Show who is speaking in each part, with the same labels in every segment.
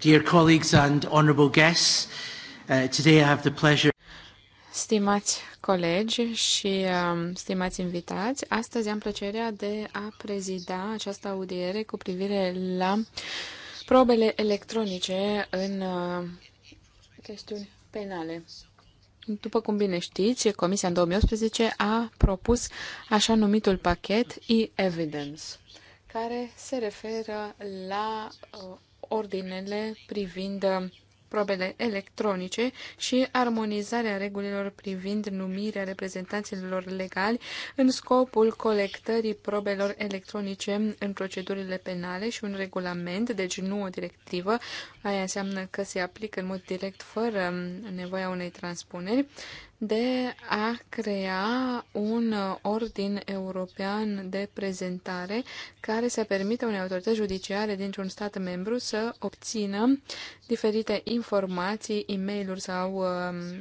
Speaker 1: Dear colleagues and honorable guests, uh, today I have the pleasure.
Speaker 2: Stimați colegi și um, stimați invitați, astăzi am plăcerea de a prezida această audiere cu privire la probele electronice în uh, chestiuni penale. După cum bine știți, Comisia în 2018 a propus așa numitul pachet e-evidence, care se referă la uh, ordinele privind uh, probele electronice și armonizarea regulilor privind numirea reprezentanților legali în scopul colectării probelor electronice în procedurile penale și un regulament, deci nu o directivă, aia înseamnă că se aplică în mod direct fără nevoia unei transpuneri, de a crea un ordin european de prezentare care să permită unei autorități judiciare dintr-un stat membru să obțină diferite informații, e mail sau uh,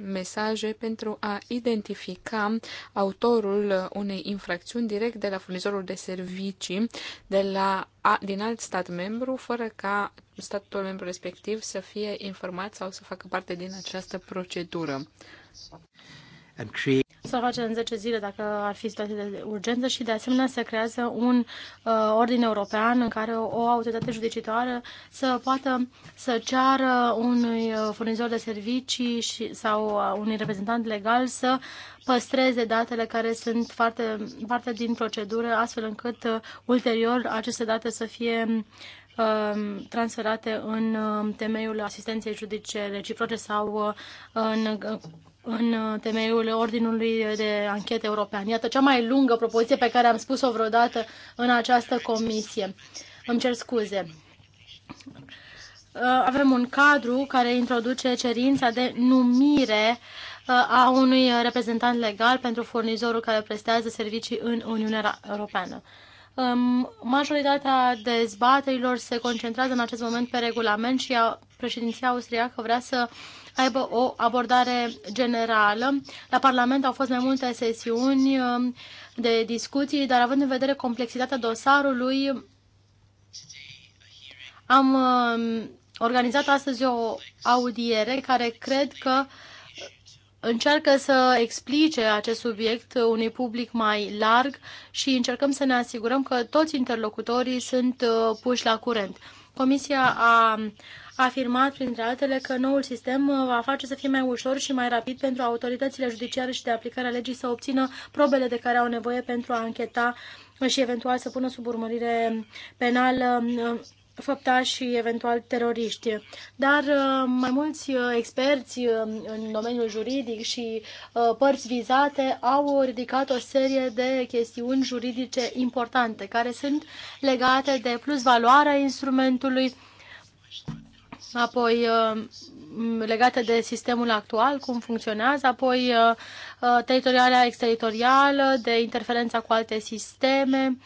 Speaker 2: mesaje pentru a identifica autorul unei infracțiuni direct de la furnizorul de servicii de la, din alt stat membru, fără ca statul membru respectiv să fie informat sau să facă parte din această procedură să facem în 10 zile dacă
Speaker 3: ar fi situație de urgență și de asemenea să creează un uh, ordin european în care o autoritate judecitoare să poată să ceară unui uh, furnizor de servicii și, sau uh, unui reprezentant legal să păstreze datele care sunt parte, parte din procedură astfel încât uh, ulterior aceste date să fie um, transferate în uh, temeiul asistenței judice reciproce sau în în uh, temeiul Ordinului de Anchetă European. Iată cea mai lungă propoziție pe care am spus-o vreodată în această comisie. Îmi cer scuze. Uh, avem un cadru care introduce cerința de numire uh, a unui reprezentant legal pentru furnizorul care prestează servicii în Uniunea Europeană. Um, majoritatea dezbaterilor se concentrează în acest moment pe regulament și președinția austriacă vrea să aibă o abordare generală. La Parlament au fost mai multe sesiuni um, de discuții, dar având în vedere complexitatea dosarului, am um, organizat astăzi o audiere care cred că încearcă să explice acest subiect unui public mai larg și încercăm să ne asigurăm că toți interlocutorii sunt uh, puși la curent. Comisia a a afirmat, printre altele, că noul sistem uh, va face să fie mai ușor și mai rapid pentru autoritățile judiciare și de aplicare a legii să obțină probele de care au nevoie pentru a încheta uh, și eventual să pună sub urmărire penală uh, făptași și eventual teroriști. Dar mai mulți experți în domeniul juridic și părți vizate au ridicat o serie de chestiuni juridice importante care sunt legate de plus valoarea instrumentului apoi uh, legate de sistemul actual, cum funcționează, apoi uh, uh, teritorialea exteritorială, de interferența cu alte sisteme,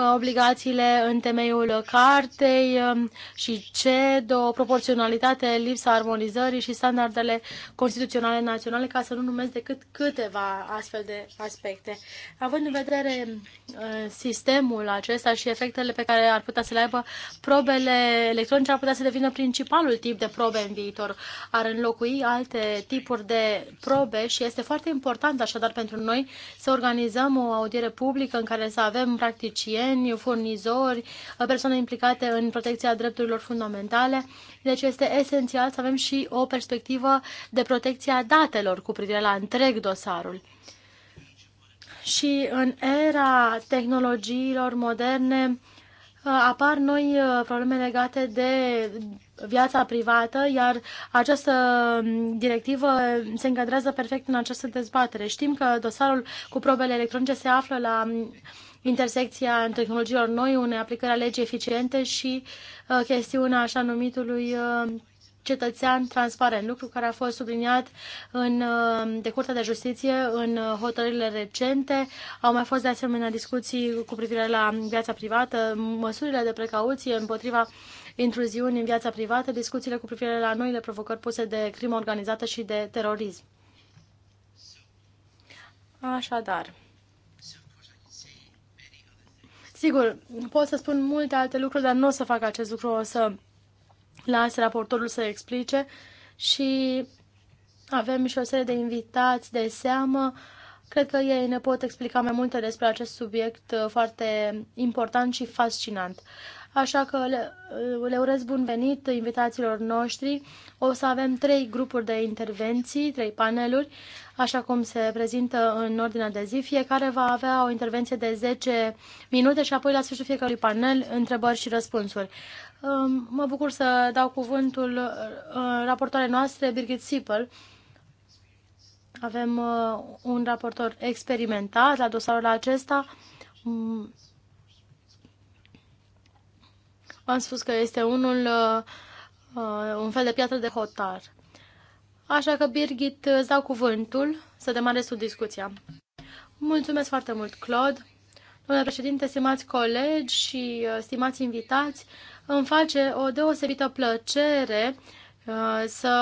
Speaker 3: Uh, obligațiile în temeiul cartei um, și ce două proporționalitate, lipsa armonizării și standardele constituționale naționale, ca să nu numesc decât câteva astfel de aspecte. Având în vedere uh, sistemul acesta și efectele pe care ar putea să le aibă, probele electronice ar putea să devină principalul tip de probe în viitor. Ar înlocui alte tipuri de probe și este foarte important așadar pentru noi să organizăm o audiere publică în care să avem practicieni cetățeni, furnizori, persoane implicate în protecția drepturilor fundamentale. Deci este esențial să avem și o perspectivă de protecție a datelor cu privire la întreg dosarul. Și în era tehnologiilor moderne uh, apar noi uh, probleme legate de viața privată, iar această um, directivă se încadrează perfect în această dezbatere. Știm că dosarul cu probele electronice se află la um, intersecția în tehnologiilor noi, unei aplicări a legii eficiente și uh, chestiunea așa numitului uh, cetățean transparent, lucru care a fost subliniat în, uh, de Curtea de Justiție în uh, hotărârile recente. Au mai fost de asemenea discuții cu privire la viața privată, măsurile de precauție împotriva intruziuni în viața privată, discuțiile cu privire la noile provocări puse de crimă organizată și de terorism. Așadar, Sigur, pot să spun multe alte lucruri, dar nu o să fac acest lucru, o să las raportorul să explice și avem și o serie de invitați de seamă. Cred că ei ne pot explica mai multe despre acest subiect uh, foarte important și fascinant așa că le, le urez bun venit invitațiilor noștri. O să avem trei grupuri de intervenții, trei paneluri, așa cum se prezintă în ordinea de zi. Fiecare va avea o intervenție de 10 minute și apoi la sfârșitul fiecărui panel întrebări și răspunsuri. Mă bucur să dau cuvântul uh, raportoare noastre, Birgit Sipel. Avem uh, un raportor experimentat la dosarul acesta am spus că este unul, uh, un fel de piatră de hotar. Așa că, Birgit, îți dau cuvântul să demarezi sub discuția. Mulțumesc foarte mult, Claude. Domnule președinte, stimați colegi și uh, stimați invitați, îmi face o deosebită plăcere uh, Uh, să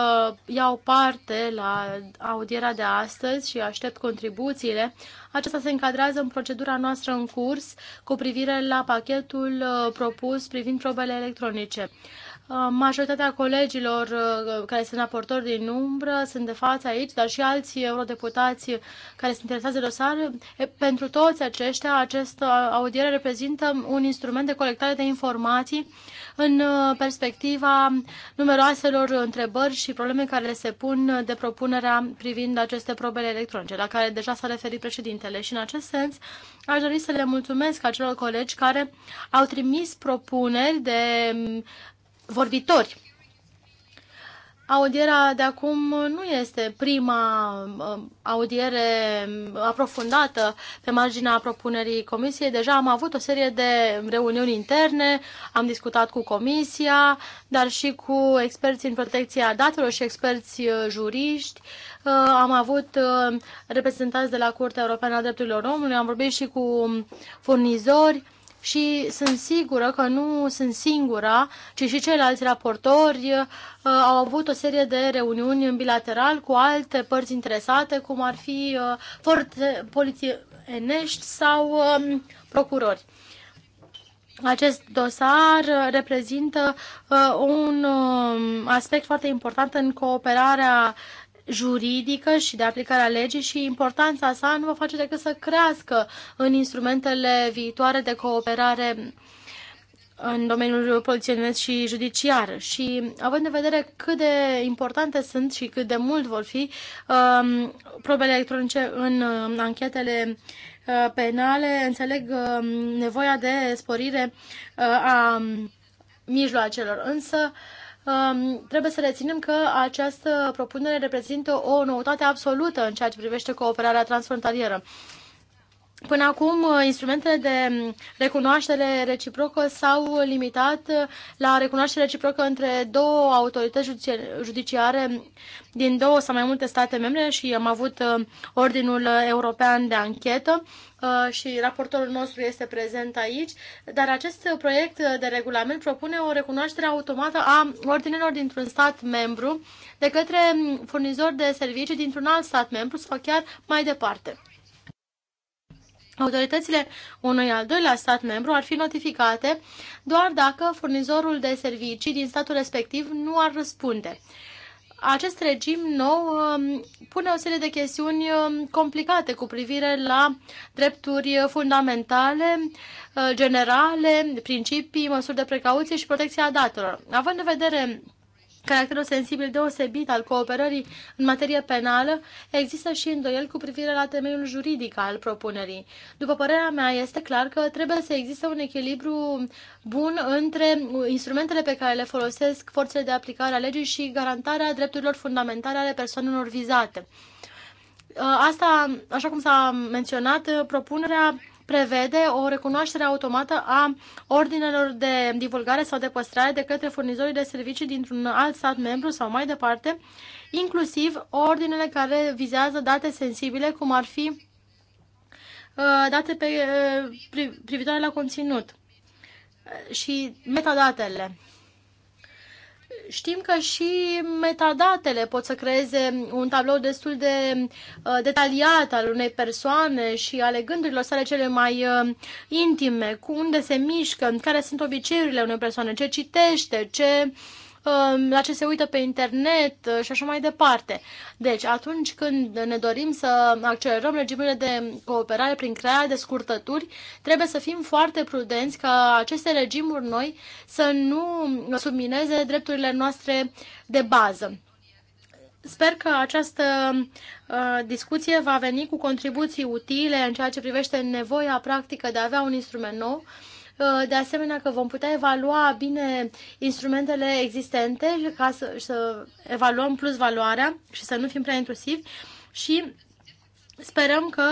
Speaker 3: iau parte la audierea de astăzi și aștept contribuțiile. Aceasta se încadrează în procedura noastră în curs cu privire la pachetul uh, propus privind probele electronice. Uh, majoritatea colegilor uh, care sunt raportori din umbră sunt de față aici, dar și alții eurodeputați care sunt interesați de dosar. Pentru toți aceștia, această audiere reprezintă un instrument de colectare de informații în uh, perspectiva numeroaselor întrebări și probleme care se pun de propunerea privind aceste probele electronice, la care deja s-a referit președintele. Și în acest sens, aș dori să le mulțumesc acelor colegi care au trimis propuneri de vorbitori. Audierea de acum nu este prima uh, audiere aprofundată pe marginea propunerii comisiei. Deja am avut o serie de reuniuni interne, am discutat cu comisia, dar și cu experți în protecția datelor și experți uh, juriști. Uh, am avut reprezentanți de la Curtea Europeană a Drepturilor Omului, am vorbit și cu furnizori și sunt sigură că nu sunt singura, ci și ceilalți raportori uh, au avut o serie de reuniuni în bilateral cu alte părți interesate, cum ar fi forțe uh, forțe polițienești sau um, procurori. Acest dosar uh, reprezintă uh, un uh, aspect foarte important în cooperarea uh, juridică și de aplicare a legii și importanța sa nu va face decât să crească în instrumentele viitoare de cooperare în domeniul polițienesc și judiciar și având în vedere cât de importante sunt și cât de mult vor fi um, probele electronice în um, anchetele uh, penale, înțeleg um, nevoia de sporire uh, a um, mijloacelor, însă uh, Um, trebuie să reținem că această propunere reprezintă o noutate absolută în ceea ce privește cooperarea transfrontalieră. Până acum, uh, instrumentele de mm, recunoaștere reciprocă s-au limitat uh, la recunoaștere reciprocă între două autorități judiciare din două sau mai multe state membre și am avut uh, Ordinul European de Anchetă și raportorul nostru este prezent aici, dar acest proiect de regulament propune o recunoaștere automată a ordinelor dintr-un stat membru de către mm, furnizori de servicii dintr-un alt stat membru sau chiar mai departe. Autoritățile unui al doilea stat membru ar fi notificate doar dacă furnizorul de servicii din statul respectiv nu ar răspunde. Acest regim nou um, pune o serie de chestiuni um, complicate cu privire la drepturi fundamentale, uh, generale, principii, măsuri de precauție și protecția datelor. Având în vedere caracterul sensibil deosebit al cooperării în materie penală, există și îndoieli cu privire la temeiul juridic al propunerii. După părerea mea, este clar că trebuie să existe un echilibru bun între instrumentele pe care le folosesc forțele de aplicare a legii și garantarea drepturilor fundamentale ale persoanelor vizate. Ă, asta, așa cum s-a menționat, propunerea prevede o recunoaștere automată a ordinelor de divulgare sau de păstrare de către furnizorii de servicii dintr-un alt stat membru sau mai departe, inclusiv ordinele care vizează date sensibile, cum ar fi uh, date pe, uh, privitoare la conținut și metadatele. Știm că și metadatele pot să creeze un tablou destul de uh, detaliat al unei persoane și ale gândurilor sale cele mai uh, intime, cu unde se mișcă, care sunt obiceiurile unei persoane, ce citește, ce Um, la ce se uită pe internet uh, și așa mai departe. Deci, atunci când ne dorim să accelerăm regimurile de cooperare prin crearea de scurtături, trebuie să fim foarte prudenți ca aceste regimuri noi să nu submineze drepturile noastre de bază. Sper că această uh, discuție va veni cu contribuții utile în ceea ce privește nevoia practică de a avea un instrument nou uh, Uh, de asemenea că vom putea evalua bine instrumentele existente ca să, să evaluăm plus valoarea și să nu fim prea intrusivi și Sperăm că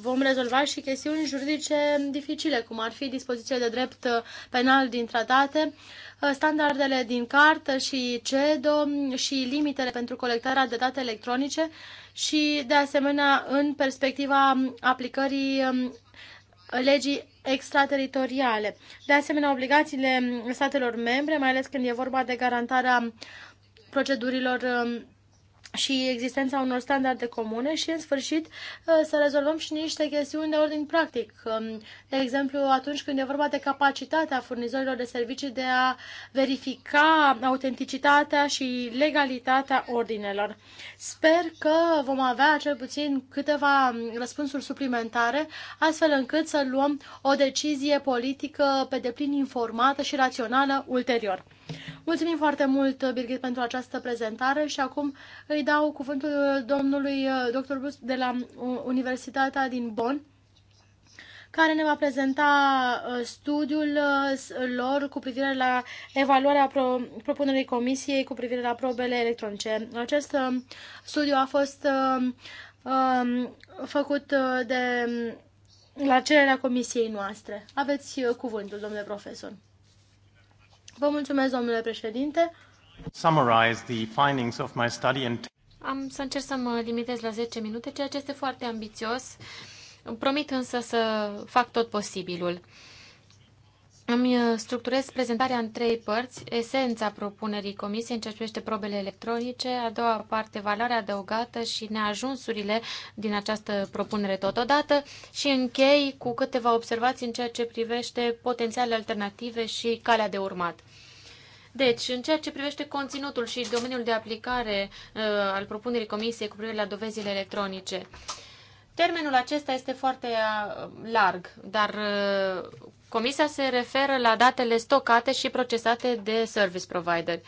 Speaker 3: vom rezolva și chestiuni juridice dificile, cum ar fi dispoziția de drept penal din tratate, uh, standardele din cartă și CEDO și limitele pentru colectarea de date electronice și, de asemenea, în perspectiva aplicării um, legii extrateritoriale. De asemenea, obligațiile statelor membre, mai ales când e vorba de garantarea procedurilor um, și existența unor standarde comune și, în sfârșit, uh, să rezolvăm și niște chestiuni de ordin practic. Um, de exemplu, atunci când e vorba de capacitatea furnizorilor de servicii de a verifica autenticitatea și legalitatea ordinelor. Sper că vom avea cel puțin câteva um, răspunsuri suplimentare, astfel încât să luăm o decizie politică pe deplin informată și rațională ulterior. Mulțumim foarte mult, Birgit, pentru această prezentare și acum îi dau cuvântul domnului uh, dr. Bruce de la uh, Universitatea din Bonn care ne va prezenta uh, studiul lor cu privire la evaluarea pro propunerii comisiei cu privire la probele electronice. Acest studiu a fost um, făcut de la cererea comisiei noastre. Aveți cuvântul, domnule profesor. Vă mulțumesc, domnule președinte.
Speaker 1: Summarize the findings of my study and...
Speaker 4: Am să încerc să mă limitez la 10 minute, ceea ce este foarte ambițios. Îmi promit însă să fac tot posibilul. Îmi uh, structurez prezentarea în trei părți, esența propunerii comisiei în ceea ce privește probele electronice, a doua parte valoarea adăugată și neajunsurile din această propunere totodată și închei cu câteva observații în ceea ce privește potențiale alternative și calea de urmat. Deci, în ceea ce privește conținutul și domeniul de aplicare uh, al propunerii comisiei cu privire la dovezile electronice, Termenul acesta este foarte uh, larg, dar uh, Comisia se referă la datele stocate și procesate de service provider.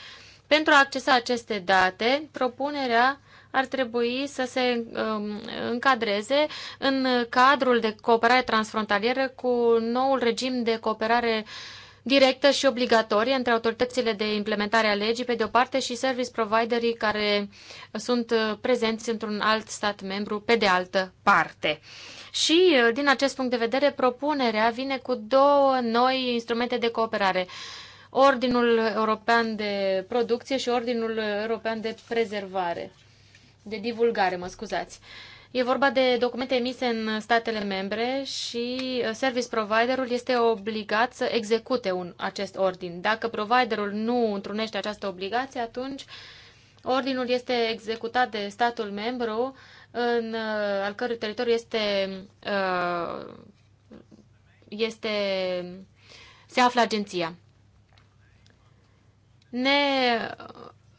Speaker 4: Pentru a accesa aceste date, propunerea ar trebui să se um, încadreze în cadrul de cooperare transfrontalieră cu noul regim de cooperare uh, directă și obligatorie între autoritățile de implementare a legii, pe de o parte, și service providerii care sunt uh, prezenți într-un alt stat membru, pe de altă parte. Și, uh, din acest punct de vedere, propunerea vine cu două noi instrumente de cooperare. Ordinul European de Producție și Ordinul European de Prezervare, de divulgare, mă scuzați. Uh, E vorba de documente emise în statele membre și uh, service providerul este obligat să execute un, acest ordin. Dacă providerul nu întrunește această obligație, atunci ordinul este executat de statul membru în, uh, al cărui teritoriu este, uh, este se află agenția. Ne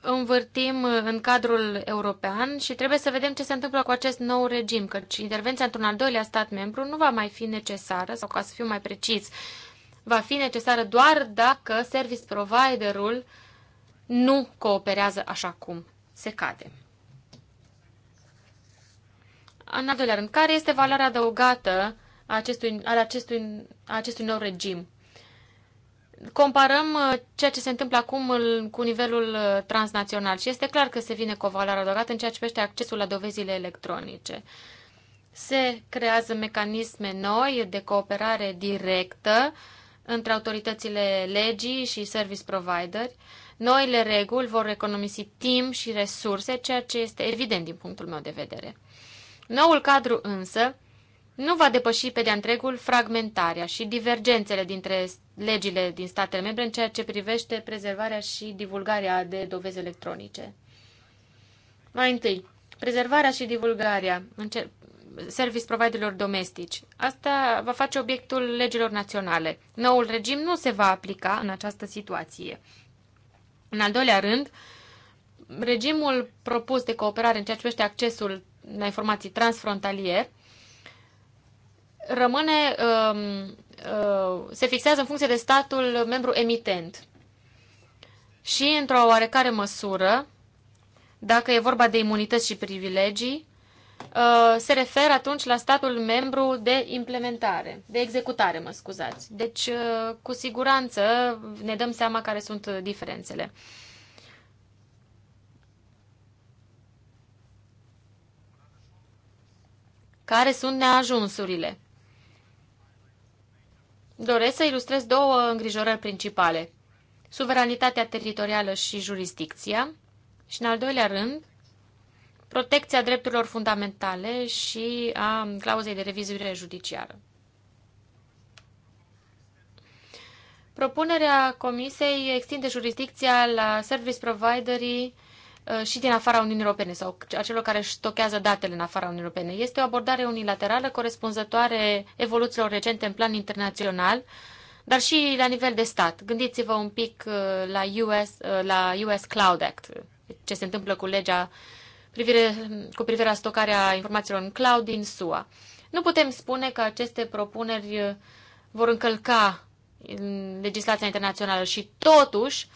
Speaker 4: învârtim uh, în cadrul european și trebuie să vedem ce se întâmplă cu acest nou regim, căci intervenția într-un al doilea stat membru nu va mai fi necesară, sau ca să fiu mai precis, va fi necesară doar dacă service providerul nu cooperează așa cum se cade. În al doilea rând, care este valoarea adăugată a acestui, a acestui, a acestui nou regim? comparăm uh, ceea ce se întâmplă acum cu nivelul uh, transnațional și este clar că se vine cu o valoare adăugată în ceea ce privește accesul la dovezile electronice. Se creează mecanisme noi de cooperare directă între autoritățile legii și service provider. Noile reguli vor economisi timp și resurse, ceea ce este evident din punctul meu de vedere. Noul cadru însă nu va depăși pe de-a întregul fragmentarea și divergențele dintre legile din statele membre în ceea ce privește prezervarea și divulgarea de dovezi electronice. Mai întâi, prezervarea și divulgarea în ce... service providerilor domestici. Asta va face obiectul legilor naționale. Noul regim nu se va aplica în această situație. În al doilea rând, regimul propus de cooperare în ceea ce privește accesul la informații transfrontalier rămâne, um, uh, se fixează în funcție de statul membru emitent. Și, într-o oarecare măsură, dacă e vorba de imunități și privilegii, uh, se referă atunci la statul membru de implementare, de executare, mă scuzați. Deci, uh, cu siguranță, ne dăm seama care sunt diferențele. Care sunt neajunsurile? doresc să ilustrez două îngrijorări principale. Suveranitatea teritorială și jurisdicția și, în al doilea rând, protecția drepturilor fundamentale și a clauzei de revizuire judiciară. Propunerea Comisiei extinde jurisdicția la service providerii Uh, și din afara Uniunii Europene sau a celor care stochează datele în afara Uniunii Europene. Este o abordare unilaterală corespunzătoare evoluțiilor recente în plan internațional, dar și la nivel de stat. Gândiți-vă un pic uh, la US, uh, la US Cloud Act, ce se întâmplă cu legea privire, cu privire la stocarea informațiilor în cloud din SUA. Nu putem spune că aceste propuneri vor încălca legislația internațională și totuși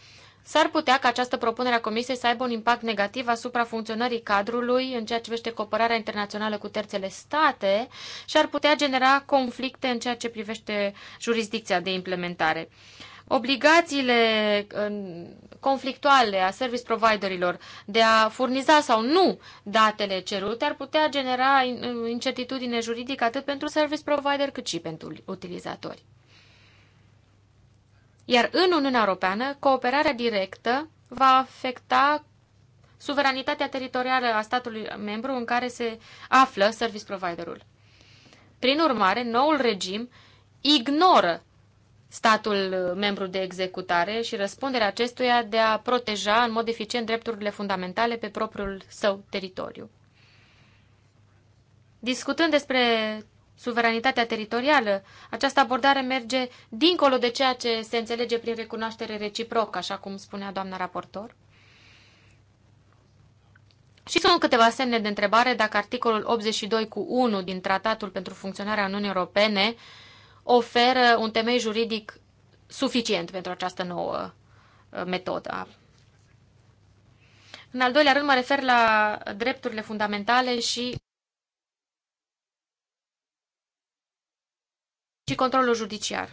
Speaker 4: S-ar putea ca această propunere a Comisiei să aibă un impact negativ asupra funcționării cadrului în ceea ce privește cooperarea internațională cu terțele state și ar putea genera conflicte în ceea ce privește jurisdicția de implementare. Obligațiile conflictuale a service providerilor de a furniza sau nu datele cerute ar putea genera incertitudine juridică atât pentru service provider cât și pentru utilizatori. Iar în Uniunea Europeană, cooperarea directă va afecta suveranitatea teritorială a statului membru în care se află service providerul. Prin urmare, noul regim ignoră statul membru de executare și răspunderea acestuia de a proteja în mod eficient drepturile fundamentale pe propriul său teritoriu. Discutând despre suveranitatea teritorială. Această abordare merge dincolo de ceea ce se înțelege prin recunoaștere reciprocă, așa cum spunea doamna raportor. Și sunt câteva semne de întrebare dacă articolul 82 cu 1 din Tratatul pentru funcționarea Uniunii Europene oferă un temei juridic suficient pentru această nouă uh, metodă. În al doilea rând mă refer la drepturile fundamentale și și controlul judiciar.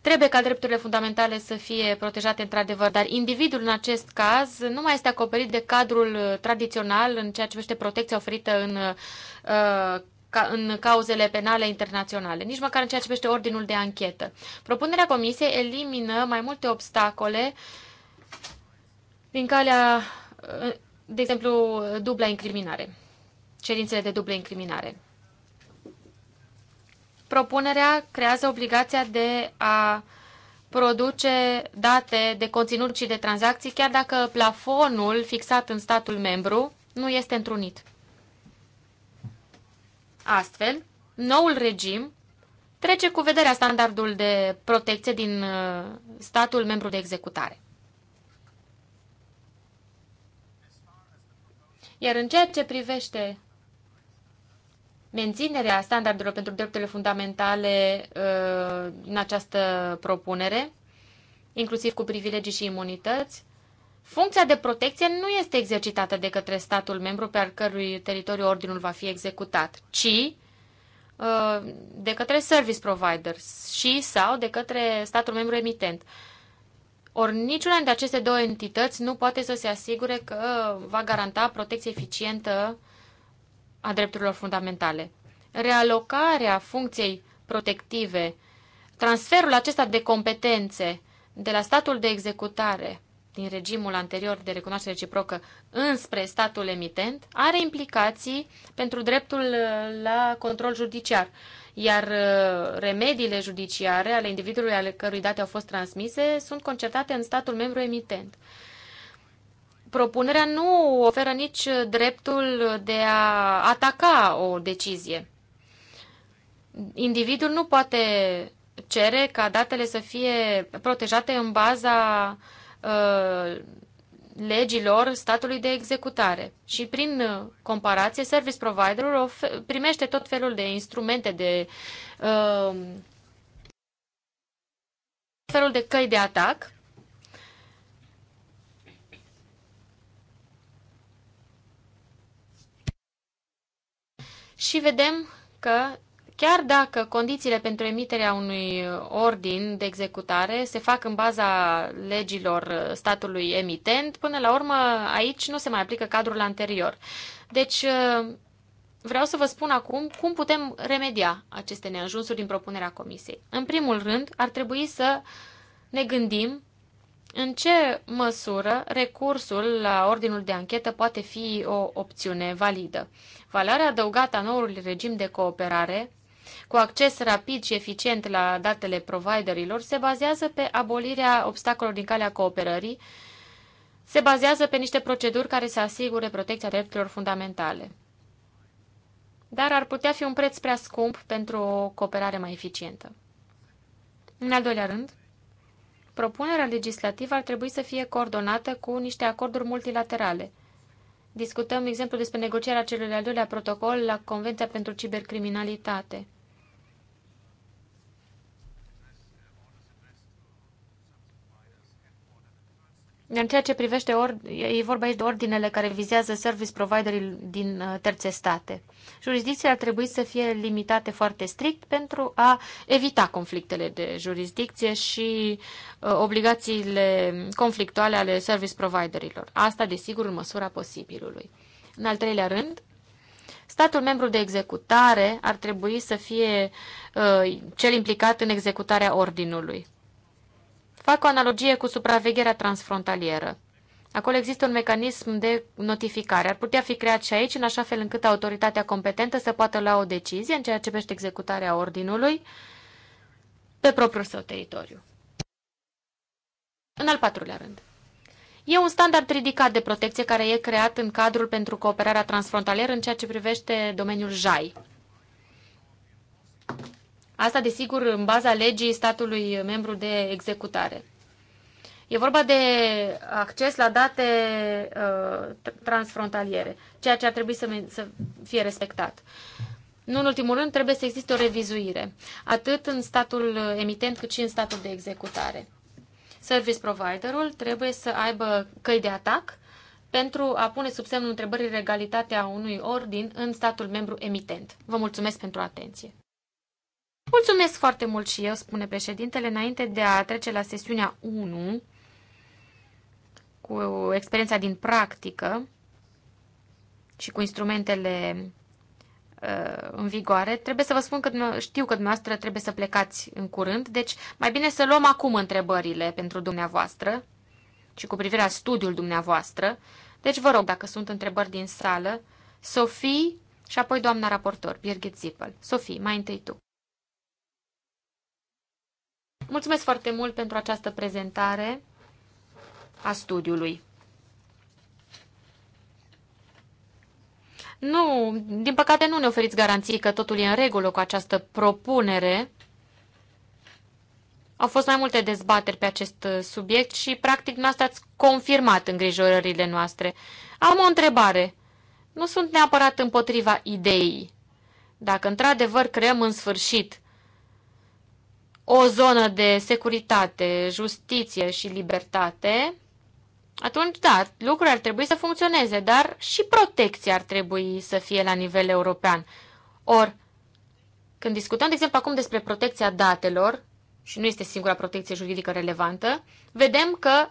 Speaker 4: Trebuie ca drepturile fundamentale să fie protejate într-adevăr, dar individul în acest caz nu mai este acoperit de cadrul uh, tradițional în ceea ce privește protecția oferită în, uh, în cauzele penale internaționale, nici măcar în ceea ce privește ordinul de anchetă. Propunerea Comisiei elimină mai multe obstacole din calea, uh, de exemplu, dubla incriminare, cerințele de dublă incriminare propunerea creează obligația de a produce date de conținut și de tranzacții, chiar dacă plafonul fixat în statul membru nu este întrunit. Astfel, noul regim trece cu vederea standardul de protecție din uh, statul membru de executare. Iar în ceea ce privește menținerea standardelor pentru drepturile fundamentale uh, în această propunere, inclusiv cu privilegii și imunități. Funcția de protecție nu este exercitată de către statul membru pe al cărui teritoriu ordinul va fi executat, ci uh, de către service providers și sau de către statul membru emitent. Ori niciuna dintre aceste două entități nu poate să se asigure că va garanta protecție eficientă a drepturilor fundamentale. Realocarea funcției protective, transferul acesta de competențe de la statul de executare din regimul anterior de recunoaștere reciprocă înspre statul emitent are implicații pentru dreptul uh, la control judiciar, iar uh, remediile judiciare ale individului ale cărui date au fost transmise sunt concertate în statul membru emitent propunerea nu oferă nici dreptul de a ataca o decizie. Individul nu poate cere ca datele să fie protejate în baza uh, legilor statului de executare. Și prin comparație, service providerul primește tot felul de instrumente de uh, felul de căi de atac și vedem că chiar dacă condițiile pentru emiterea unui ordin de executare se fac în baza legilor statului emitent, până la urmă aici nu se mai aplică cadrul anterior. Deci vreau să vă spun acum cum putem remedia aceste neajunsuri din propunerea comisiei. În primul rând, ar trebui să ne gândim în ce măsură recursul la ordinul de anchetă poate fi o opțiune validă? Valoarea adăugată a noului regim de cooperare, cu acces rapid și eficient la datele providerilor, se bazează pe abolirea obstacolelor din calea cooperării, se bazează pe niște proceduri care să asigure protecția drepturilor fundamentale. Dar ar putea fi un preț prea scump pentru o cooperare mai eficientă. În al doilea rând, Propunerea legislativă ar trebui să fie coordonată cu niște acorduri multilaterale. Discutăm, de exemplu, despre negocierea celui de-al doilea protocol la Convenția pentru Cibercriminalitate. În ceea ce privește, or, e vorba aici de ordinele care vizează service providerii din uh, terțe state. Jurisdicțiile ar trebui să fie limitate foarte strict pentru a evita conflictele de jurisdicție și uh, obligațiile conflictuale ale service providerilor. Asta, desigur, în măsura posibilului. În al treilea rând, statul membru de executare ar trebui să fie uh, cel implicat în executarea ordinului. Fac o analogie cu supravegherea transfrontalieră. Acolo există un mecanism de notificare. Ar putea fi creat și aici, în așa fel încât autoritatea competentă să poată lua o decizie în ceea ce privește executarea ordinului pe propriul său teritoriu. În al patrulea rând, e un standard ridicat de protecție care e creat în cadrul pentru cooperarea transfrontalieră în ceea ce privește domeniul JAI. Asta, desigur, în baza legii statului membru de executare. E vorba de acces la date uh, transfrontaliere, ceea ce ar trebui să, să fie respectat. Nu în ultimul rând, trebuie să existe o revizuire, atât în statul emitent cât și în statul de executare. Service providerul trebuie să aibă căi de atac pentru a pune sub semnul întrebării legalitatea unui ordin în statul membru emitent. Vă mulțumesc pentru atenție. Mulțumesc foarte mult și eu, spune președintele, înainte de a trece la sesiunea 1 cu experiența din practică și cu instrumentele uh, în vigoare, trebuie să vă spun că știu că dumneavoastră trebuie să plecați în curând, deci mai bine să luăm acum întrebările pentru dumneavoastră și cu privire la studiul dumneavoastră. Deci vă rog, dacă sunt întrebări din sală, Sofie și apoi doamna raportor, Birgit Zippel. Sofie, mai întâi tu. Mulțumesc foarte mult pentru această prezentare a studiului. Nu, din păcate nu ne oferiți garanții că totul e în regulă cu această propunere. Au fost mai multe dezbateri pe acest subiect și, practic, noastră ați confirmat îngrijorările noastre. Am o întrebare. Nu sunt neapărat împotriva ideii. Dacă, într-adevăr, creăm în sfârșit o zonă de securitate, justiție și libertate, atunci, da, lucrurile ar trebui să funcționeze, dar și protecția ar trebui să fie la nivel european. Or, când discutăm, de exemplu, acum despre protecția datelor, și nu este singura protecție juridică relevantă, vedem că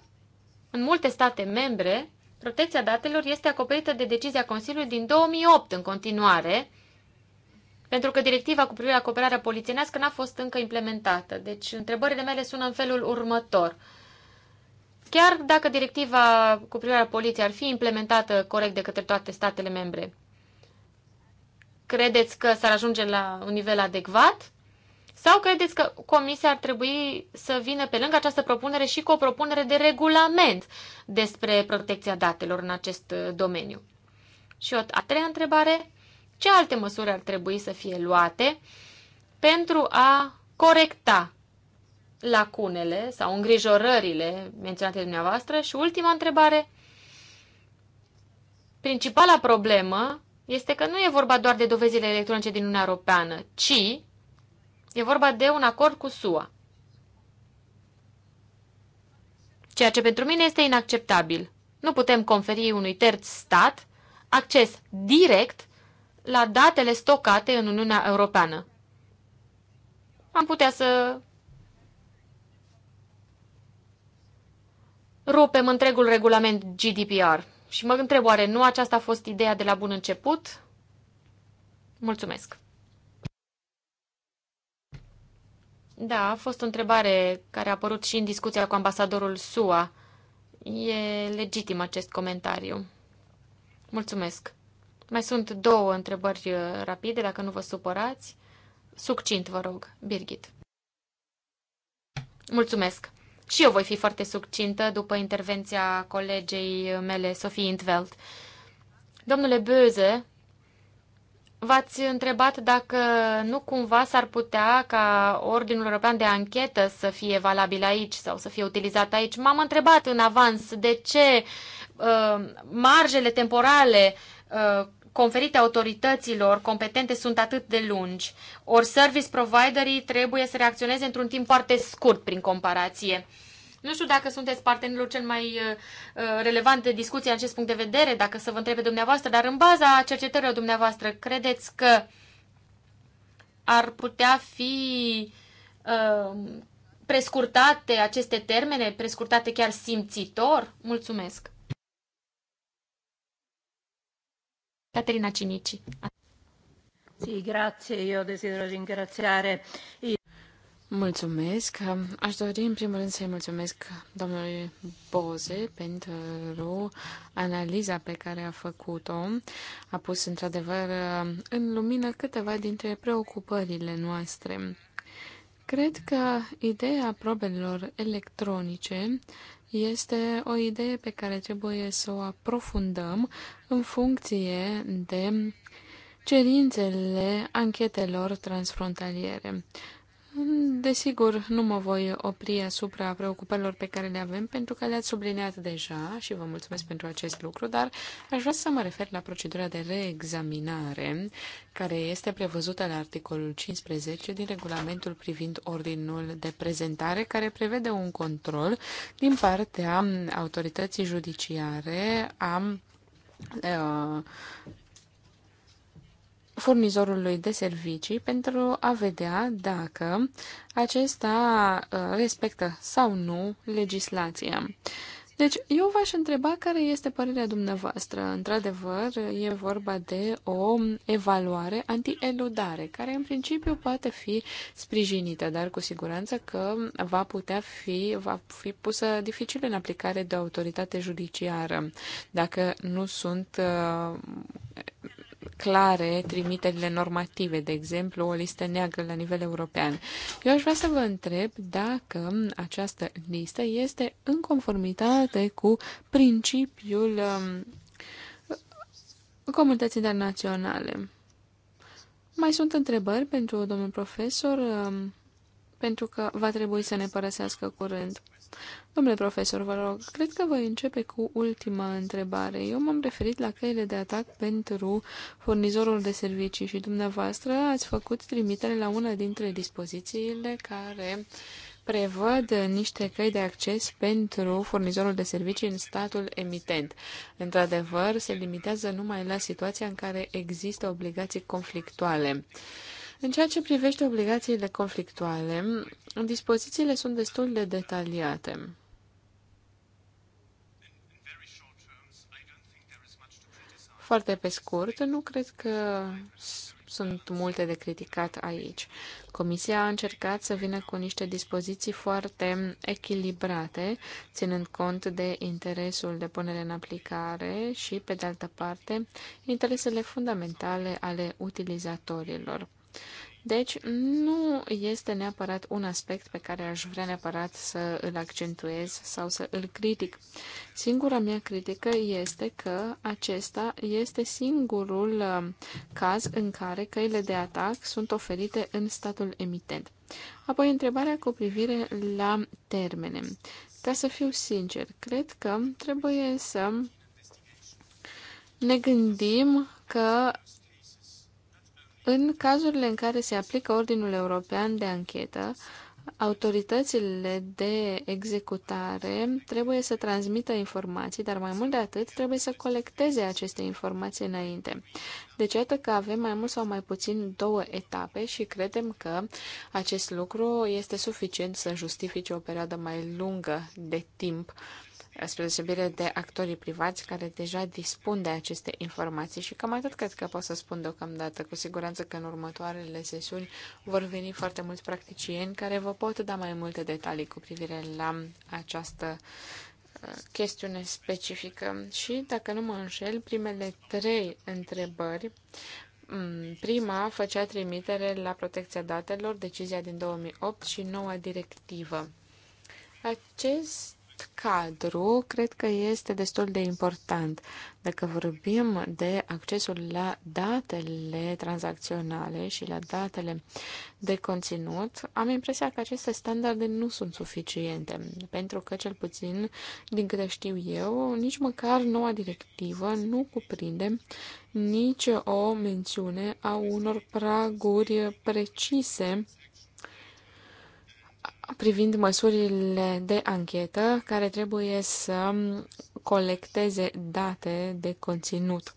Speaker 4: în multe state membre, protecția datelor este acoperită de decizia Consiliului din 2008 în continuare, pentru că directiva cu privire la cooperarea polițienească n-a fost încă implementată. Deci, întrebările mele sună în felul următor. Chiar dacă directiva cu privire la poliție ar fi implementată corect de către toate statele membre, credeți că s-ar ajunge la un nivel adecvat? Sau credeți că Comisia ar trebui să vină pe lângă această propunere și cu o propunere de regulament despre protecția datelor în acest domeniu? Și o a treia întrebare, ce alte măsuri ar trebui să fie luate pentru a corecta lacunele sau îngrijorările menționate de dumneavoastră? Și ultima întrebare. Principala problemă este că nu e vorba doar de dovezile electronice din Uniunea Europeană, ci e vorba de un acord cu SUA. Ceea ce pentru mine este inacceptabil. Nu putem conferi unui terț stat acces direct la datele stocate în Uniunea Europeană. Am putea să rupem întregul regulament GDPR. Și mă întreb, oare nu aceasta a fost ideea de la bun început? Mulțumesc! Da, a fost o întrebare care a apărut și în discuția cu ambasadorul SUA. E legitim acest comentariu. Mulțumesc! Mai sunt două întrebări uh, rapide, dacă nu vă supărați. Succint, vă rog, Birgit. Mulțumesc. Și eu voi fi foarte succintă după intervenția colegei mele, Sofie Intveld. Domnule Böze, v-ați întrebat dacă nu cumva s-ar putea ca Ordinul European de Anchetă să fie valabil aici sau să fie utilizat aici. M-am întrebat în avans de ce uh, marjele temporale uh, conferite autorităților competente sunt atât de lungi, ori service providerii trebuie să reacționeze într-un timp foarte scurt prin comparație. Nu știu dacă sunteți partenerul cel mai uh, uh, relevant de discuție în acest punct de vedere, dacă să vă întrebe dumneavoastră, dar în baza cercetărilor dumneavoastră, credeți că ar putea fi uh, prescurtate aceste termene, prescurtate chiar simțitor? Mulțumesc!
Speaker 2: Caterina Cinici.
Speaker 4: Sì, grazie. Io desidero ringraziare
Speaker 2: Mulțumesc. Aș dori în primul rând să-i mulțumesc domnului Boze pentru analiza pe care a făcut-o. A pus într-adevăr în lumină câteva dintre preocupările noastre. Cred că ideea probelor electronice este o idee pe care trebuie să o aprofundăm în funcție de cerințele anchetelor transfrontaliere. Desigur, nu mă voi opri asupra preocupărilor pe care le avem, pentru că le-ați subliniat deja și vă mulțumesc pentru acest lucru, dar aș vrea să mă refer la procedura de reexaminare care este prevăzută la articolul 15 din regulamentul privind ordinul de prezentare, care prevede un control din partea autorității judiciare a uh, furnizorului de servicii pentru a vedea dacă acesta uh, respectă sau nu legislația. Deci, eu v-aș întreba care este părerea dumneavoastră. Într-adevăr, e vorba de o evaluare antieludare, care în principiu poate fi sprijinită, dar cu siguranță că va putea fi, va fi pusă dificil în aplicare de autoritate judiciară, dacă nu sunt uh, clare trimiterile normative, de exemplu, o listă neagră la nivel european. Eu aș vrea să vă întreb dacă această listă este în conformitate cu principiul um, comunității internaționale. Mai sunt întrebări pentru domnul profesor, um, pentru că va trebui să ne părăsească curând. Domnule profesor, vă rog, cred că voi începe cu ultima întrebare. Eu m-am referit la căile de atac pentru furnizorul de servicii și dumneavoastră ați făcut trimitere la una dintre dispozițiile care prevăd niște căi de acces pentru furnizorul de servicii în statul emitent. Într-adevăr, se limitează numai la situația în care există obligații conflictuale. În ceea ce privește obligațiile conflictuale, dispozițiile sunt destul de detaliate. Foarte pe scurt, nu cred că sunt multe de criticat aici. Comisia a încercat să vină cu niște dispoziții foarte echilibrate, ținând cont de interesul de punere în aplicare și, pe de altă parte, interesele fundamentale ale utilizatorilor. Deci, nu este neapărat un aspect pe care aș vrea neapărat să îl accentuez sau să îl critic. Singura mea critică este că acesta este singurul um, caz în care căile de atac sunt oferite în statul emitent. Apoi, întrebarea cu privire la termene. Ca să fiu sincer, cred că trebuie să ne gândim că în cazurile în care se aplică Ordinul European de Anchetă, autoritățile de executare trebuie să transmită informații, dar mai mult de atât trebuie să colecteze aceste informații înainte. Deci iată că avem mai mult sau mai puțin două etape și credem că acest lucru este suficient să justifice o perioadă mai lungă de timp uh, spre deosebire de actorii privați care deja dispun de aceste informații și cam atât cred că pot să spun deocamdată. Cu siguranță că în următoarele sesiuni vor veni foarte mulți practicieni care vă pot da mai multe detalii cu privire la această uh, chestiune specifică și, dacă nu mă înșel, primele trei întrebări mm, Prima făcea trimitere la protecția datelor, decizia din 2008 și noua directivă. Acest cadru cred că este destul de important. Dacă vorbim de accesul la datele tranzacționale și la datele de conținut, am impresia că aceste standarde nu sunt suficiente, pentru că, cel puțin, din câte știu eu, nici măcar noua directivă nu cuprinde nici o mențiune a unor praguri precise privind măsurile de anchetă care trebuie să colecteze date de conținut.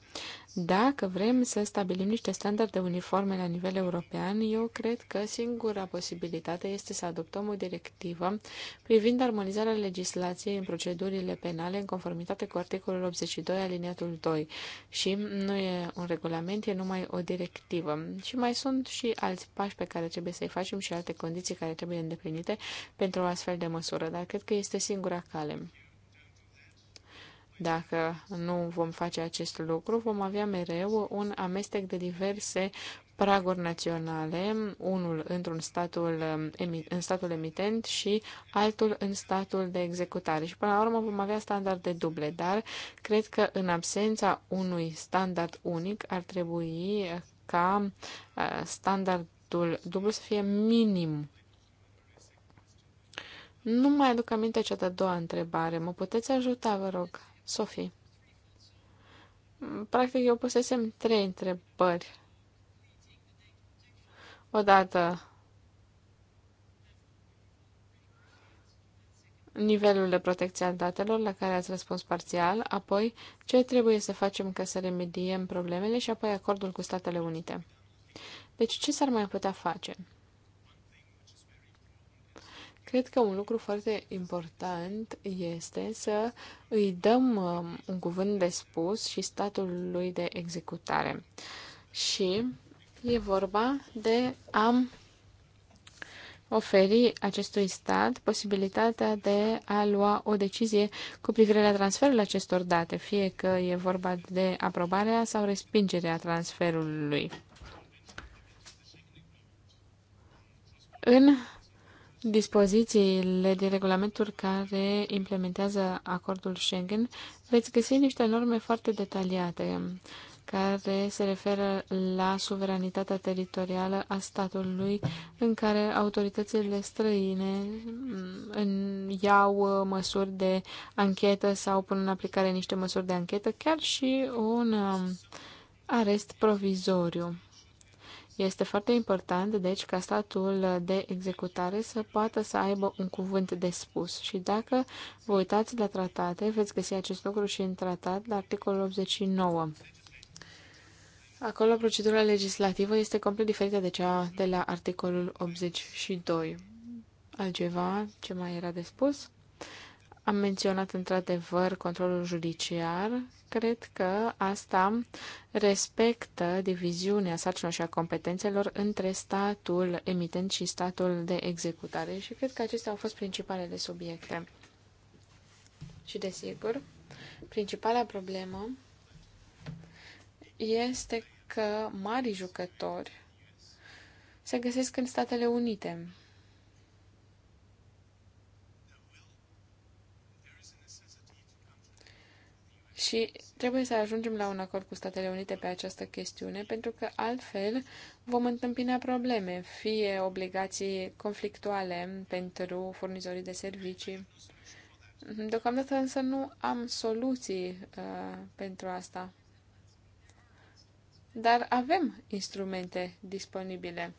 Speaker 2: Dacă vrem să stabilim niște standarde uniforme la nivel european, eu cred că singura posibilitate este să adoptăm o directivă privind armonizarea legislației în procedurile penale în conformitate cu articolul 82 aliniatul 2. Și nu e un regulament, e numai o directivă. Și mai sunt și alți pași pe care trebuie să-i facem și alte condiții care trebuie îndeplinite pentru o astfel de măsură, dar cred că este singura cale. Dacă nu vom face acest lucru, vom avea mereu un amestec de diverse praguri naționale, unul într-un statul, um, în statul emitent și altul în statul de executare. Și până la urmă vom avea standarde duble, dar cred că în absența unui standard unic ar trebui ca uh, standardul dublu să fie minim nu mai aduc aminte cea de-a doua întrebare. Mă puteți ajuta, vă rog? Sofie. Practic, eu pusesem trei întrebări. Odată, nivelul de protecție al datelor la care ați răspuns parțial, apoi ce trebuie să facem ca să remediem problemele și apoi acordul cu Statele Unite. Deci ce s-ar mai putea face? Cred că un lucru foarte important este să îi dăm um, un cuvânt de spus și statul lui de executare. Și e vorba de a oferi acestui stat posibilitatea de a lua o decizie cu privire la transferul acestor date, fie că e vorba de aprobarea sau respingerea transferului. În dispozițiile din regulamentul care implementează acordul Schengen, veți găsi niște norme foarte detaliate care se referă la suveranitatea teritorială a statului în care autoritățile străine mm, iau uh, măsuri de anchetă sau pun în aplicare niște măsuri de anchetă, chiar și un um, arest provizoriu. Este foarte important, deci, ca statul de executare să poată să aibă un cuvânt de spus. Și dacă vă uitați la tratate, veți găsi acest lucru și în tratat, la articolul 89. Acolo procedura legislativă este complet diferită de cea de la articolul 82. Altceva ce mai era de spus? Am menționat într-adevăr controlul judiciar. Cred că asta respectă diviziunea sarcinilor și a competențelor între statul emitent și statul de executare și cred că acestea au fost principalele subiecte. Și desigur, principala problemă este că mari jucători se găsesc în Statele Unite Și trebuie să ajungem la un acord cu Statele Unite pe această chestiune, pentru că altfel vom întâmpina probleme, fie obligații conflictuale pentru furnizorii de servicii. Deocamdată însă nu am soluții uh, pentru asta. Dar avem instrumente disponibile.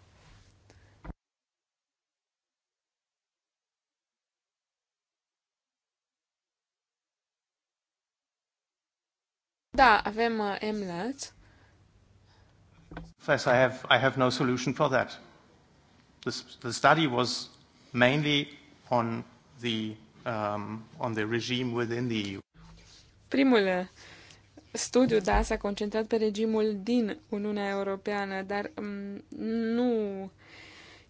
Speaker 2: Da, avem uh, MLAT.
Speaker 1: Yes, I have, I have no solution for that. The, the study was mainly on the, um, on the regime within the EU.
Speaker 2: Primul uh, studiu, da, s-a concentrat pe regimul din Uniunea Europeană, dar um, nu...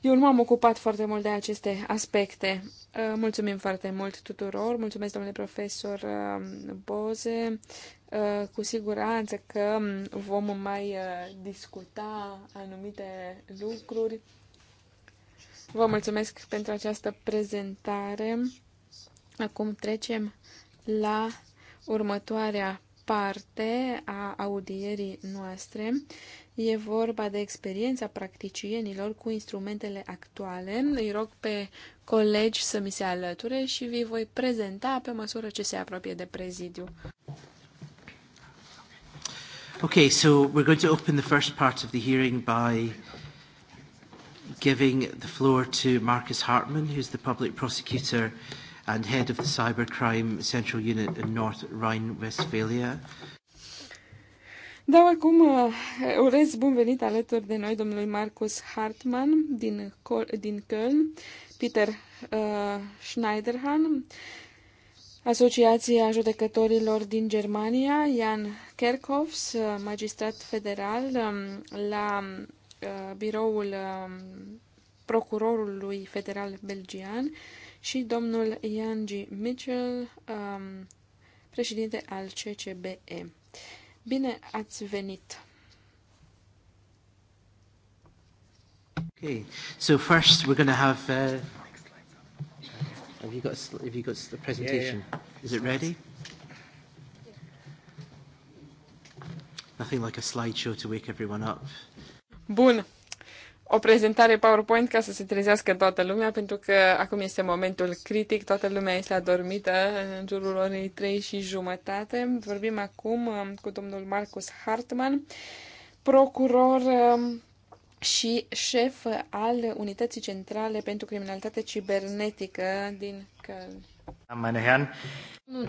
Speaker 2: Eu nu m-am ocupat foarte mult de aceste aspecte. Uh, mulțumim foarte mult tuturor. Mulțumesc, domnule profesor uh, Boze, Uh, cu siguranță că um, vom mai uh, discuta anumite lucruri. Vă mulțumesc pentru această prezentare. Acum trecem la următoarea parte a audierii noastre. E vorba de experiența practicienilor cu instrumentele actuale. Îi rog pe colegi să mi se alăture și vi voi prezenta pe măsură ce se apropie de prezidiu.
Speaker 1: Okay, so we're going to open the first part of the hearing by giving the floor to Marcus Hartman, who's the public prosecutor and head of the Cybercrime Central Unit in North Rhine-Westphalia.
Speaker 2: Da, acum uh, urez bun venit alături de noi domnului Marcus Hartmann din, din Köln, Peter uh, Schneiderhan, Asociația Judecătorilor din Germania, Jan Kerkhoffs, magistrat federal um, la uh, biroul um, procurorului federal belgian și domnul Iangi Mitchell, um, președinte al CCBE. Bine ați venit!
Speaker 1: Okay, so first we're going to have uh, Have you got, have you got the presentation? Yeah, yeah. Is it ready? Nothing like a slideshow to wake everyone up.
Speaker 2: Bun. O prezentare PowerPoint ca să se trezească toată lumea, pentru că acum este momentul critic, toată lumea este adormită în jurul orei 3 și jumătate. Vorbim acum um, cu domnul Marcus Hartman, procuror um, și șef al Unității Centrale pentru Criminalitate Cibernetică din Köln.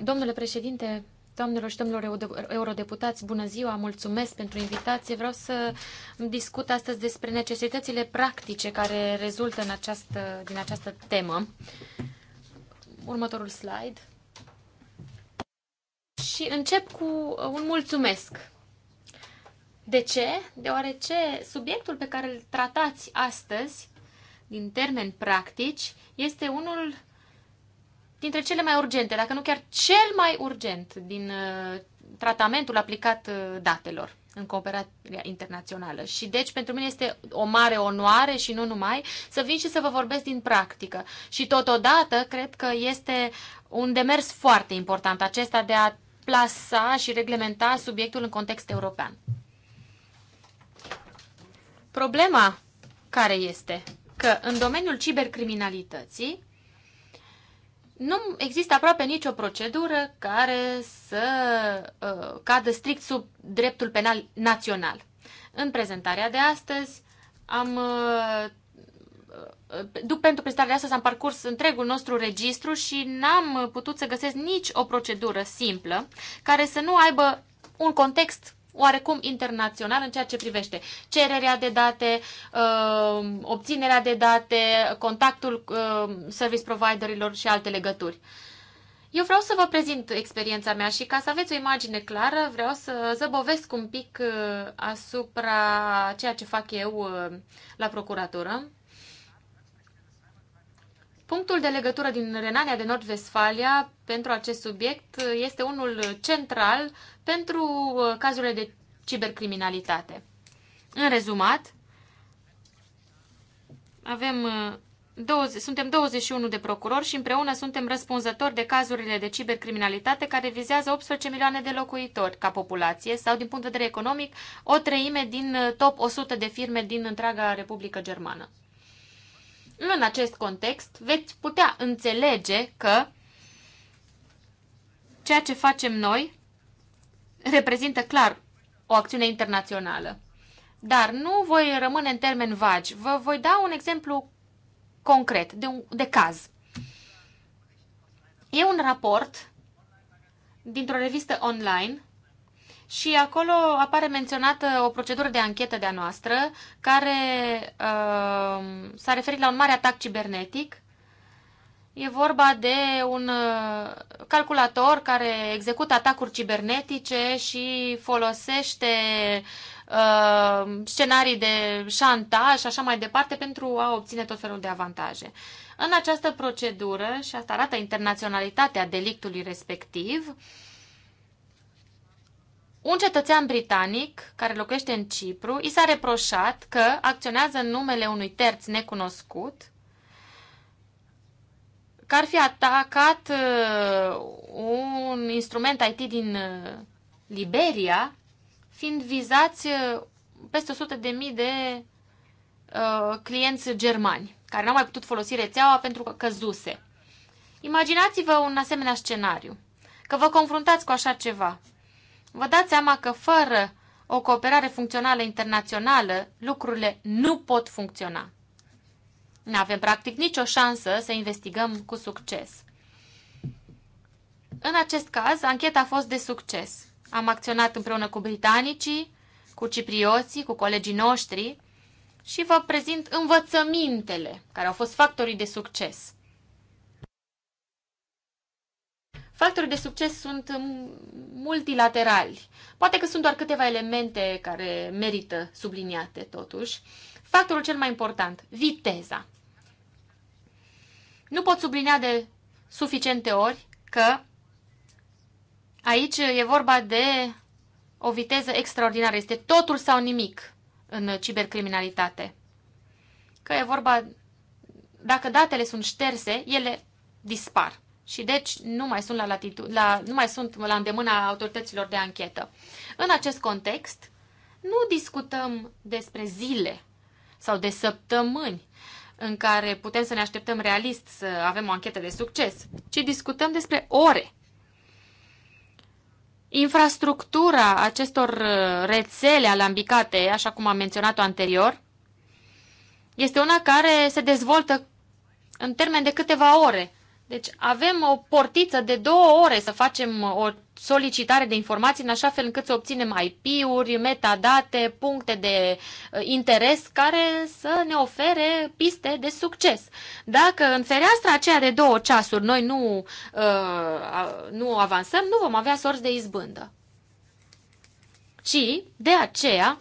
Speaker 4: Domnule președinte, Doamnelor și domnilor eurodeputați, bună ziua, mulțumesc pentru invitație. Vreau să discut astăzi despre necesitățile practice care rezultă în această, din această temă. Următorul slide. Și încep cu un mulțumesc. De ce? Deoarece subiectul pe care îl tratați astăzi, din termeni practici, este unul dintre cele mai urgente, dacă nu chiar cel mai urgent din uh, tratamentul aplicat uh, datelor în cooperarea internațională. Și deci pentru mine este o mare onoare și nu numai să vin și să vă vorbesc din practică. Și totodată cred că este un demers foarte important acesta de a plasa și reglementa subiectul în context european. Problema care este că în domeniul cibercriminalității nu există aproape nicio procedură care să uh, cadă strict sub dreptul penal național. În prezentarea de astăzi am uh, uh duc pentru de asta, am parcurs întregul nostru registru și n-am putut să găsesc nici o procedură simplă care să nu aibă un context oarecum internațional în ceea ce privește cererea de date, uh, obținerea de date, contactul uh, service providerilor și alte legături. Eu vreau să vă prezint experiența mea și ca să aveți o imagine clară, vreau să zăbovesc un pic uh, asupra ceea ce fac eu la procuratură. Punctul de legătură din Renania de Nord-Vestfalia pentru acest subiect este unul central pentru uh, cazurile de cibercriminalitate. În rezumat, avem 20, uh, suntem 21 de procurori și împreună suntem răspunzători de cazurile de cibercriminalitate care vizează 18 milioane de locuitori ca populație sau, din punct de vedere economic, o treime din uh, top 100 de firme din întreaga Republică Germană în acest context veți putea înțelege că ceea ce facem noi reprezintă clar o acțiune internațională. Dar nu voi rămâne în termen vagi. Vă voi da un exemplu concret, de, un, de caz. E un raport dintr-o revistă online și acolo apare menționată o procedură de anchetă de-a noastră care uh, s-a referit la un mare atac cibernetic. E vorba de un uh, calculator care execută atacuri cibernetice și folosește uh, scenarii de șantaj și așa mai departe pentru a obține tot felul de avantaje. În această procedură, și asta arată internaționalitatea delictului respectiv, uh, un cetățean britanic care locuiește în Cipru i s-a reproșat că acționează în numele unui terț necunoscut, că ar fi atacat uh, un instrument IT din uh, Liberia, fiind vizați uh, peste 100.000 de, mii de uh, clienți germani, care n-au mai putut folosi rețeaua pentru că căzuse. Imaginați-vă un asemenea scenariu, că vă confruntați cu așa ceva – Vă dați seama că fără o cooperare funcțională internațională, lucrurile nu pot funcționa. Nu avem practic nicio șansă să investigăm cu succes. În acest caz, ancheta a fost de succes. Am acționat împreună cu britanicii, cu ciprioții, cu colegii noștri și vă prezint învățămintele care au fost factorii de succes. Factorii de succes sunt multilaterali. Poate că sunt doar câteva elemente care merită subliniate totuși. Factorul cel mai important, viteza. Nu pot sublinea de suficiente ori că aici e vorba de o viteză extraordinară. Este totul sau nimic în cibercriminalitate. Că e vorba, dacă datele sunt șterse, ele dispar și deci nu mai sunt la, latitud, la, nu mai sunt la îndemâna autorităților de anchetă. În acest context, nu discutăm despre zile sau de săptămâni în care putem să ne așteptăm realist să avem o anchetă de succes, ci discutăm despre ore. Infrastructura acestor uh, rețele alambicate, așa cum am menționat-o anterior, este una care se dezvoltă în termen de câteva ore. Deci avem o portiță de două ore să facem uh, o solicitare de informații în așa fel încât să obținem IP-uri, metadate, puncte de uh, interes care să ne ofere piste de succes. Dacă în fereastra aceea de două ceasuri noi nu, uh, nu avansăm, nu vom avea sorți de izbândă. Și de aceea,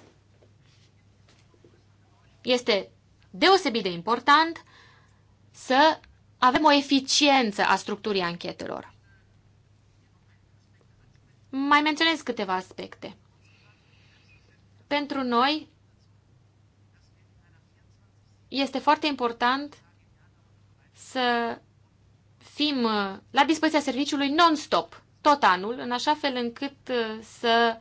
Speaker 4: este deosebit de important să avem o eficiență a structurii anchetelor. Mai menționez câteva aspecte. Pentru noi este foarte important să fim uh, la dispoziția serviciului non-stop, tot anul, în așa fel încât uh, să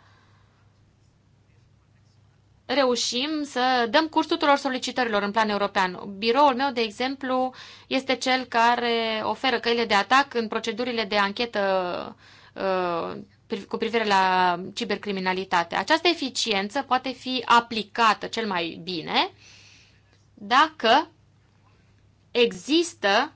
Speaker 4: reușim să dăm curs tuturor solicitărilor în plan european. Biroul meu, de exemplu, este cel care oferă căile de atac în procedurile de anchetă uh, cu privire la cibercriminalitate. Această eficiență poate fi aplicată cel mai bine dacă există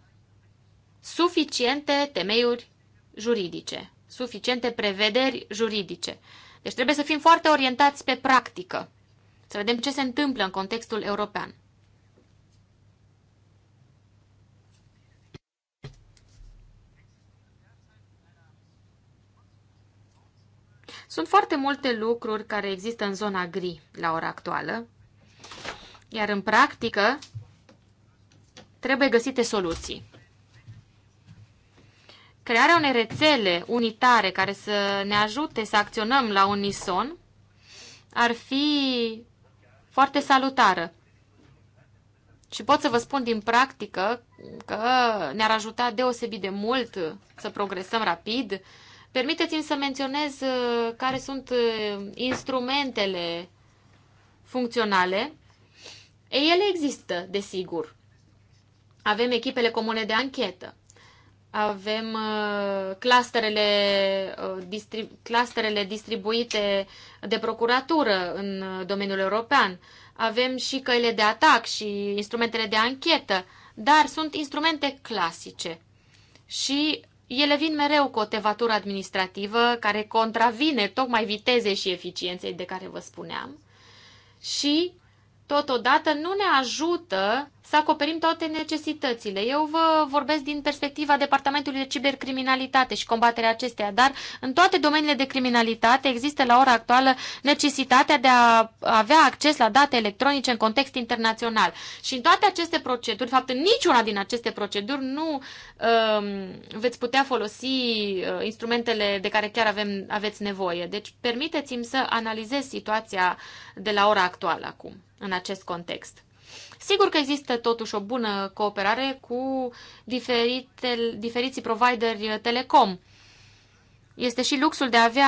Speaker 4: suficiente temeiuri juridice, suficiente prevederi juridice. Deci trebuie să fim foarte orientați pe practică. Să vedem ce se întâmplă în contextul european. Sunt foarte multe lucruri care există în zona gri la ora actuală, iar în practică trebuie găsite soluții. Crearea unei rețele unitare care să ne ajute să acționăm la unison ar fi foarte salutară. Și pot să vă spun din practică că ne-ar ajuta deosebit de mult să progresăm rapid. Permiteți-mi să menționez uh, care sunt uh, instrumentele funcționale. Ele există, desigur. Avem echipele comune de anchetă avem uh, clusterele, uh, distrib clusterele distribuite de procuratură în uh, domeniul european. Avem și căile de atac și instrumentele de anchetă, dar sunt instrumente clasice. Și ele vin mereu cu o tevatură administrativă care contravine tocmai vitezei și eficienței de care vă spuneam și totodată nu ne ajută să acoperim toate necesitățile. Eu vă vorbesc din perspectiva Departamentului de Cibercriminalitate și combaterea acesteia, dar în toate domeniile de criminalitate există la ora actuală necesitatea de a avea acces la date electronice în context internațional. Și în toate aceste proceduri, de fapt în niciuna din aceste proceduri nu um, veți putea folosi uh, instrumentele de care chiar avem, aveți nevoie. Deci permiteți-mi să analizez situația de la ora actuală acum în acest context. Sigur că există totuși o bună cooperare cu diferite, diferiții provideri telecom. Este și luxul de a avea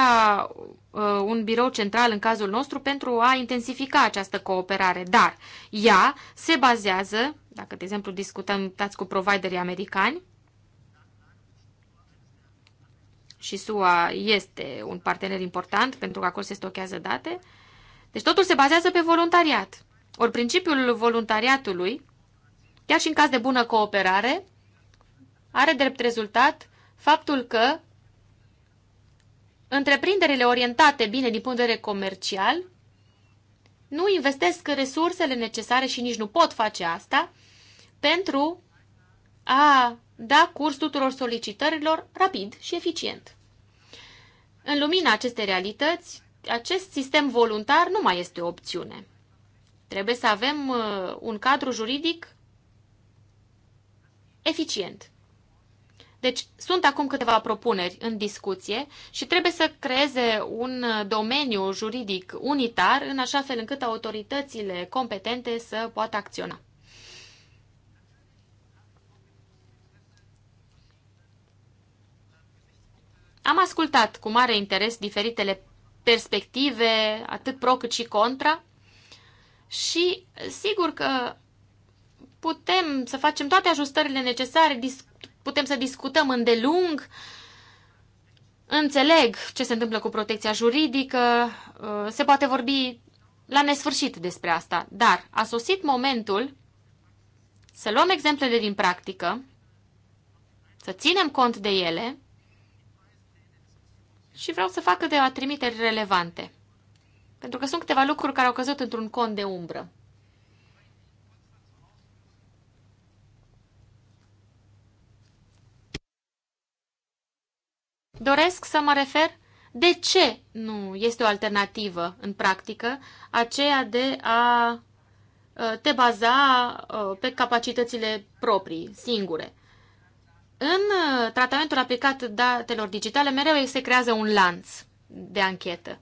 Speaker 4: uh, un birou central în cazul nostru pentru a intensifica această cooperare, dar ea se bazează, dacă de exemplu discutăm cu providerii americani, și SUA este un partener important pentru că acolo se stochează date, uh, deci totul se bazează pe voluntariat. Ori principiul voluntariatului, chiar și în caz de bună cooperare, are drept rezultat faptul că întreprinderile orientate bine din punct de vedere comercial nu investesc resursele necesare și nici nu pot face asta pentru a da curs tuturor solicitărilor rapid și eficient. În lumina acestei realități, acest sistem voluntar nu mai este o opțiune. Trebuie să avem uh, un cadru juridic eficient. Deci sunt acum câteva propuneri în discuție și trebuie să creeze un uh, domeniu juridic unitar în așa fel încât autoritățile competente să poată acționa. Am ascultat cu mare interes diferitele perspective, atât pro cât și contra. Și sigur că putem să facem toate ajustările necesare, putem să discutăm îndelung. Înțeleg ce se întâmplă cu protecția juridică, uh, se poate vorbi la nesfârșit despre asta, dar a sosit momentul să luăm exemplele din practică, să ținem cont de ele și vreau să fac câteva trimiteri relevante. Pentru că sunt câteva lucruri care au căzut într-un con de umbră. Doresc să mă refer de ce nu este o alternativă în practică aceea de a uh, te baza uh, pe capacitățile proprii, singure. În uh, tratamentul aplicat datelor digitale, mereu se creează un lanț de anchetă.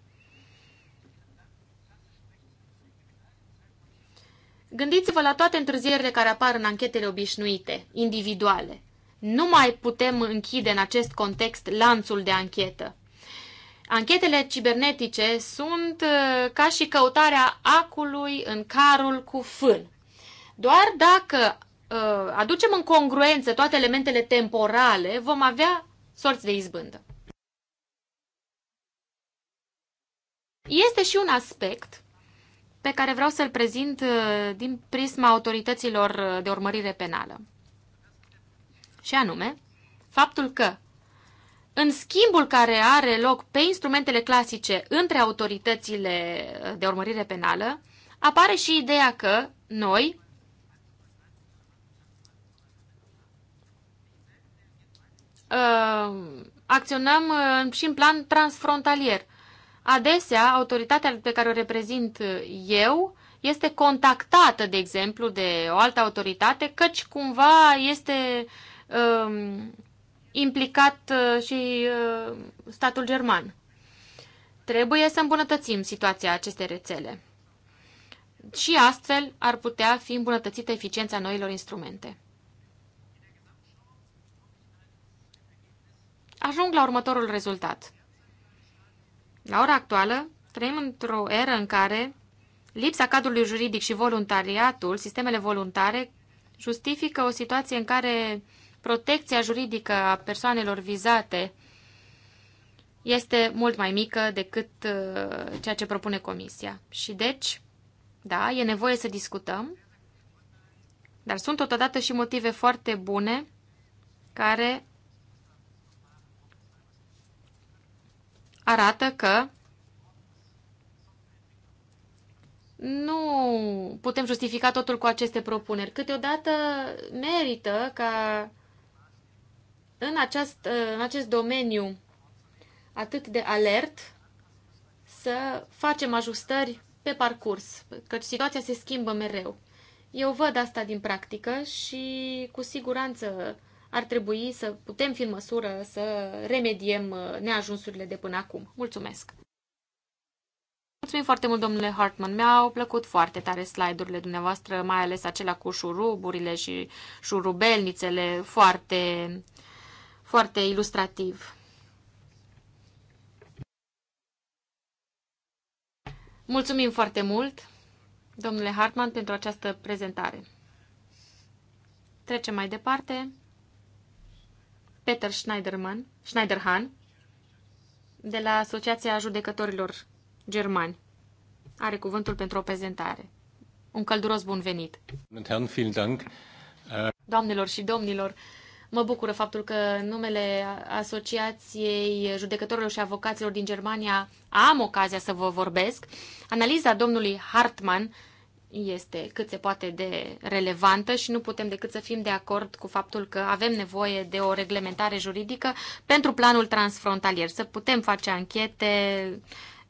Speaker 4: Gândiți-vă la toate întârzierile care apar în anchetele obișnuite, individuale. Nu mai putem închide în acest context lanțul de anchetă. Anchetele cibernetice sunt uh, ca și căutarea acului în carul cu fân. Doar dacă uh, aducem în congruență toate elementele temporale, vom avea sorți de izbândă. Este și un aspect pe care vreau să-l prezint uh, din prisma autorităților uh, de urmărire penală. Și anume, faptul că în schimbul care are loc pe instrumentele clasice între autoritățile uh, de urmărire penală, apare și ideea că noi uh, acționăm uh, și în plan transfrontalier. Adesea, autoritatea pe care o reprezint eu este contactată, de exemplu, de o altă autoritate, căci cumva este um, uh, implicat și uh, statul german. Trebuie să îmbunătățim situația acestei rețele. Și astfel ar putea fi îmbunătățită eficiența noilor instrumente. ajung la următorul rezultat. La ora actuală, trăim într-o eră în care lipsa cadrului juridic și voluntariatul, sistemele voluntare, justifică o situație în care protecția juridică a persoanelor vizate este mult mai mică decât uh, ceea ce propune Comisia. Și deci, da, e nevoie să discutăm, dar sunt totodată și motive foarte bune care arată că nu putem justifica totul cu aceste propuneri. Câteodată merită ca în, aceast, în acest domeniu atât de alert să facem ajustări pe parcurs, căci situația se schimbă mereu. Eu văd asta din practică și cu siguranță ar trebui să putem fi în măsură să remediem uh, neajunsurile de până acum. Mulțumesc! Mulțumim foarte mult, domnule Hartman. Mi-au plăcut foarte tare slide-urile dumneavoastră, mai ales acela cu șuruburile și șurubelnițele, foarte, foarte ilustrativ. Mulțumim foarte mult, domnule Hartman, pentru această prezentare. Trecem mai departe Peter Schneiderman, Schneiderhan de la Asociația Judecătorilor Germani. Are cuvântul pentru o prezentare. Un călduros bun venit!
Speaker 5: Uh,
Speaker 4: Doamnelor și domnilor, mă bucură faptul că numele Asociației Judecătorilor și Avocaților din Germania am ocazia să vă vorbesc. Analiza domnului Hartmann este cât se poate de relevantă și nu putem decât să fim de acord cu faptul că avem nevoie de o reglementare juridică pentru planul transfrontalier, să putem face anchete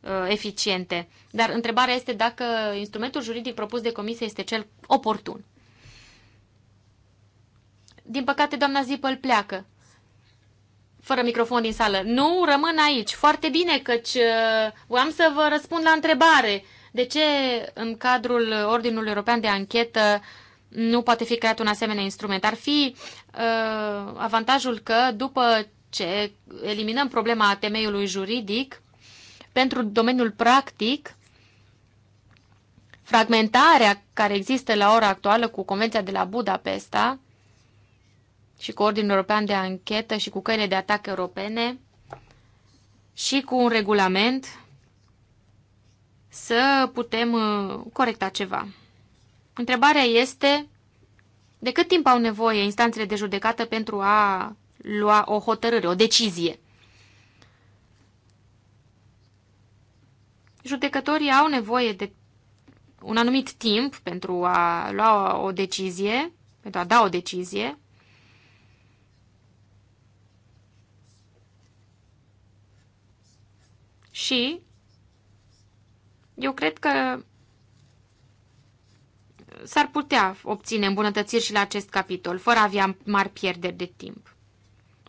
Speaker 4: uh, eficiente. Dar întrebarea este dacă instrumentul juridic propus de comisie este cel oportun. Din păcate, doamna Zipăl pleacă. Fără microfon din sală. Nu, rămân aici. Foarte bine, căci uh, am să vă răspund la întrebare. Uh, de ce în cadrul Ordinului European de Anchetă nu poate fi creat un asemenea instrument? Ar fi uh, avantajul că după ce eliminăm problema temeiului juridic, pentru domeniul practic, fragmentarea care există la ora actuală cu Convenția de la Budapesta și cu Ordinul European de Anchetă și cu căile de atac europene și cu un regulament să putem uh, corecta ceva. Întrebarea este de cât timp au nevoie instanțele de judecată pentru a lua o hotărâre, o decizie? Judecătorii au nevoie de un anumit timp pentru a lua o decizie, pentru a da o decizie. Și eu cred că s-ar putea obține îmbunătățiri și la acest capitol, fără a avea mari pierderi de timp.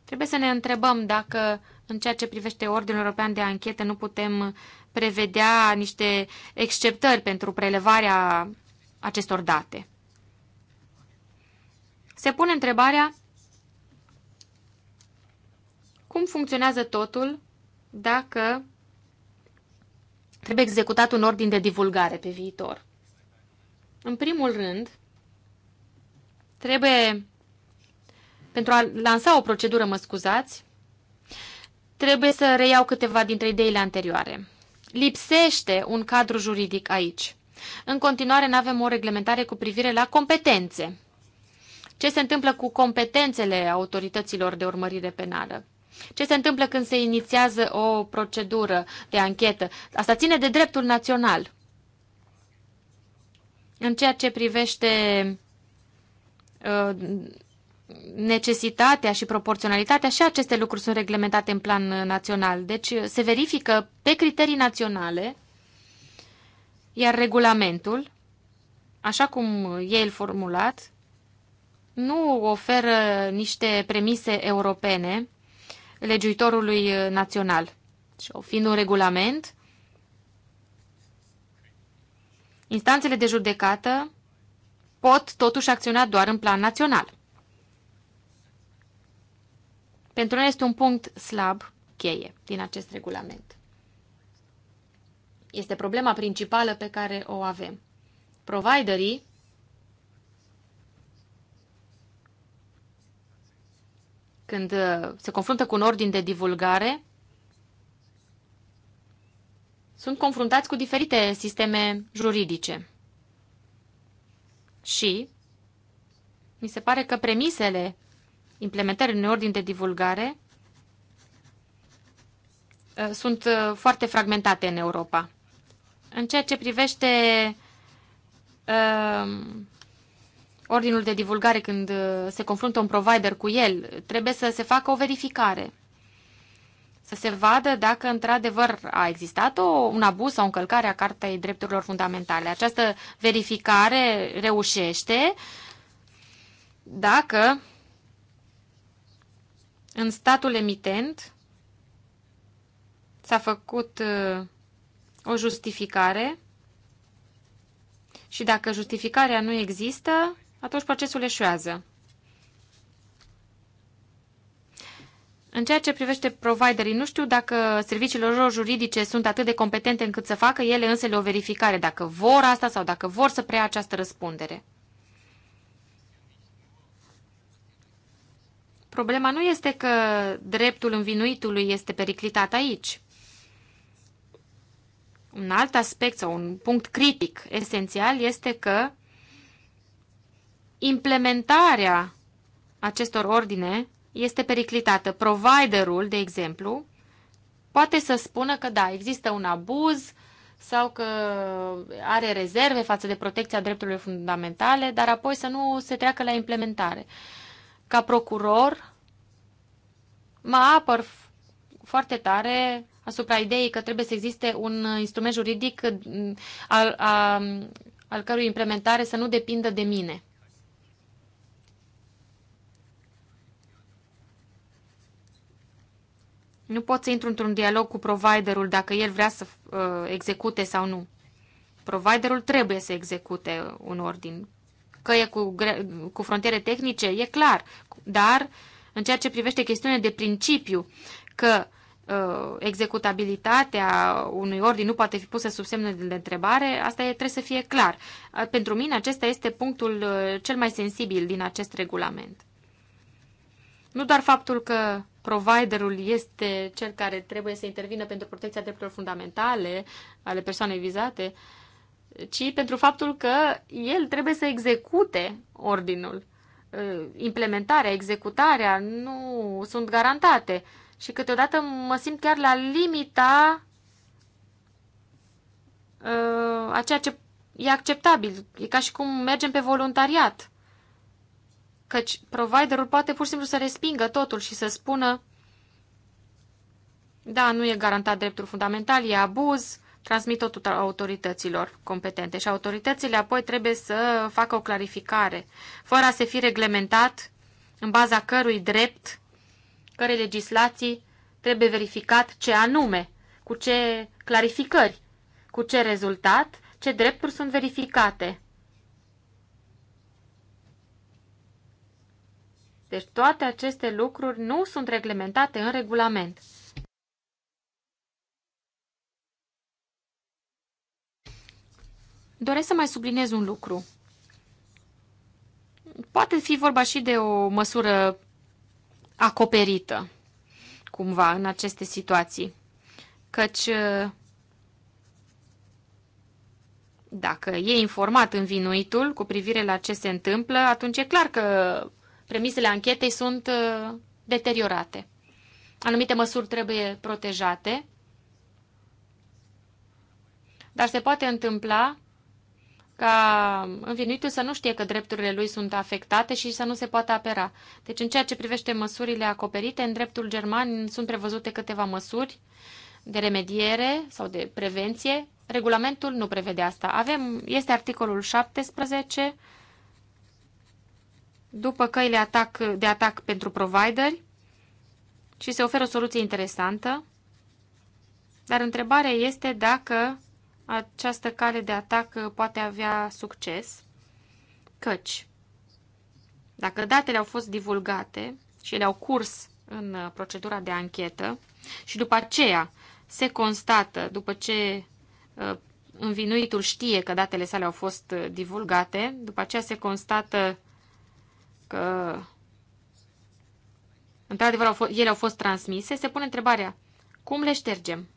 Speaker 4: Trebuie să ne întrebăm dacă, în ceea ce privește Ordinul European de Anchetă, nu putem prevedea niște exceptări pentru prelevarea acestor date. Se pune întrebarea cum funcționează totul dacă Trebuie executat un ordin de divulgare pe viitor. În primul rând, trebuie, pentru a lansa o procedură, mă scuzați, trebuie să reiau câteva dintre ideile anterioare. Lipsește un cadru juridic aici. În continuare, nu avem o reglementare cu privire la competențe. Ce se întâmplă cu competențele autorităților de urmărire penală? Ce se întâmplă când se inițiază o procedură de anchetă? Asta ține de dreptul național. În ceea ce privește ă, necesitatea și proporționalitatea și aceste lucruri sunt reglementate în plan național. Deci ă, se verifică pe criterii naționale, iar regulamentul, așa cum e el formulat, nu oferă niște premise europene legiuitorului uh, național. Și fiind un regulament, instanțele de judecată pot totuși acționa doar în plan național. Pentru noi este un punct slab cheie din acest regulament. Este problema principală pe care o avem. Providerii când uh, se confruntă cu un ordin de divulgare, sunt confruntați cu diferite sisteme juridice. Și mi se pare că premisele implementării unui ordin de divulgare uh, sunt uh, foarte fragmentate în Europa. În ceea ce privește ordinul de divulgare când uh, se confruntă un provider cu el, trebuie să se facă o verificare. Să se vadă dacă într-adevăr a existat o, un abuz sau o încălcare a Cartei Drepturilor Fundamentale. Această verificare reușește dacă în statul emitent s-a făcut uh, o justificare și dacă justificarea nu există, atunci procesul eșuează. În ceea ce privește providerii, nu știu dacă serviciile lor juridice sunt atât de competente încât să facă ele însele o verificare, dacă vor asta sau dacă vor să preia această răspundere. Problema nu este că dreptul învinuitului este periclitat aici. Un alt aspect sau un punct critic esențial este că implementarea acestor ordine este periclitată. Providerul, de exemplu, poate să spună că da, există un abuz sau că are rezerve față de protecția drepturilor fundamentale, dar apoi să nu se treacă la implementare. Ca procuror, mă apăr foarte tare asupra ideii că trebuie să existe un instrument juridic mm, al, a, al cărui implementare să nu depindă de mine. Nu pot să intru într-un dialog cu providerul dacă el vrea să uh, execute sau nu. Providerul trebuie să execute un ordin. Că e cu, cu frontiere tehnice, e clar. Dar, în ceea ce privește chestiunea de principiu, că uh, executabilitatea unui ordin nu poate fi pusă sub semnul de întrebare, asta e, trebuie să fie clar. Uh, pentru mine acesta este punctul uh, cel mai sensibil din acest regulament. Nu doar faptul că providerul este cel care trebuie să intervină pentru protecția drepturilor fundamentale ale persoanei vizate, ci pentru faptul că el trebuie să execute ordinul. Uh, implementarea, executarea nu sunt garantate și câteodată mă simt chiar la limita uh, a ceea ce e acceptabil. E ca și cum mergem pe voluntariat. Căci providerul poate pur și simplu să respingă totul și să spună da, nu e garantat dreptul fundamental, e abuz, transmit totul autorităților competente și autoritățile apoi trebuie să facă o clarificare, fără a se fi reglementat în baza cărui drept, cărei legislații trebuie verificat ce anume, cu ce clarificări, cu ce rezultat, ce drepturi sunt verificate. Deci toate aceste lucruri nu sunt reglementate în regulament. Doresc să mai subliniez un lucru. Poate fi vorba și de o măsură acoperită, cumva, în aceste situații. Căci dacă e informat învinuitul cu privire la ce se întâmplă, atunci e clar că premisele anchetei sunt uh, deteriorate. Anumite măsuri trebuie protejate, dar se poate întâmpla ca învinuitul să nu știe că drepturile lui sunt afectate și să nu se poată apera. Deci în ceea ce privește măsurile acoperite, în dreptul german sunt prevăzute câteva măsuri de remediere sau de prevenție. Regulamentul nu prevede asta. Avem, este articolul 17 după căile atac, de atac pentru provideri și se oferă o soluție interesantă, dar întrebarea este dacă această cale de atac poate avea succes, căci dacă datele au fost divulgate și ele au curs în procedura de anchetă și după aceea se constată, după ce uh, învinuitul știe că datele sale au fost uh, divulgate, după aceea se constată că într-adevăr ele au fost transmise, se pune întrebarea cum le ștergem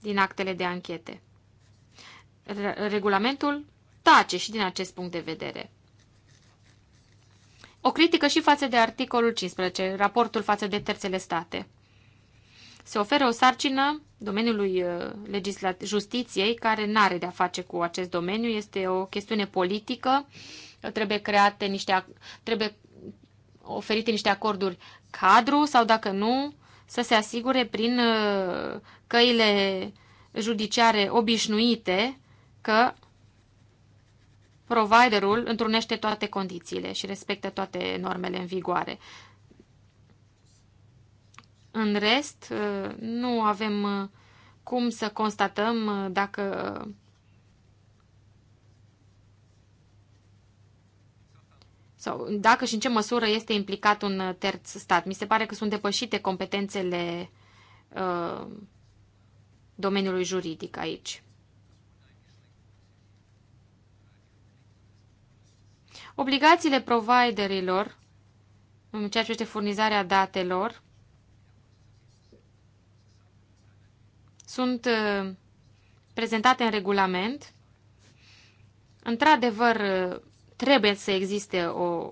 Speaker 4: din actele de anchete. Regulamentul tace și din acest punct de vedere. O critică și față de articolul 15, raportul față de terțele state. Se oferă o sarcină domeniului uh, justiției care nu are de-a face cu acest domeniu, este o chestiune politică, trebuie create niște, trebuie oferite niște acorduri cadru sau, dacă nu, să se asigure prin uh, căile judiciare obișnuite că providerul întrunește toate condițiile și respectă toate normele în vigoare. În rest, uh, nu avem uh, cum să constatăm dacă sau dacă și în ce măsură este implicat un uh, terț stat. Mi se pare că sunt depășite competențele uh, domeniului juridic aici. Obligațiile providerilor în ceea ce este furnizarea datelor sunt uh, prezentate în regulament. Într-adevăr, uh, trebuie să existe o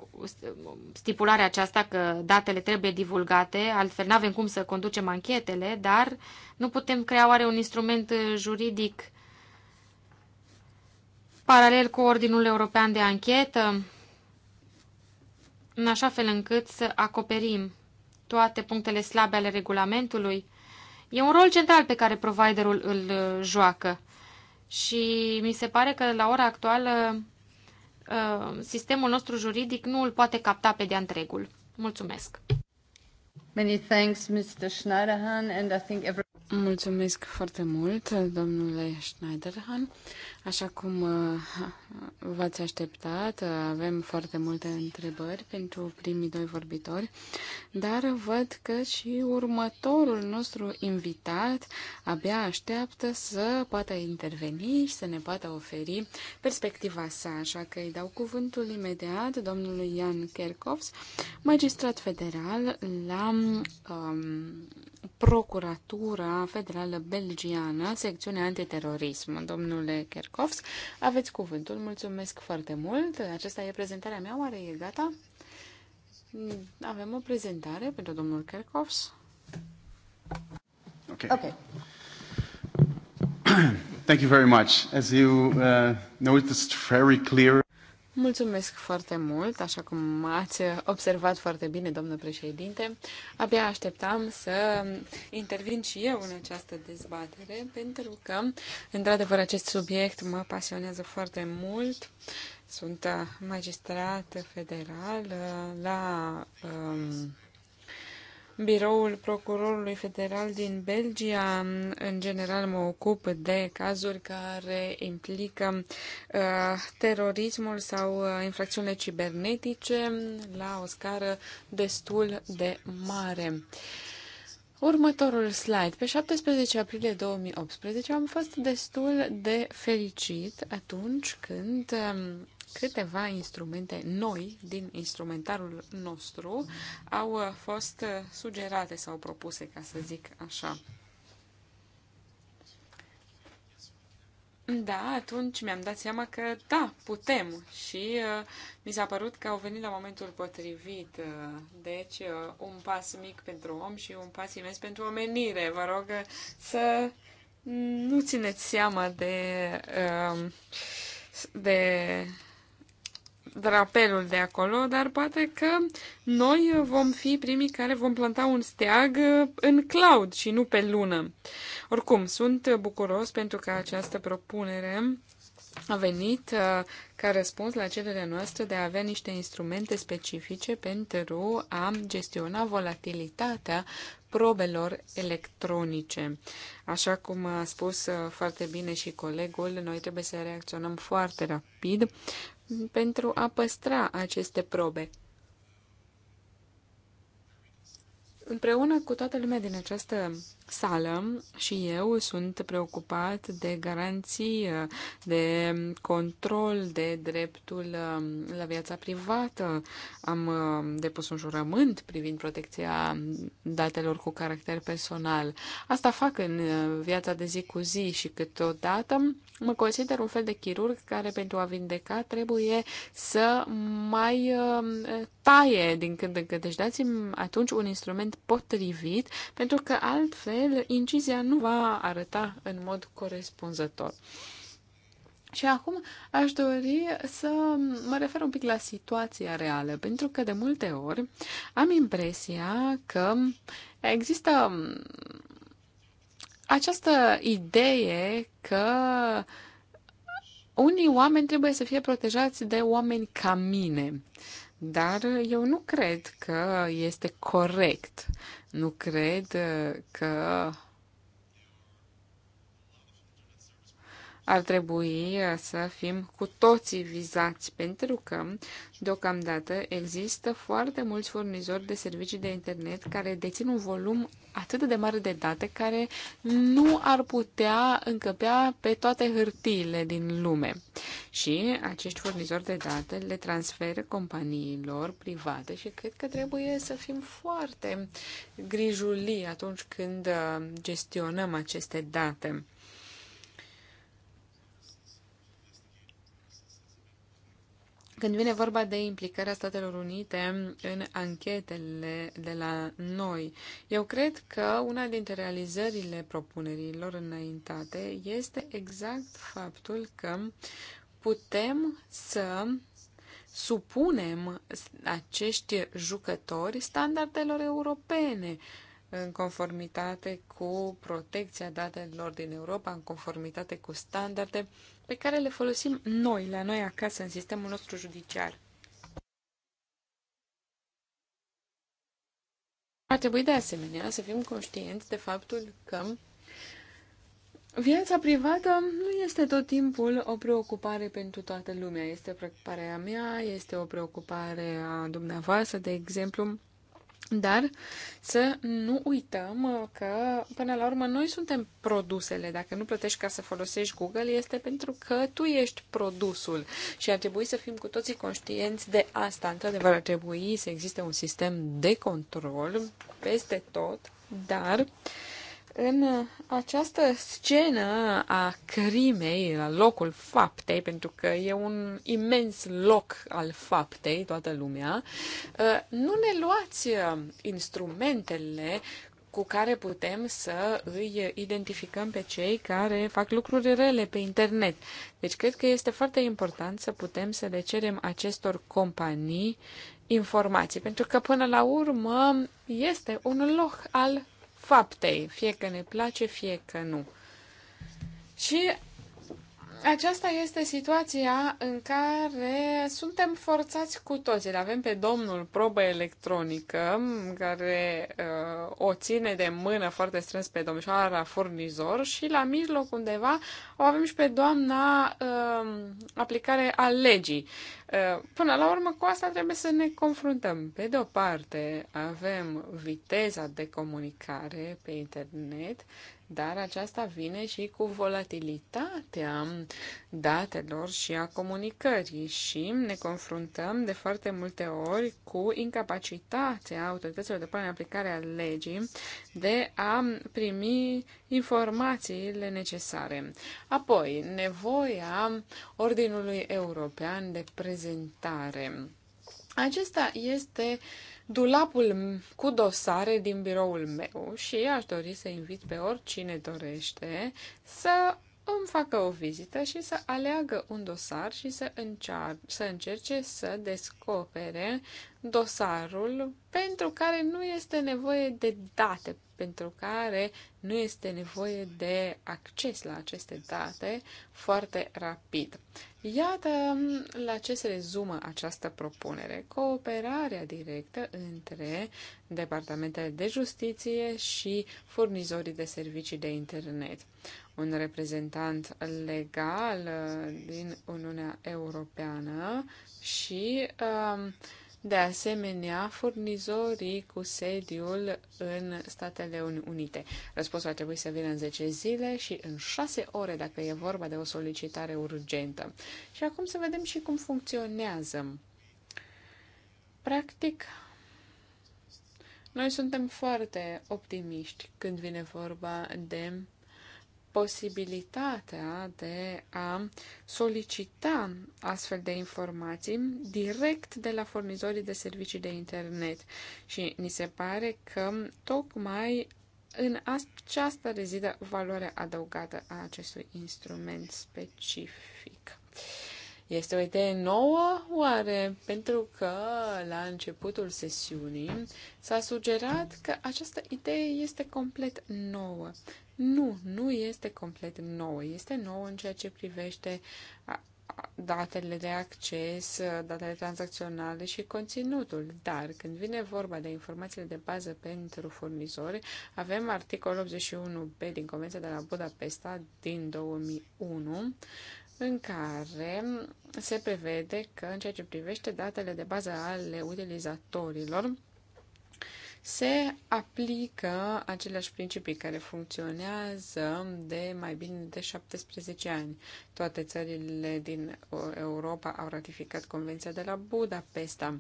Speaker 4: stipulare aceasta că datele trebuie divulgate, altfel nu avem cum să conducem anchetele, dar nu putem crea oare un instrument juridic paralel cu Ordinul European de Anchetă, în așa fel încât să acoperim toate punctele slabe ale regulamentului. E un rol central pe care providerul îl joacă și mi se pare că la ora actuală Uh, sistemul nostru juridic nu îl poate capta pe de-a întregul. Mulțumesc!
Speaker 5: Many thanks, Mr. Schneiderhan, and I think every... Mulțumesc
Speaker 2: foarte mult, domnule Schneiderhan. Așa cum uh, v-ați așteptat, uh, avem foarte multe întrebări pentru primii doi vorbitori, dar văd că și următorul nostru invitat abia așteaptă să poată interveni și să ne poată oferi perspectiva sa. Așa că îi dau cuvântul imediat domnului Ian Kerkovs, magistrat federal la um, Procuratura Federală Belgiană, secțiunea antiterorism. Domnule Kerkovs, Markovs. Aveți cuvântul. Mulțumesc foarte mult. Aceasta e prezentarea mea. Oare e gata? Avem o prezentare pentru domnul Kerkovs.
Speaker 1: Okay. okay. Thank you very much. As you uh, noticed very clear
Speaker 2: Mulțumesc foarte mult, așa cum ați observat foarte bine, domnul președinte. Abia așteptam să intervin și eu în această dezbatere, pentru că, într-adevăr, acest subiect mă pasionează foarte mult. Sunt magistrat federal la um, Biroul Procurorului Federal din Belgia, în general, mă ocup de cazuri care implică uh, terorismul sau uh, infracțiunile cibernetice la o scară destul de mare. Următorul slide. Pe 17 aprilie 2018 am fost destul de fericit atunci când um, câteva instrumente noi din instrumentarul nostru au uh, fost uh, sugerate sau propuse, ca să zic așa. Da, atunci mi-am dat seama că da, putem și uh, mi s-a părut că au venit la momentul potrivit. Uh, deci, uh, un pas mic pentru om și un pas imens pentru omenire. Vă rog uh, să nu țineți seama de, uh, de drapelul de acolo, dar poate că noi vom fi primii care vom planta un steag în cloud și nu pe lună. Oricum, sunt bucuros pentru că această propunere a venit uh, ca răspuns la cererea noastră de a avea niște instrumente specifice pentru a gestiona volatilitatea probelor electronice. Așa cum a spus uh, foarte bine și colegul, noi trebuie să reacționăm foarte rapid pentru a păstra aceste probe. Împreună cu toată lumea din această sală și eu sunt preocupat de garanții, de control, de dreptul um, la viața privată. Am um, depus un jurământ privind protecția datelor cu caracter personal. Asta fac în uh, viața de zi cu zi și câteodată mă consider un fel de chirurg care pentru a vindeca trebuie să mai um, taie din când în când. Deci dați-mi atunci un instrument potrivit pentru că altfel el incizia nu va arăta în mod corespunzător. Și acum aș dori să mă refer un pic la situația reală, pentru că de multe ori am impresia că există mm, această idee că unii oameni trebuie să fie protejați de oameni ca mine. Uh, dar eu nu cred că este corect. Nu cred că ar trebui uh, să fim cu toții vizați, pentru că, deocamdată, există foarte mulți furnizori de servicii de internet care dețin un volum atât de mare de date care nu ar putea încăpea pe toate hârtiile din lume. Și acești furnizori de date le transferă companiilor private și cred că trebuie să fim foarte grijulii atunci când uh, gestionăm aceste date. Când vine vorba de implicarea Statelor Unite în anchetele de la noi, eu cred că una dintre realizările propunerilor înaintate este exact faptul că putem să supunem acești jucători standardelor europene în conformitate cu protecția datelor din Europa, în conformitate cu standarde pe care le folosim noi, la noi acasă, în sistemul nostru judiciar. Ar trebui de asemenea să fim conștienți de faptul că viața privată nu este tot timpul o preocupare pentru toată lumea. Este o preocupare a mea, este o preocupare a dumneavoastră, de exemplu. Dar să nu uităm uh, că, până la urmă, noi suntem produsele. Dacă nu plătești ca să folosești Google, este pentru că tu ești produsul. Și ar trebui să fim cu toții conștienți de asta. Într-adevăr, ar trebui să existe un sistem de control peste tot, dar uh, în această scenă a crimei, la locul faptei, pentru că e un imens loc al faptei, toată lumea, ă, nu ne luați ă, instrumentele cu care putem să îi identificăm pe cei care fac lucruri rele pe internet. Deci cred că este foarte important să putem să le cerem acestor companii informații, pentru că până la urmă este un loc al faptei, fie că ne place, fie că nu. Și aceasta este situația în care suntem forțați cu toții. avem pe domnul probă electronică, care uh, o ține de mână foarte strâns pe domnișoara furnizor și la mijloc undeva o avem și pe doamna uh, aplicare a legii. Uh, până la urmă, cu asta trebuie să ne confruntăm. Pe de o parte, avem viteza de comunicare pe internet dar aceasta vine și cu volatilitatea datelor și a comunicării și ne confruntăm de foarte multe ori cu incapacitatea autorităților de până în aplicare a legii de a primi informațiile necesare. Apoi, nevoia Ordinului European de Prezentare. Acesta este uh, dulapul cu dosare din biroul meu și aș dori să invit pe oricine dorește să îmi facă o vizită și să aleagă un dosar și să, încear- să încerce să descopere dosarul pentru care nu este nevoie de date, pentru care nu este nevoie de acces la aceste date foarte rapid. Iată la ce se rezumă această propunere. Cooperarea directă între departamentele de justiție și furnizorii de servicii de internet un reprezentant legal uh, din Uniunea Europeană și, um, de asemenea, furnizorii cu sediul în Statele Unite. Răspunsul ar trebui să vină în 10 zile și în 6 ore dacă e vorba de o solicitare urgentă. Și acum să vedem și cum funcționează. Practic, noi suntem foarte optimiști când vine vorba de posibilitatea de a solicita astfel de informații direct de la furnizorii de servicii de internet. Și ni se pare că tocmai în aceasta rezidă valoarea adăugată a acestui instrument specific. Este o idee nouă, oare? Pentru că la începutul sesiunii s-a sugerat că această idee este complet nouă. Nu, nu este complet nouă. Este nouă în ceea ce privește datele de acces, datele tranzacționale și conținutul. Dar când vine vorba de informațiile de bază pentru furnizori, avem articolul 81b din Convenția de la Budapesta din 2001, în care se prevede că în ceea ce privește datele de bază ale utilizatorilor, se aplică aceleași principii care funcționează de mai bine de 17 ani. Toate țările din Europa au ratificat Convenția de la Budapesta.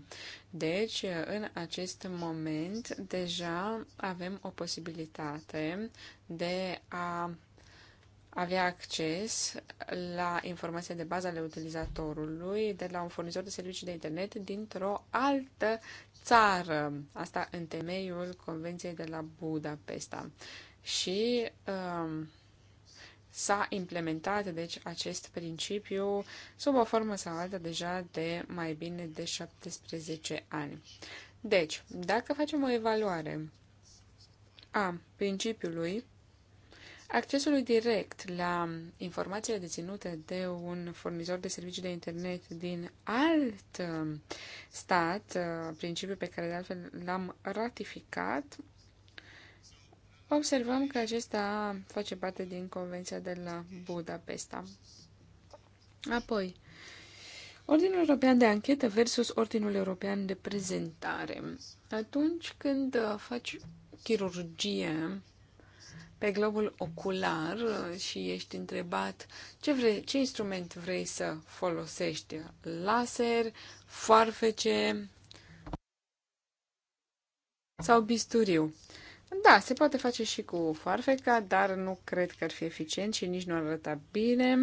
Speaker 2: Deci, în acest moment, deja avem o posibilitate de a avea acces la informația de bază ale utilizatorului de la un furnizor de servicii de internet dintr-o altă țară, asta în temeiul Convenției de la Budapesta. Și um, s-a implementat, deci, acest principiu sub o formă sau alta deja de mai bine de 17 ani. Deci, dacă facem o evaluare a principiului accesului direct la informațiile deținute de un furnizor de servicii de internet din alt um, stat, uh, principiu pe care de altfel l-am ratificat, observăm că acesta face parte din Convenția de la Budapesta. Apoi, Ordinul European de Anchetă versus Ordinul European de Prezentare. Atunci când uh, faci chirurgie pe globul ocular uh, și ești întrebat ce, vrei, ce instrument vrei să folosești, laser, foarfece sau bisturiu. Da, se poate face și cu foarfeca, dar nu cred că ar fi eficient și nici nu ar arăta bine.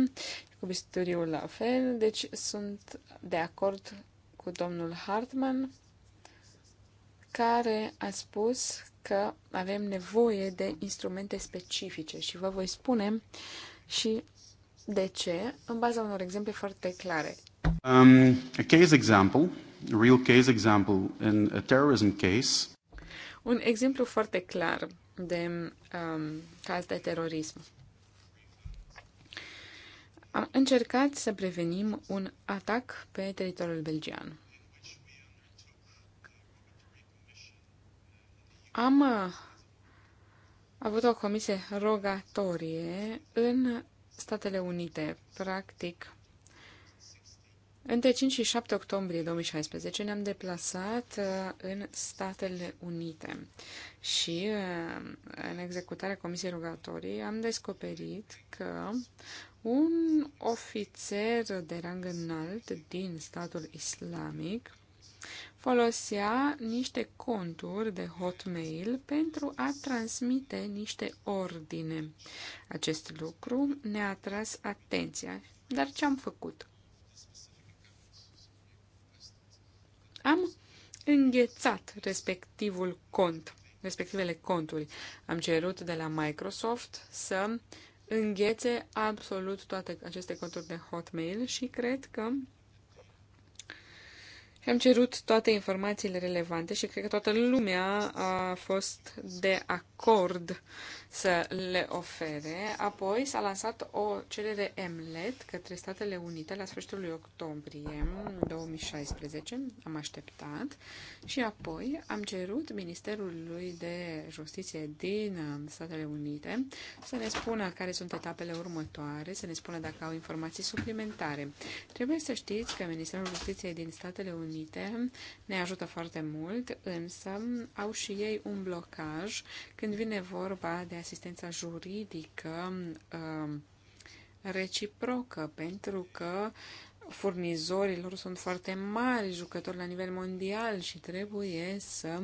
Speaker 2: Cu bisturiul la fel, deci sunt de acord cu domnul Hartman, care a spus că avem nevoie de instrumente specifice și vă voi spune și de ce, în baza unor exemple foarte clare.
Speaker 1: Um, a case example, a real case example in a terrorism case.
Speaker 2: Un exemplu foarte clar de um, caz de terorism. Am încercat să prevenim un atac pe teritoriul belgian. Am uh, avut o comisie rogatorie în Statele Unite, practic. Între 5 și 7 octombrie 2016 ne-am deplasat uh, în Statele Unite și uh, în executarea comisiei rogatorii am descoperit că un ofițer de rang înalt din statul islamic folosea niște conturi de Hotmail pentru a transmite niște ordine. Acest lucru ne-a atras atenția. Dar ce am făcut? Am înghețat respectivul cont, respectivele conturi. Am cerut de la Microsoft să înghețe absolut toate aceste conturi de Hotmail și cred că am cerut toate informațiile relevante și cred că toată lumea a fost de acord să le ofere. Apoi s-a lansat o cerere MLET către Statele Unite la sfârșitul lui octombrie 2016. Am așteptat și apoi am cerut Ministerului de Justiție din uh, Statele Unite să ne spună care sunt etapele următoare, să ne spună dacă au informații suplimentare. Trebuie să știți că Ministerul Justiției din Statele Unite anumite, ne ajută foarte mult, însă au și ei un blocaj când vine vorba de asistența juridică um, reciprocă, pentru că furnizorilor sunt foarte mari jucători la nivel mondial și trebuie să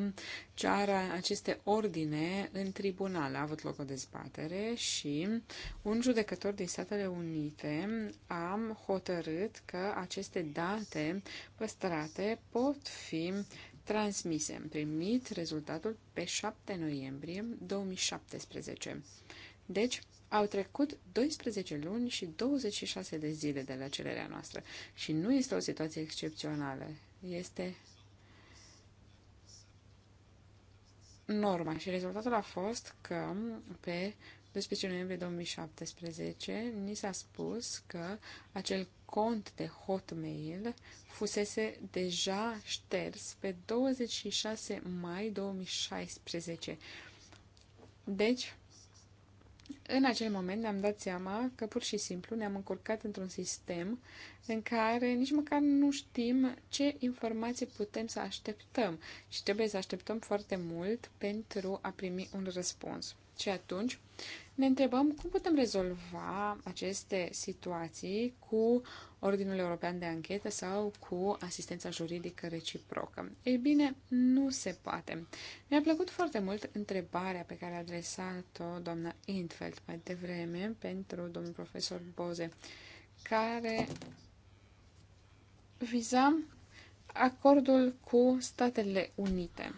Speaker 2: ceară aceste ordine în tribunal. A avut loc o dezbatere și un judecător din Statele Unite a hotărât că aceste date păstrate pot fi transmise. Am primit rezultatul pe 7 noiembrie 2017. Deci, au trecut 12 luni și 26 de zile de la cererea noastră și nu este o situație excepțională. Este norma și rezultatul a fost că pe 12 noiembrie 2017 ni s-a spus că acel cont de Hotmail fusese deja șters pe 26 mai 2016. Deci, în acel moment ne-am dat seama că pur și simplu ne-am încurcat într-un sistem în care nici măcar nu știm ce informații putem să așteptăm și trebuie să așteptăm foarte mult pentru a primi un răspuns. Și atunci ne întrebăm cum putem rezolva aceste situații cu Ordinul European de Anchetă sau cu asistența juridică reciprocă. Ei bine, nu se poate. Mi-a plăcut foarte mult întrebarea pe care a adresat-o doamna Intfeld mai devreme pentru domnul profesor Boze, care viza acordul cu Statele Unite.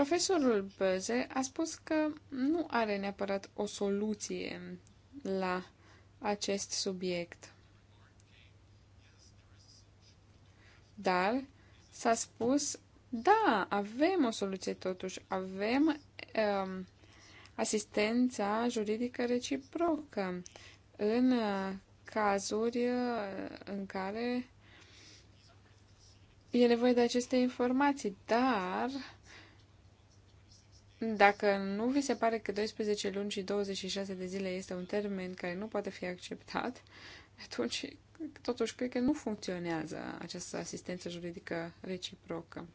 Speaker 2: Profesorul Böze a spus că nu are neapărat o soluție la acest subiect. Dar s-a spus, da, avem o soluție totuși, avem um, asistența juridică reciprocă în uh, cazuri uh, în care e nevoie de aceste informații, dar dacă nu vi se pare că 12 luni și 26 de zile este un termen care nu poate fi acceptat, atunci totuși cred că nu funcționează această asistență juridică reciprocă.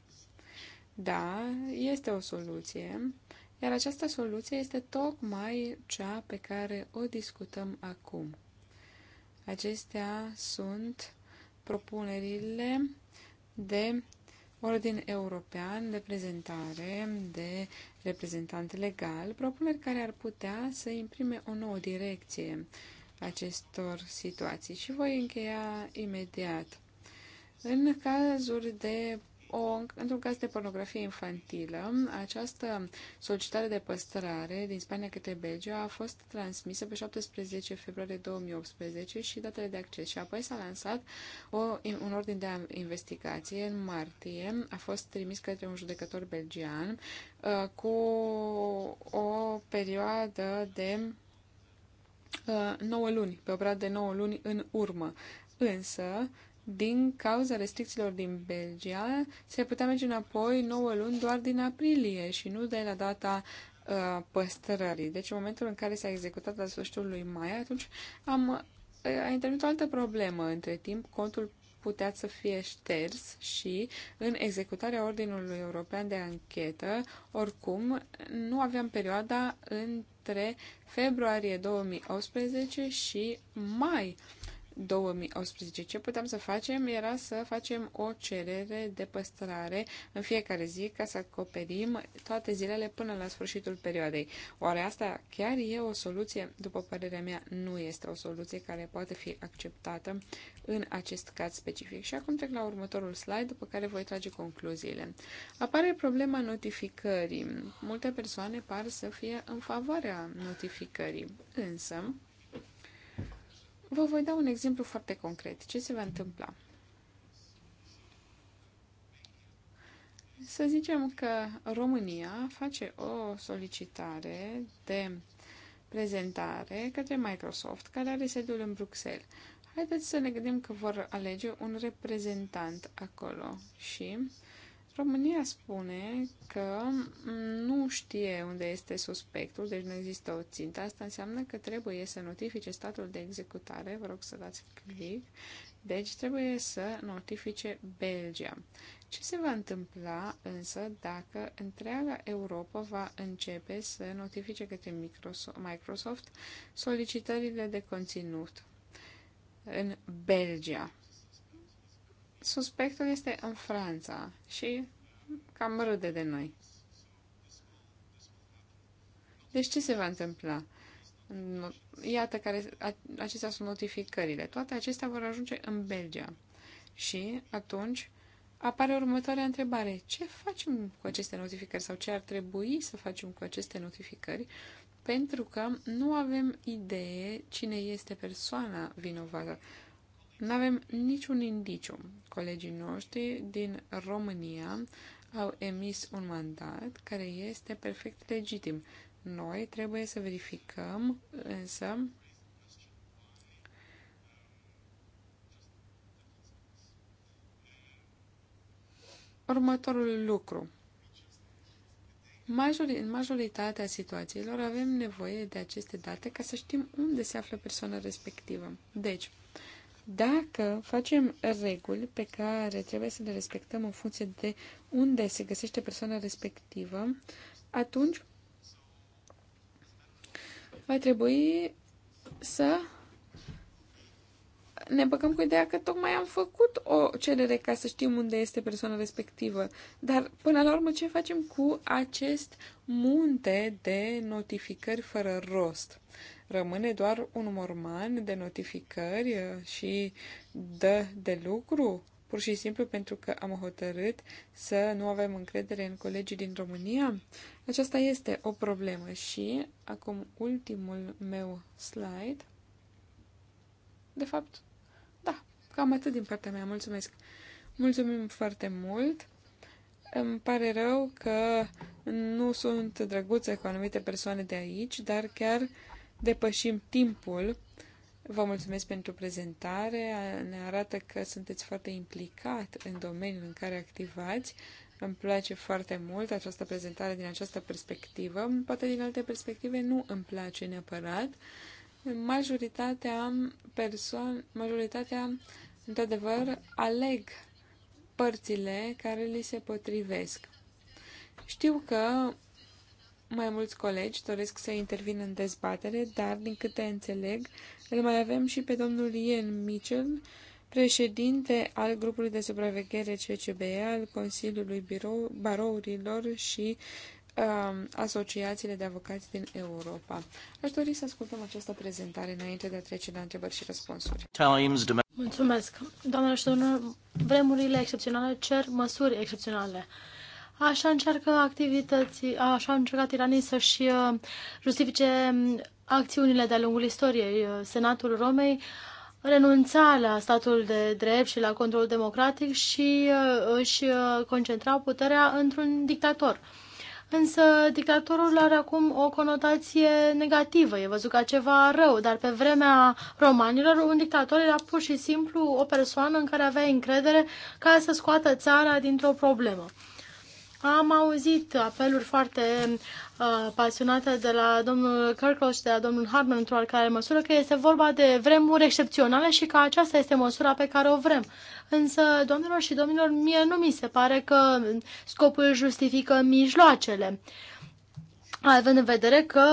Speaker 2: Da, este o soluție, iar această soluție este tocmai cea pe care o discutăm acum. Acestea sunt propunerile de ordin european de prezentare de reprezentant legal, propuneri care ar putea să imprime o nouă direcție acestor situații. Și voi încheia imediat. În cazuri de o, într-un caz de pornografie infantilă, această solicitare de păstrare din Spania către Belgia a fost transmisă pe 17 februarie 2018 și datele de acces și apoi s-a lansat o, un ordin de investigație în martie. A fost trimis către un judecător belgian uh, cu o perioadă de 9 uh, luni, pe o perioadă de 9 luni în urmă. Însă, din cauza restricțiilor din Belgia, se putea merge înapoi 9 luni doar din aprilie și nu de la data uh, păstrării. Deci în momentul în care s-a executat la sfârșitul lui mai, atunci am, uh, a intervenit o altă problemă. Între timp, contul putea să fie șters și în executarea Ordinului European de Anchetă, oricum, nu aveam perioada între februarie 2018 și mai 2018. Ce puteam să facem era să facem o cerere de păstrare în fiecare zi ca să acoperim toate zilele până la sfârșitul perioadei. Oare asta chiar e o soluție? După părerea mea, nu este o soluție care poate fi acceptată în acest caz specific. Și acum trec la următorul slide, după care voi trage concluziile. Apare problema notificării. Multe persoane par să fie în favoarea notificării, însă Vă voi da un exemplu foarte concret. Ce se va întâmpla? Să zicem că România face o solicitare de prezentare către Microsoft, care are sediul în Bruxelles. Haideți să ne gândim că vor alege un reprezentant acolo și uh, România spune că nu știe unde este suspectul, deci nu există o țintă. Asta înseamnă că trebuie să notifice statul de executare. Vă rog să dați click. Deci trebuie să notifice Belgia. Ce se va întâmpla însă dacă întreaga Europa va începe să notifice către Microsoft solicitările de conținut în Belgia? suspectul este în Franța și cam râde de noi. Deci ce se va întâmpla? Iată care, acestea sunt notificările. Toate acestea vor ajunge în Belgia. Și atunci apare următoarea întrebare. Ce facem cu aceste notificări sau ce ar trebui să facem cu aceste notificări? Pentru că nu avem idee cine este persoana vinovată. Nu avem niciun indiciu. Colegii noștri din România au emis un mandat care este perfect legitim. Noi trebuie să verificăm, însă, următorul lucru. în majoritatea situațiilor avem nevoie de aceste date ca să știm unde se află persoana respectivă. Deci, dacă facem reguli pe care trebuie să le respectăm în funcție de unde se găsește persoana respectivă, atunci va trebui să ne băgăm cu ideea că tocmai am făcut o cerere ca să știm unde este persoana respectivă. Dar, până la urmă, ce facem cu acest munte de notificări fără rost? Rămâne doar un număr de notificări uh, și dă de lucru, pur și simplu pentru că am hotărât să nu avem încredere în colegii din România? Aceasta este o problemă și acum ultimul meu slide. De fapt, da, cam atât din partea mea. Mulțumesc! Mulțumim foarte mult! Îmi pare rău că nu sunt drăguță cu anumite persoane de aici, dar chiar depășim timpul. Vă mulțumesc pentru prezentare. Ne arată că sunteți foarte implicat în domeniul în care activați. Îmi place foarte mult această prezentare din această perspectivă. Poate din alte perspective nu îmi place neapărat. Majoritatea persoane, majoritatea, într-adevăr, aleg părțile care li se potrivesc. Știu că mai mulți colegi doresc să intervină în dezbatere, dar, din câte înțeleg, îl mai avem și pe domnul Ian Mitchell, președinte al grupului de supraveghere CCBE, al Consiliului Birou, Barourilor și uh, asociațiile de avocați din Europa. Aș dori să ascultăm această prezentare înainte de a trece la întrebări și răspunsuri. Mulțumesc. Doamnelor și domnilor, vremurile excepționale cer măsuri
Speaker 3: excepționale. Așa încearcă activității, așa au încercat iranii să-și uh, justifice um, acțiunile de-a lungul istoriei. Uh, Senatul Romei renunța la statul de drept și la controlul democratic și uh, își concentra puterea într-un dictator. Însă dictatorul are acum o conotație negativă, e văzut ca ceva rău, dar pe vremea romanilor un dictator era pur și simplu o persoană în care avea încredere ca să scoată țara dintr-o problemă. Am auzit apeluri foarte uh, pasionate de la domnul Kirkos și de la domnul Harman într-o oricare măsură că este vorba de vremuri excepționale și că aceasta este măsura pe care o vrem. Însă, doamnelor și domnilor, mie nu mi se pare că scopul justifică mijloacele. Uh, având în vedere că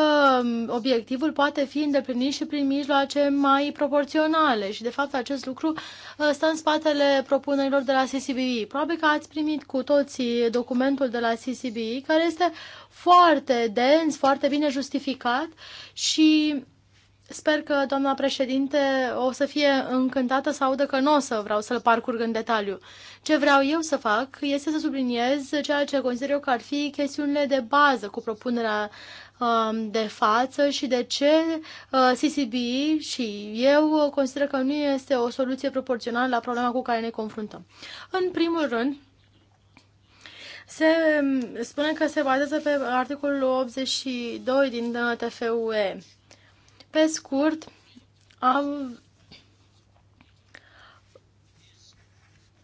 Speaker 3: um, obiectivul poate fi îndeplinit și prin mijloace mai proporționale și, de fapt, acest lucru uh, stă în spatele propunerilor de la CCBI. Probabil că ați primit cu toții documentul de la CCBI, care este foarte dens, foarte bine justificat și Sper că doamna președinte o să fie încântată să audă că nu o să vreau să-l parcurg în detaliu. Ce vreau eu să fac este să subliniez ceea ce consider eu că ar fi chestiunile de bază cu propunerea um, de față și de ce uh, CCB și eu consider că nu este o soluție proporțională la problema cu care ne confruntăm. În primul rând, se um, spune că se bazează pe articolul 82 din TFUE pe scurt, am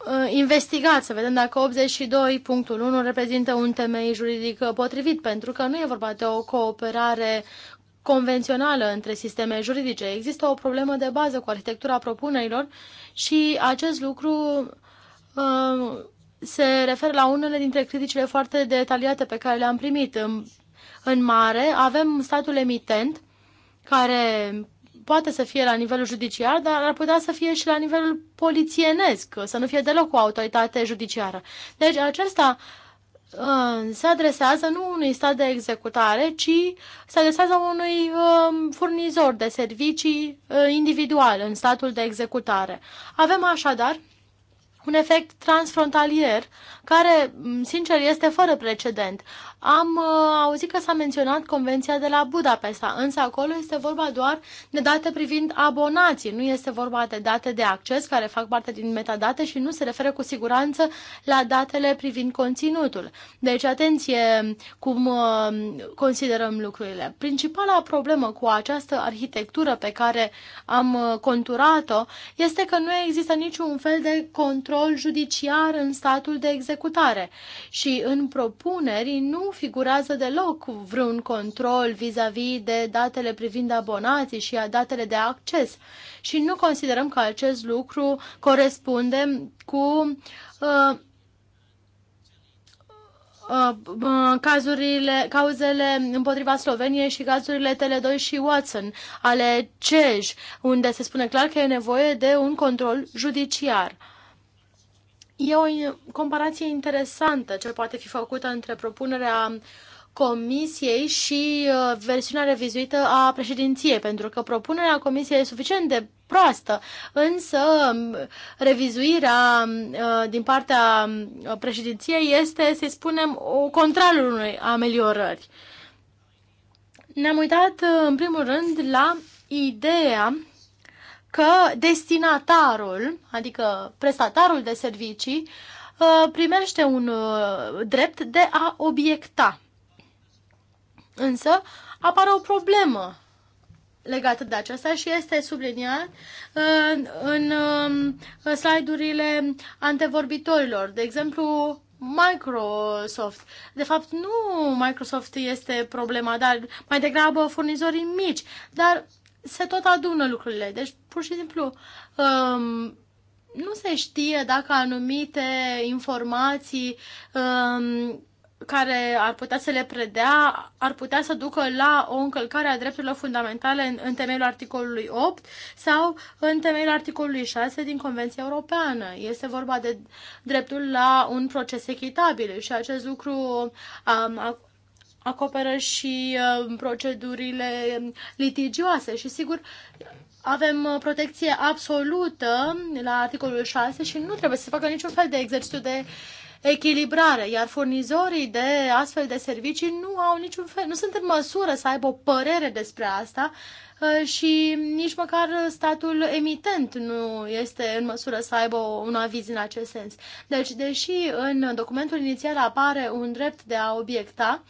Speaker 3: uh, investigat să vedem dacă 82.1 reprezintă un temei juridic potrivit, pentru că nu e vorba de o cooperare convențională între sisteme juridice. Există o problemă de bază cu arhitectura propunerilor și acest lucru uh, se referă la unele dintre criticile foarte detaliate pe care le-am primit. În, în mare avem statul emitent care poate să fie la nivelul judiciar, dar ar putea să fie și la nivelul polițienesc, să nu fie deloc o autoritate judiciară. Deci acesta uh, se adresează nu unui stat de executare, ci se adresează unui um, furnizor de servicii uh, individual în statul de executare. Avem așadar un efect transfrontalier care, mm, sincer, este fără precedent am uh, auzit că s-a menționat Convenția de la Budapesta, însă acolo este vorba doar de date privind abonații, nu este vorba de date de acces care fac parte din metadate și nu se referă cu siguranță la datele privind conținutul. Deci, atenție cum uh, considerăm lucrurile. Principala problemă cu această arhitectură pe care am uh, conturat-o este că nu există niciun fel de control judiciar în statul de executare și în propuneri nu figurează deloc vreun control vis-a-vis -vis de datele privind abonații și a datele de acces și nu considerăm că acest lucru corespunde cu uh, uh, uh cazurile, cauzele împotriva Sloveniei și cazurile Tele2 și Watson ale CEJ, unde se spune clar că e nevoie de un control judiciar. E o comparație interesantă ce poate fi făcută între propunerea Comisiei și uh, versiunea revizuită a președinției, pentru că propunerea Comisiei e suficient de proastă, însă um, revizuirea um, uh, din partea um, președinției este, să spunem, o contrarul unei ameliorări. Ne-am uitat, uh, în primul rând, la ideea că destinatarul, adică prestatarul de servicii, uh, primește un uh, drept de a obiecta. Însă apare o problemă legată de aceasta și este subliniat uh, în slide-urile antevorbitorilor. De exemplu, Microsoft. De fapt, nu Microsoft este problema, dar mai degrabă furnizorii mici. Dar se tot adună lucrurile. Deci, pur și simplu, um, nu se știe dacă anumite informații um, care ar putea să le predea ar putea să ducă la o încălcare a drepturilor fundamentale în, în temeiul articolului 8 sau în temeiul articolului 6 din Convenția Europeană. Este vorba de dreptul la un proces echitabil și acest lucru um, acoperă și uh, procedurile litigioase și sigur avem uh, protecție absolută la articolul 6 și nu trebuie să se facă niciun fel de exercițiu de echilibrare, iar furnizorii de astfel de servicii nu au niciun fel, nu sunt în măsură să aibă o părere despre asta uh, și nici măcar statul emitent nu este în măsură să aibă un aviz în acest sens. Deci, deși în documentul inițial apare un drept de a obiecta,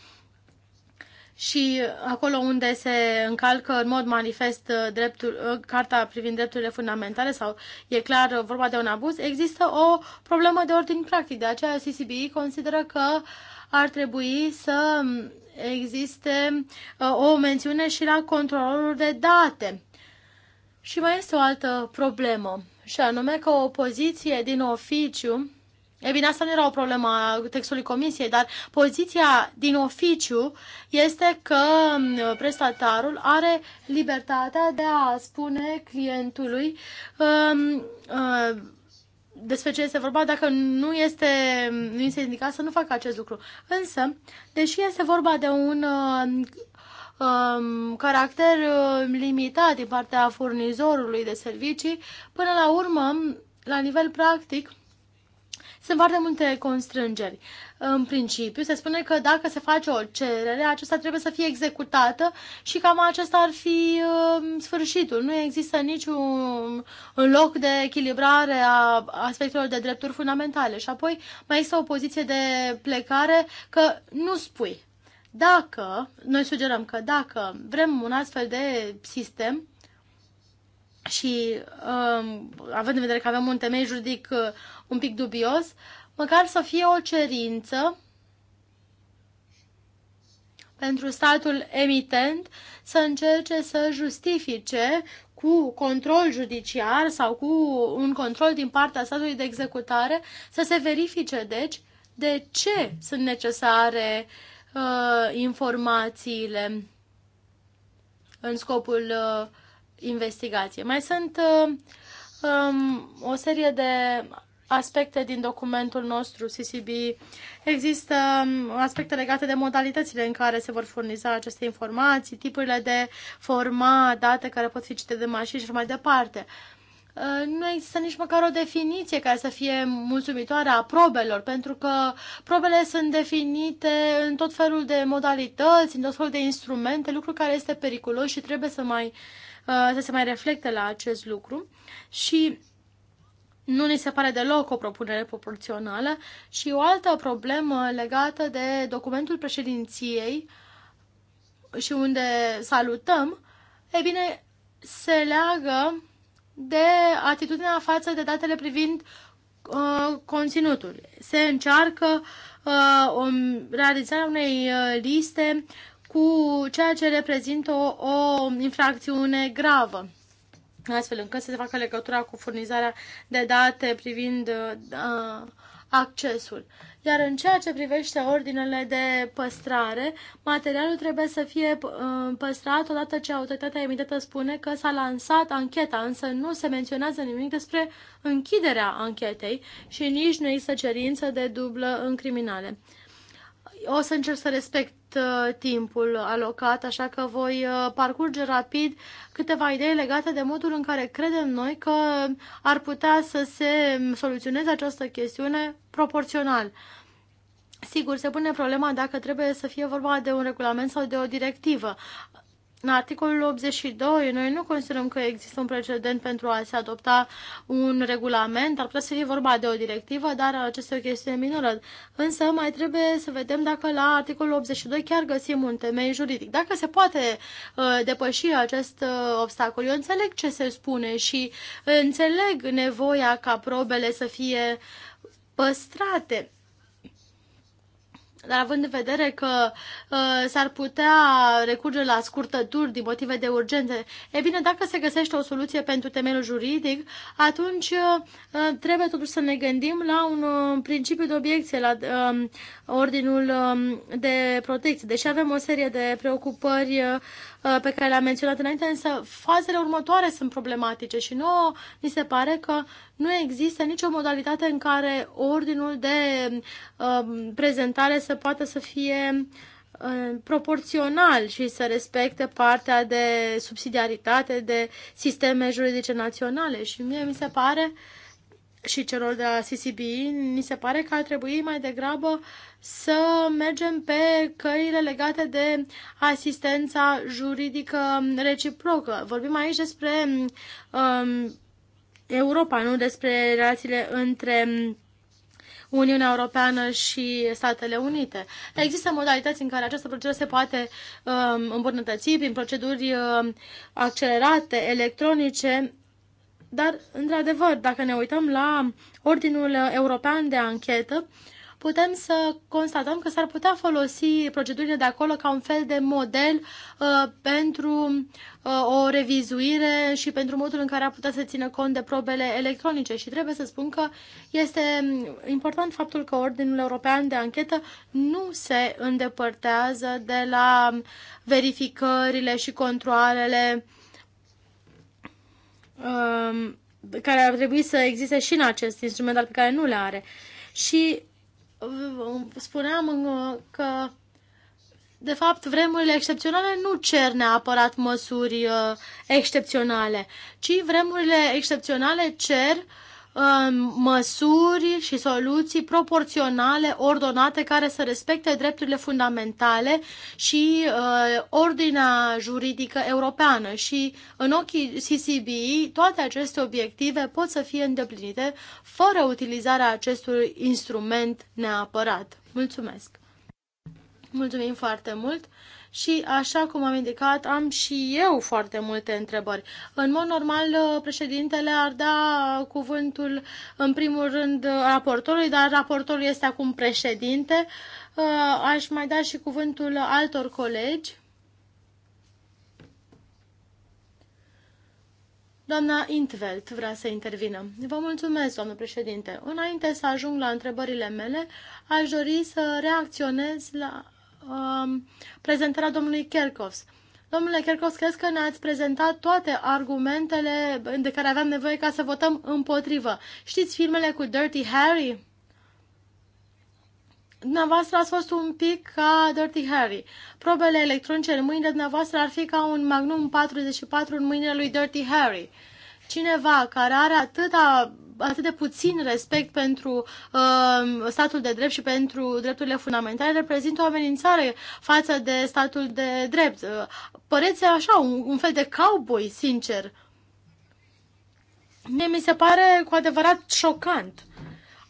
Speaker 3: și acolo unde se încalcă în mod manifest uh, dreptul, uh, Carta privind drepturile fundamentale sau e clar uh, vorba de un abuz, există o problemă de ordin practic. De aceea CCBI consideră că ar trebui să um, existe o mențiune și la controlul de date. Și mai este o altă problemă, și anume că o poziție din oficiu E bine, asta nu era o problemă a textului comisiei, dar poziția din oficiu este că mm, prestatarul are libertatea de a spune clientului um, uh, despre ce este vorba dacă nu este, nu este indicat să nu facă acest lucru. Însă, deși este vorba de un uh, um, caracter uh, limitat din partea furnizorului de servicii, până la urmă, la nivel practic, sunt foarte multe constrângeri. În principiu, se spune că dacă se face o cerere, aceasta trebuie să fie executată și cam acesta ar fi uh, sfârșitul. Nu există niciun loc de echilibrare a aspectelor de drepturi fundamentale. Și apoi mai există o poziție de plecare că nu spui. Dacă, noi sugerăm că dacă vrem un astfel de sistem, și um, având în vedere că avem un temei juridic uh, un pic dubios, măcar să fie o cerință pentru statul emitent să încerce să justifice cu control judiciar sau cu un control din partea statului de executare să se verifice, deci, de ce sunt necesare uh, informațiile în scopul uh, investigație. Mai sunt uh, um, o serie de aspecte din documentul nostru CCB. Există um, aspecte legate de modalitățile în care se vor furniza aceste informații, tipurile de forma, date care pot fi citite de mașini și mai departe. Uh, nu există nici măcar o definiție care să fie mulțumitoare a probelor, pentru că probele sunt definite în tot felul de modalități, în tot felul de instrumente, lucru care este periculos și trebuie să mai uh, Uh, să se mai reflecte la acest lucru și nu ni se pare deloc o propunere proporțională și o altă problemă legată de documentul președinției și unde salutăm, e bine, se leagă de atitudinea față de datele privind uh, conținutul. Se încearcă uh, o, realizarea unei uh, liste cu ceea ce reprezintă o, o infracțiune gravă astfel încât să se facă legătura cu furnizarea de date privind uh, accesul. Iar în ceea ce privește ordinele de păstrare, materialul trebuie să fie uh, păstrat odată ce autoritatea emitată spune că s-a lansat ancheta, însă nu se menționează nimic despre închiderea anchetei și nici nu există cerință de dublă în criminale. O să încerc să respect Uh, timpul alocat, așa că voi uh, parcurge rapid câteva idei legate de modul în care credem noi că ar putea să se soluționeze această chestiune proporțional. Sigur, se pune problema dacă trebuie să fie vorba de un regulament sau de o directivă. În articolul 82, noi nu considerăm că există un precedent pentru a se adopta un regulament, ar putea să fie vorba de o directivă, dar acesta e o chestiune minoră. Însă mai trebuie să vedem dacă la articolul 82 chiar găsim un temei juridic. Dacă se poate uh, depăși acest uh, obstacol, eu înțeleg ce se spune și înțeleg nevoia ca probele să fie păstrate dar având în vedere că uh, s-ar putea recurge la scurtături din motive de urgență, e bine, dacă se găsește o soluție pentru temelul juridic, atunci uh, trebuie totuși să ne gândim la un uh, principiu de obiecție, la uh, ordinul um, de protecție. Deși avem o serie de preocupări uh, pe care le-am menționat înainte, însă fazele următoare sunt problematice și nouă mi se pare că nu există nicio modalitate în care ordinul de um, prezentare să poată să fie uh, proporțional și să respecte partea de subsidiaritate de sisteme juridice naționale și mie mi se pare uh, și celor de la CCB, ni se pare că ar trebui mai degrabă să mergem pe căile legate de asistența juridică reciprocă. Vorbim aici despre um, Europa, nu despre relațiile între Uniunea Europeană și Statele Unite. Există modalități în care această procedură se poate um, îmbunătăți prin proceduri um, accelerate, electronice, dar, într-adevăr, dacă ne uităm la Ordinul European de Anchetă, putem să constatăm că s-ar putea folosi procedurile de acolo ca un fel de model uh, pentru uh, o revizuire și pentru modul în care ar putea să țină cont de probele electronice. Și trebuie să spun că este mm, important faptul că Ordinul European de Anchetă nu se îndepărtează de la mm, verificările și controlele uh, um, care ar trebui să existe și în acest instrument, dar pe care nu le are. Și um, spuneam um, că, de fapt, vremurile excepționale nu cer neapărat măsuri uh, excepționale, ci vremurile excepționale cer uh, Um, măsuri și soluții proporționale, ordonate, care să respecte drepturile fundamentale și uh, ordinea juridică europeană. Și în ochii CCB, toate aceste obiective pot să fie îndeplinite fără utilizarea acestui instrument neapărat. Mulțumesc! Mulțumim foarte mult! și, așa cum am indicat, am și eu foarte multe întrebări. În mod normal, președintele ar da cuvântul, în primul rând, raportorului, dar raportorul este acum președinte. Uh, aș mai da și cuvântul altor colegi. Doamna Intveld vrea să intervină. Vă mulțumesc, doamnă președinte. Înainte să ajung la întrebările mele, aș dori să reacționez la um, prezentarea domnului Kerkovs. Domnule Kerkovs, cred că ne-ați prezentat toate argumentele de care aveam nevoie ca să votăm împotrivă. Știți filmele cu Dirty Harry? Dumneavoastră ați fost un pic ca Dirty Harry. Probele electronice în mâinile dumneavoastră ar fi ca un Magnum 44 în mâinile lui Dirty Harry. Cineva care are atâta atât de puțin respect pentru uh, statul de drept și pentru drepturile fundamentale reprezintă o amenințare față de statul de drept. Uh, păreți așa, un, un fel de cowboy, sincer. Mie mi se pare cu adevărat șocant.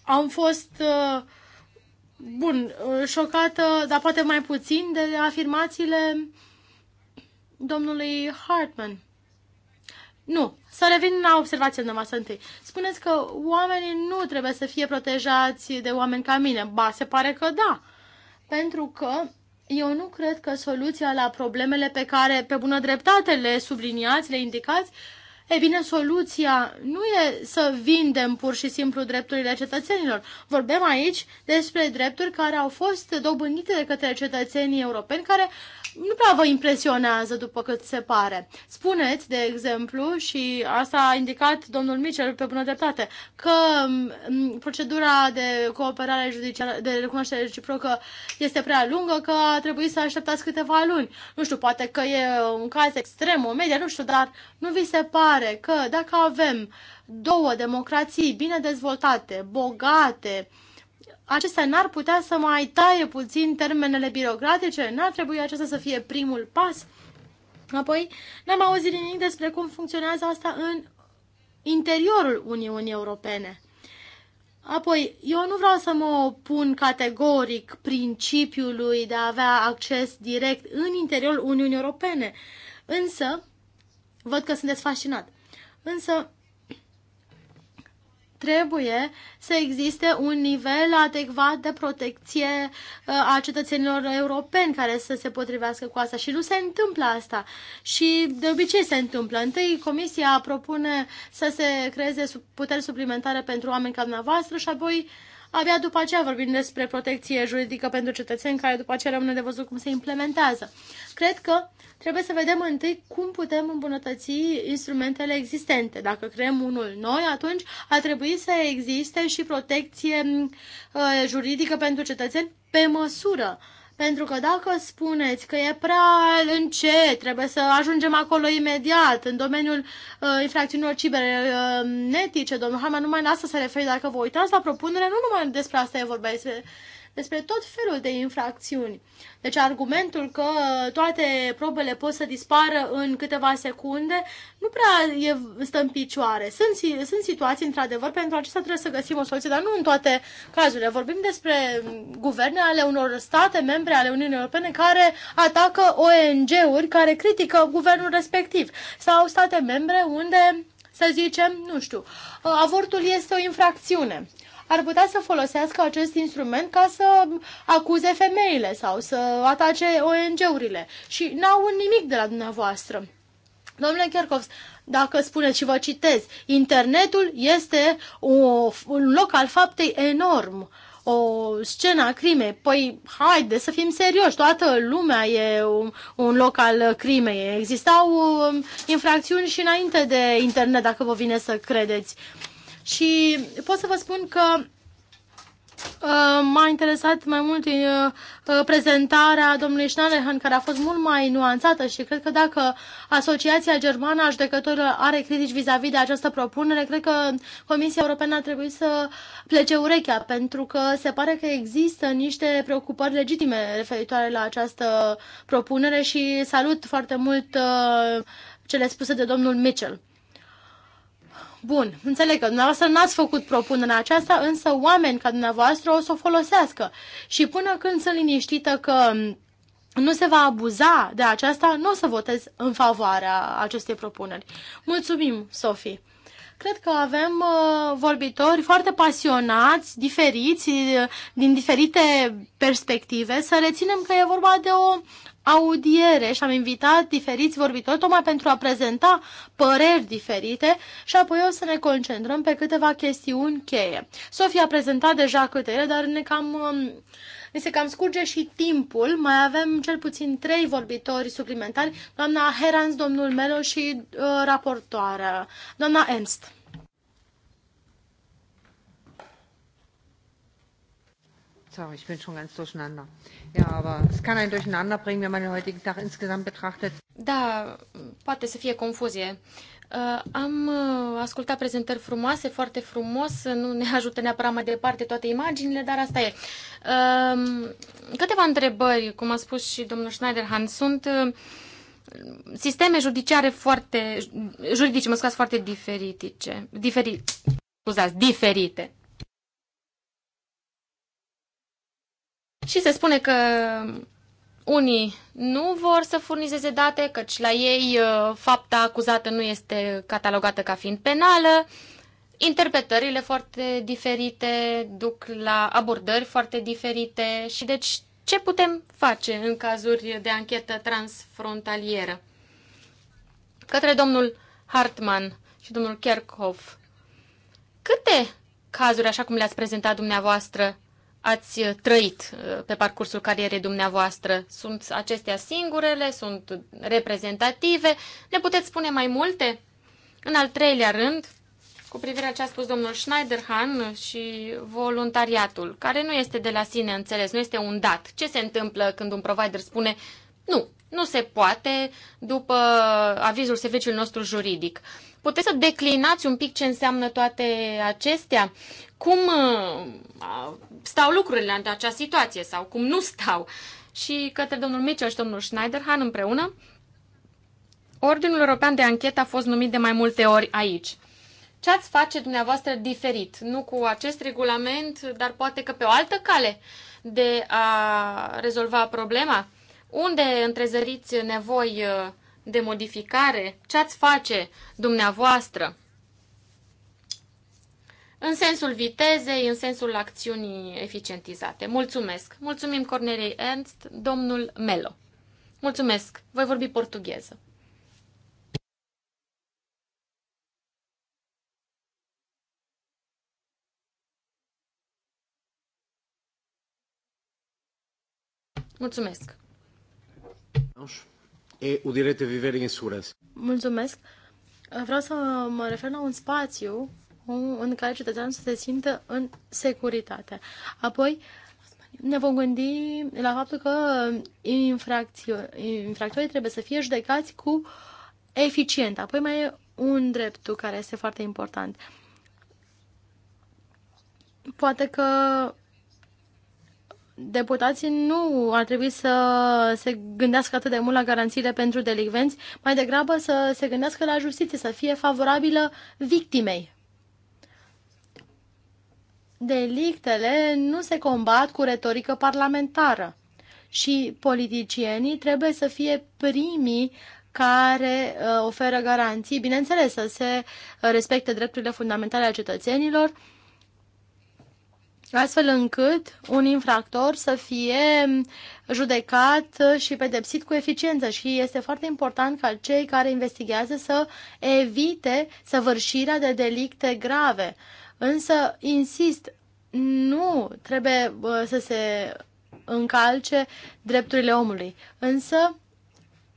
Speaker 3: Am fost... Uh, Bun, uh, șocată, dar poate mai puțin de afirmațiile domnului Hartman. Nu. Să revin la observația noastră întâi. Spuneți că oamenii nu trebuie să fie protejați de oameni ca mine. Ba, se pare că da. Pentru că eu nu cred că soluția la problemele pe care, pe bună dreptate, le subliniați, le indicați, uh, E bine, soluția nu e să vindem pur și simplu drepturile cetățenilor. Vorbim aici despre drepturi care au fost dobândite de către cetățenii europeni, care nu prea vă impresionează, după cât se pare. Spuneți, de exemplu, și asta a indicat domnul Michel pe bună dreptate, că procedura de cooperare judiciară, de recunoaștere reciprocă este prea lungă, că a trebuit să așteptați câteva luni. Nu știu, poate că e un caz extrem, o media, nu știu, dar nu vi se pare pare că dacă avem două democrații bine dezvoltate, bogate, acestea n-ar putea să mai taie puțin termenele birocratice, n-ar trebui acesta să fie primul pas. Apoi, n-am auzit nimic despre cum funcționează asta în interiorul Uniunii Europene. Apoi, eu nu vreau să mă opun categoric principiului de a avea acces direct în interiorul Uniunii Europene, însă Văd că sunteți fascinat. Însă, trebuie să existe un nivel adecvat de protecție uh, a cetățenilor europeni care să se potrivească cu asta și nu se întâmplă asta și de obicei se întâmplă. Întâi Comisia propune să se creeze puteri suplimentare pentru oameni ca dumneavoastră și apoi Abia după aceea vorbim despre protecție juridică pentru cetățeni, care după aceea rămâne de văzut cum se implementează. Cred că trebuie să vedem întâi cum putem îmbunătăți instrumentele existente. Dacă creăm unul noi, atunci ar trebui să existe și protecție uh, juridică pentru cetățeni pe măsură pentru că dacă spuneți că e prea încet, trebuie să ajungem acolo imediat, în domeniul uh, infracțiunilor cibernetice, uh, domnul Haman, numai la asta se referi, dacă vă uitați la propunere, nu numai despre asta e vorba, este despre tot felul de infracțiuni. Deci argumentul că toate probele pot să dispară în câteva secunde nu prea e, stă în picioare. Sunt, sunt situații, într-adevăr, pentru acestea trebuie să găsim o soluție, dar nu în toate cazurile. Vorbim despre guverne ale unor state membre ale Uniunii Europene care atacă ONG-uri care critică guvernul respectiv sau state membre unde să zicem, nu știu, avortul este o infracțiune ar putea să folosească acest instrument ca să acuze femeile sau să atace ONG-urile și n-au nimic de la dumneavoastră. Domnule Kerkovs, dacă spuneți și vă citez, internetul este o, un loc al faptei enorm o scenă a crimei. Păi, haide să fim serioși, toată lumea e un, un loc al crimei. Existau um, infracțiuni și înainte de internet, dacă vă vine să credeți. Și pot să vă spun că uh, m-a interesat mai mult uh, uh, prezentarea domnului Schnanehan, care a fost mult mai nuanțată și cred că dacă Asociația Germană a Judecătorilor are critici vis-a-vis -vis de această propunere, cred că Comisia Europeană ar trebui să plece urechea, pentru că se pare că există niște preocupări legitime referitoare la această propunere și salut foarte mult cele spuse de domnul Mitchell. Bun, înțeleg că dumneavoastră n-ați făcut propunerea aceasta, însă oameni ca dumneavoastră o să o folosească. Și până când sunt liniștită că nu se va abuza de aceasta, nu o să votez în favoarea acestei propuneri. Mulțumim, Sofie! Cred că avem uh, vorbitori foarte pasionați, diferiți, uh, din diferite perspective. Să reținem că e vorba de o audiere și am invitat diferiți vorbitori tocmai pentru a prezenta păreri diferite și apoi o să ne concentrăm pe câteva chestiuni cheie. Sofia a prezentat deja câte ele, dar ne cam... Um, ne se cam scurge și timpul, mai avem cel puțin trei vorbitori suplimentari, doamna Herans, domnul Melo și uh, raportoarea, doamna Ernst.
Speaker 5: Sorry, ich bin schon ganz durcheinander.
Speaker 4: Da, poate să fie confuzie. Uh, am uh, ascultat prezentări frumoase, foarte frumos, nu ne ajută neapărat mai departe toate imaginile, dar asta e. Um, câteva întrebări, cum a spus și domnul Schneiderhan, sunt uh, sisteme judiciare foarte, juridice, mă scuzați, foarte diferitice, diferi, scuzați, diferite. Și se spune că unii nu vor să furnizeze date, căci la ei uh, fapta acuzată nu este catalogată ca fiind penală. Interpretările foarte diferite duc la abordări foarte diferite și deci ce putem face în cazuri de anchetă transfrontalieră? Către domnul Hartman și domnul Kerkhoff, câte cazuri, așa cum le-ați prezentat dumneavoastră, ați uh, trăit uh, pe parcursul carierei dumneavoastră? Sunt acestea singurele? Sunt reprezentative? Ne puteți spune mai multe? În al treilea rând, cu privire la ce a spus domnul Schneiderhan și voluntariatul, care nu este de la sine înțeles, nu este un dat. Ce se întâmplă când un provider spune nu, nu se poate după avizul serviciului nostru juridic? Puteți să declinați un pic ce înseamnă toate acestea? Cum uh, stau lucrurile în acea situație sau cum nu stau? Și către domnul Mitchell și domnul Schneiderhan împreună, Ordinul European de Anchetă a fost numit de mai multe ori aici. Ce ați face dumneavoastră diferit? Nu cu acest regulament, dar poate că pe o altă cale de a rezolva problema? Unde întrezăriți nevoi uh, de modificare, ce ați face dumneavoastră? În sensul vitezei, în sensul acțiunii eficientizate. Mulțumesc! Mulțumim Cornelei Ernst, domnul Melo. Mulțumesc! Voi vorbi portugheză.
Speaker 3: Mulțumesc!
Speaker 5: Mulțumesc e o direito a viver em segurança.
Speaker 3: Mulțumesc. Vreau să mă refer la un spațiu în care cetățeanul să se simtă în securitate. Apoi, ne vom gândi la faptul că infractorii trebuie să fie judecați cu eficient. Apoi mai e un drept care este foarte important. Poate că deputații nu ar trebui să se gândească atât de mult la garanțiile pentru delicvenți, mai degrabă să se gândească la justiție, să fie favorabilă victimei. Delictele nu se combat cu retorică parlamentară și politicienii trebuie să fie primii care uh, oferă garanții, bineînțeles, să se respecte drepturile fundamentale ale cetățenilor, astfel încât un infractor să fie judecat și pedepsit cu eficiență și este foarte important ca cei care investigează să evite săvârșirea de delicte grave. Însă, insist, nu trebuie să se încalce drepturile omului. Însă,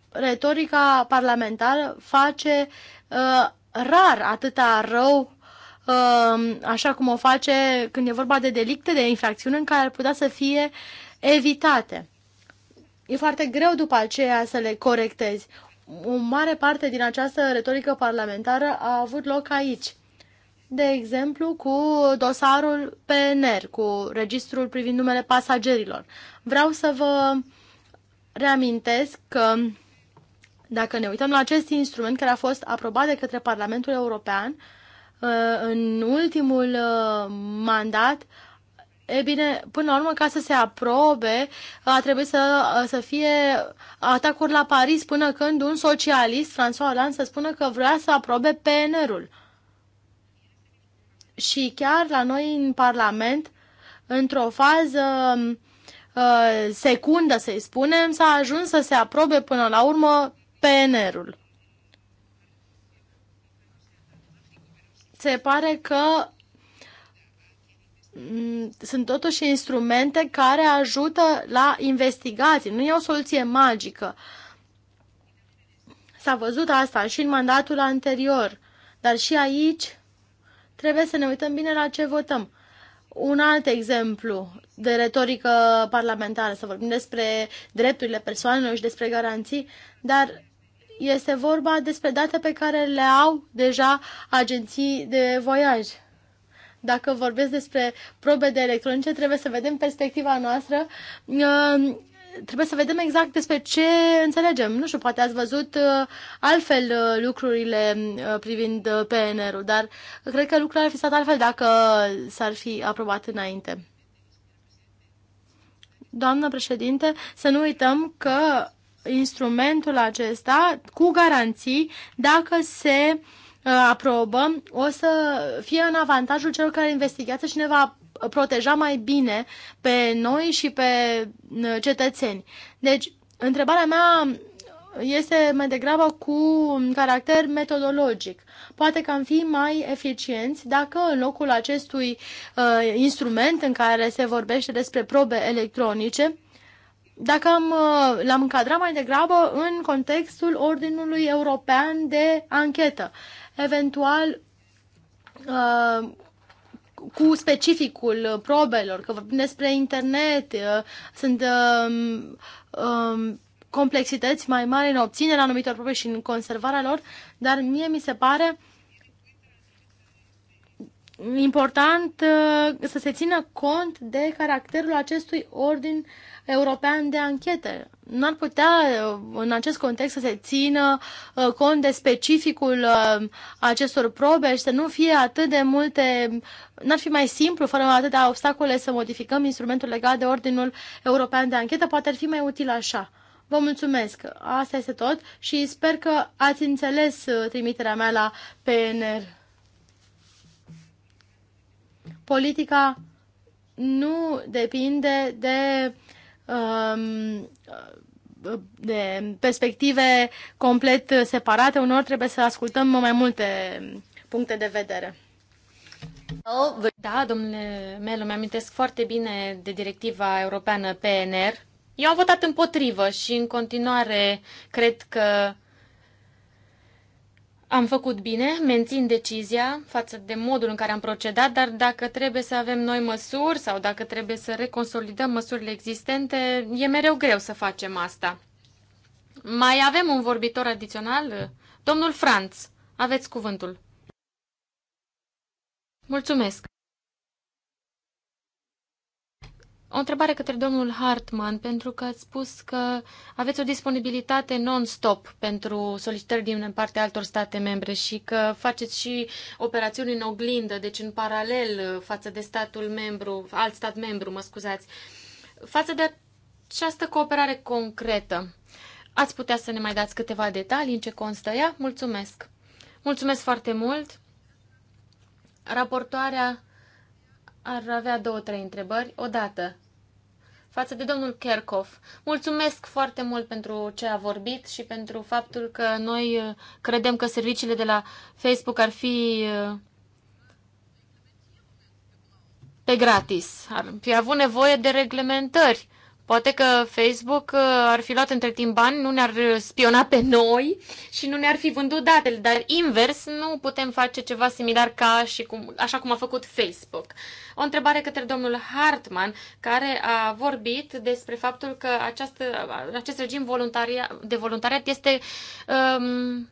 Speaker 3: retorica parlamentară face uh, rar atâta rău Ehm, așa cum o face când e vorba de delicte, de infracțiuni în care ar putea să fie evitate. E foarte greu după aceea să le corectezi. O mare parte din această retorică parlamentară a avut loc aici. De exemplu, cu dosarul PNR, cu registrul privind numele pasagerilor. Vreau să vă reamintesc că dacă ne uităm la acest instrument care a fost aprobat de către Parlamentul European, uh, Uh, în ultimul uh, mandat, e bine, până la urmă, ca să se aprobe, a trebuit să, uh, să fie atacuri la Paris până când un socialist, François Hollande, să spună că vrea să aprobe PNR-ul. Și chiar la noi în Parlament, într-o fază secundă, să-i spunem, s-a ajuns să se aprobe până la urmă PNR-ul. se pare că mm, sunt totuși instrumente care ajută la investigații. Nu e o soluție magică. S-a văzut asta și în mandatul anterior, dar și aici trebuie să ne uităm bine la ce votăm. Un alt exemplu de retorică parlamentară, să vorbim despre drepturile persoanelor și despre garanții, dar este vorba despre date pe care le au deja agenții de voiaj. Dacă vorbesc despre probe de electronice, trebuie să vedem perspectiva noastră um, trebuie să vedem exact despre ce înțelegem. Nu știu, poate ați văzut uh, altfel uh, lucrurile uh, privind PNR-ul, dar cred că lucrurile ar fi stat altfel dacă s-ar fi aprobat înainte. Doamnă președinte, să nu uităm că instrumentul acesta cu garanții dacă se uh, aprobă, o să fie în avantajul celor care investigează și ne va proteja mai bine pe noi și pe uh, cetățeni. Deci, întrebarea mea este mai degrabă cu caracter metodologic. Poate că am fi mai eficienți dacă în locul acestui uh, instrument în care se vorbește despre probe electronice, uh, dacă am, uh, l-am încadrat mai degrabă în contextul Ordinului European de Anchetă, eventual uh, cu specificul probelor, că vorbim despre internet, uh, sunt um, um, complexități mai mari în obținerea anumitor probe și în conservarea lor, dar mie mi se pare important să se țină cont de caracterul acestui ordin uh, european de anchete. Nu ar putea uh, în acest context să se țină uh, cont de specificul uh, acestor probe și să nu fie atât de multe, n-ar fi mai simplu, fără atâtea obstacole, să modificăm instrumentul legat de Ordinul European de Anchetă? Poate ar fi mai util așa. Vă mulțumesc, asta este tot și sper că ați înțeles trimiterea mea la PNR. Politica nu depinde de Um, de perspective complet separate, unor trebuie să ascultăm mai multe puncte de vedere.
Speaker 4: Da, domnule Melu, mi-amintesc foarte bine de directiva europeană PNR. Eu am votat împotrivă și în continuare cred că am făcut bine, mențin decizia față de modul în care am procedat, dar dacă trebuie să avem noi măsuri sau dacă trebuie să reconsolidăm măsurile existente, e mereu greu să facem asta. Mai avem un vorbitor adițional? Domnul Franț, aveți cuvântul. Mulțumesc. O întrebare către domnul Hartman, pentru că ați spus că aveți o disponibilitate non-stop pentru solicitări din partea altor state membre și că faceți și operațiuni în oglindă, deci în paralel față de statul membru, alt stat membru, mă scuzați. Față de această cooperare concretă, ați putea să ne mai dați câteva detalii în ce constă ea? Mulțumesc! Mulțumesc foarte mult! Raportoarea ar avea două, trei întrebări odată față de domnul Kerkov. Mulțumesc foarte mult pentru ce a vorbit și pentru faptul că noi uh, credem că serviciile de la Facebook ar fi uh, pe gratis. Ar fi avut nevoie de reglementări Poate că Facebook uh, ar fi luat între timp bani, nu ne-ar spiona pe noi și nu ne-ar fi vândut datele, dar invers nu putem face ceva similar ca și cum, așa cum a făcut Facebook. O întrebare către domnul Hartman, care a vorbit despre faptul că această, acest regim voluntaria, de voluntariat este um,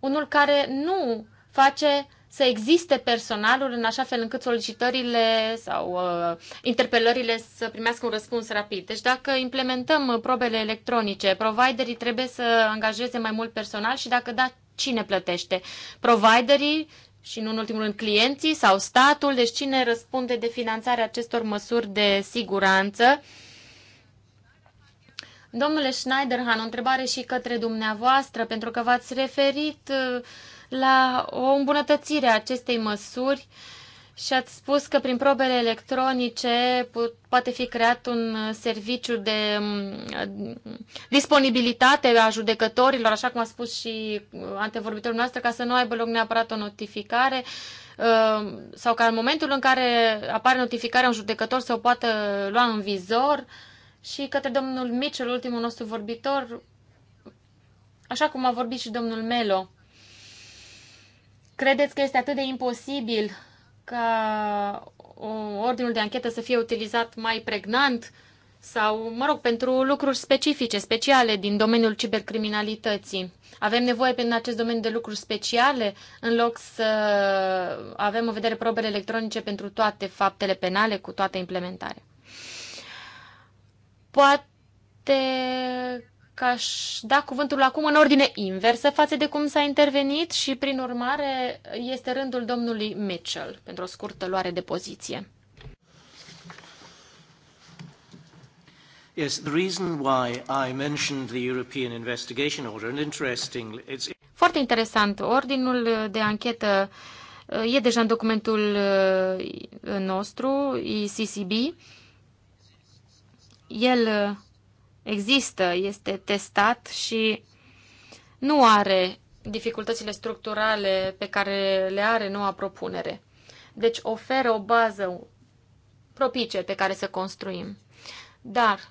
Speaker 4: unul care nu face uh, să existe personalul în așa fel încât solicitările sau uh, interpelările să primească un răspuns rapid. Deci dacă implementăm uh, probele electronice, providerii trebuie să angajeze mai mult personal și dacă da, cine plătește? Providerii și nu în ultimul rând clienții sau statul, deci cine răspunde de finanțarea acestor măsuri de siguranță. Domnule Schneiderhan, o întrebare și către dumneavoastră, pentru că v-ați referit uh, la o îmbunătățire a acestei măsuri și ați spus că prin probele electronice poate fi creat un serviciu de mm, disponibilitate a judecătorilor, așa cum a spus și antevorbitorul noastră, ca să nu aibă loc neapărat o notificare uh, sau ca în momentul în care apare notificarea un judecător să o poată lua în vizor și către domnul Mitchell, ultimul nostru vorbitor, așa cum a vorbit și domnul Melo, Credeți că este atât de imposibil ca ordinul de anchetă să fie utilizat mai pregnant sau, mă rog, pentru lucruri specifice, speciale din domeniul cibercriminalității. Avem nevoie pentru acest domeniu de lucruri speciale în loc să avem în vedere probele electronice pentru toate faptele penale cu toată implementarea. Poate că aș da cuvântul acum în ordine inversă față de cum s-a intervenit și, prin urmare, este rândul domnului Mitchell pentru o scurtă luare de poziție.
Speaker 5: Yes, the reason why I mentioned the European Investigation Order, and interestingly, it's...
Speaker 4: Foarte interesant. Ordinul de anchetă uh, e deja în documentul uh, nostru, ICCB. El uh, există, este testat și nu are dificultățile structurale pe care le are noua propunere. Deci oferă o bază propice pe care să construim. Dar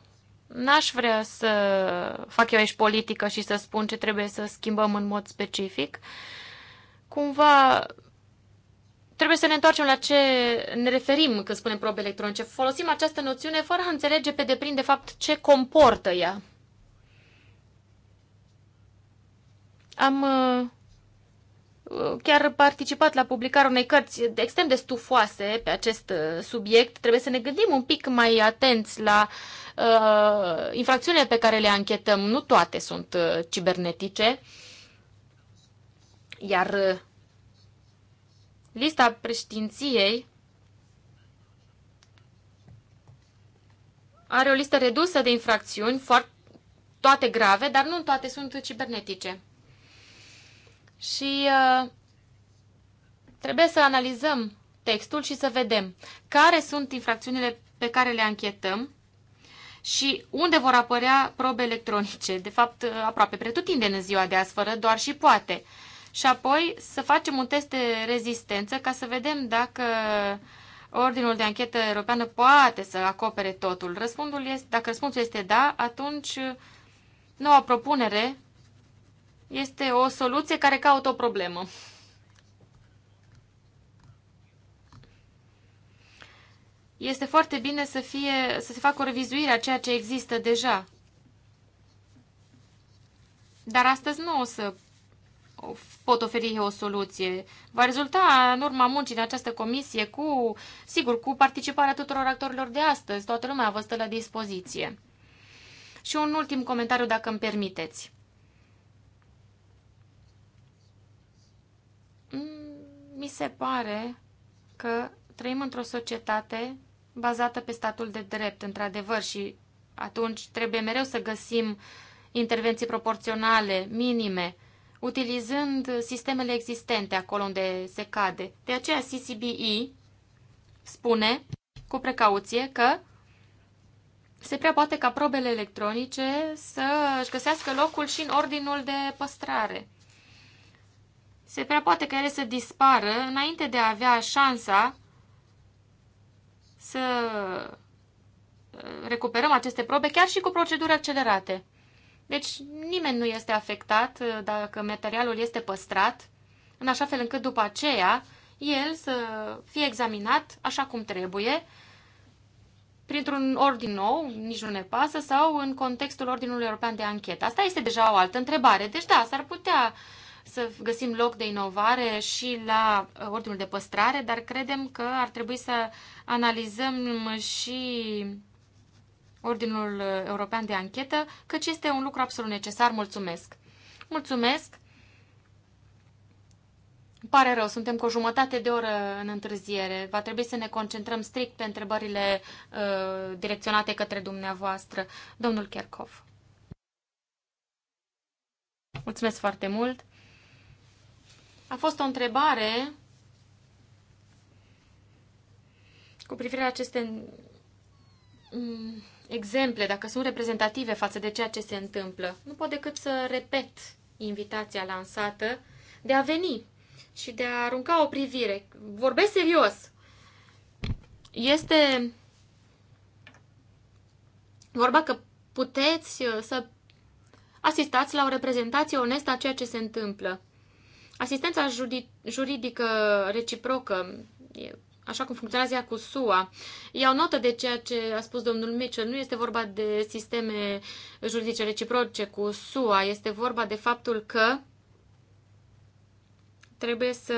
Speaker 4: n-aș vrea să fac eu aici politică și să spun ce trebuie să schimbăm în mod specific. Cumva Trebuie să ne întoarcem la ce ne referim când spunem probe electronice. Folosim această noțiune fără a înțelege pe deplin de fapt ce comportă ea. Am uh, chiar participat la publicarea unei cărți extrem de stufoase pe acest uh, subiect. Trebuie să ne gândim un pic mai atenți la uh, infracțiunile pe care le anchetăm. Nu toate sunt uh, cibernetice, iar uh, lista preștinției are o listă redusă de infracțiuni, foarte, toate grave, dar nu toate sunt cibernetice. Și uh, trebuie să analizăm textul și să vedem care sunt infracțiunile pe care le anchetăm și unde vor apărea probe electronice. De fapt, uh, aproape pretutindeni în ziua de azi, fără doar și poate. Uh, și apoi să facem un test de rezistență ca să vedem dacă Ordinul de anchetă europeană poate să acopere totul. Răspundul este, dacă răspunsul este da, atunci uh, noua propunere este o soluție care caută o problemă. Este foarte bine să, fie, să se facă o revizuire a ceea ce există deja. Dar astăzi nu o să pot oferi o soluție. Va rezulta în urma muncii în această comisie cu, sigur, cu participarea tuturor actorilor de astăzi. Toată lumea vă stă la dispoziție. Și un ultim comentariu, dacă îmi permiteți. Mm, mi se pare că trăim într-o societate bazată pe statul de drept, într-adevăr, și atunci trebuie mereu să găsim intervenții proporționale, minime, utilizând sistemele existente acolo unde se cade. De aceea CCBE spune cu precauție că se prea poate ca probele electronice să își găsească locul și în ordinul de păstrare. Se prea poate ca ele să dispară înainte de a avea șansa să recuperăm aceste probe chiar și cu proceduri accelerate. Deci nimeni nu este afectat uh, dacă materialul este păstrat, în așa fel încât după aceea el să fie examinat așa cum trebuie, printr-un ordin nou, nici nu ne pasă, sau în contextul Ordinului European de Anchetă. Asta este deja o altă întrebare. Deci da, s-ar putea să găsim loc de inovare și la uh, Ordinul de Păstrare, dar credem că ar trebui să analizăm și Ordinul uh, European de Anchetă, căci este un lucru absolut necesar. Mulțumesc! Mulțumesc! pare rău, suntem cu o jumătate de oră în întârziere. Va trebui să ne concentrăm strict pe întrebările uh, direcționate către dumneavoastră. Domnul Kerkov. Mulțumesc foarte mult. A fost o întrebare cu privire la aceste mm, exemple, dacă sunt reprezentative față de ceea ce se întâmplă. Nu pot decât să repet invitația lansată de a veni și de a arunca o privire. Vorbesc serios. Este vorba că puteți uh, să asistați la o reprezentație onestă a ceea ce se întâmplă. Asistența juridică reciprocă așa cum funcționează ea cu SUA. Iau notă de ceea ce a spus domnul Mitchell. Nu este vorba de sisteme juridice reciproce cu SUA, este vorba de faptul că trebuie să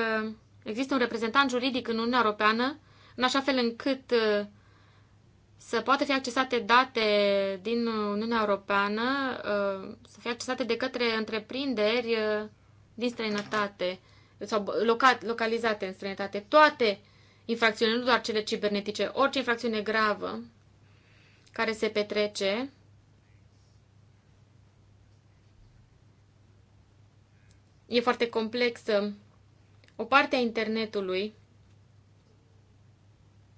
Speaker 4: există un reprezentant juridic în Uniunea Europeană, în așa fel încât uh, să poată fi accesate date din Uniunea Europeană, uh, să fie accesate de către întreprinderi uh, din străinătate sau localizate în străinătate. Toate infracțiuni, nu doar cele cibernetice, orice infracțiune gravă care se petrece e foarte complexă. O parte a internetului,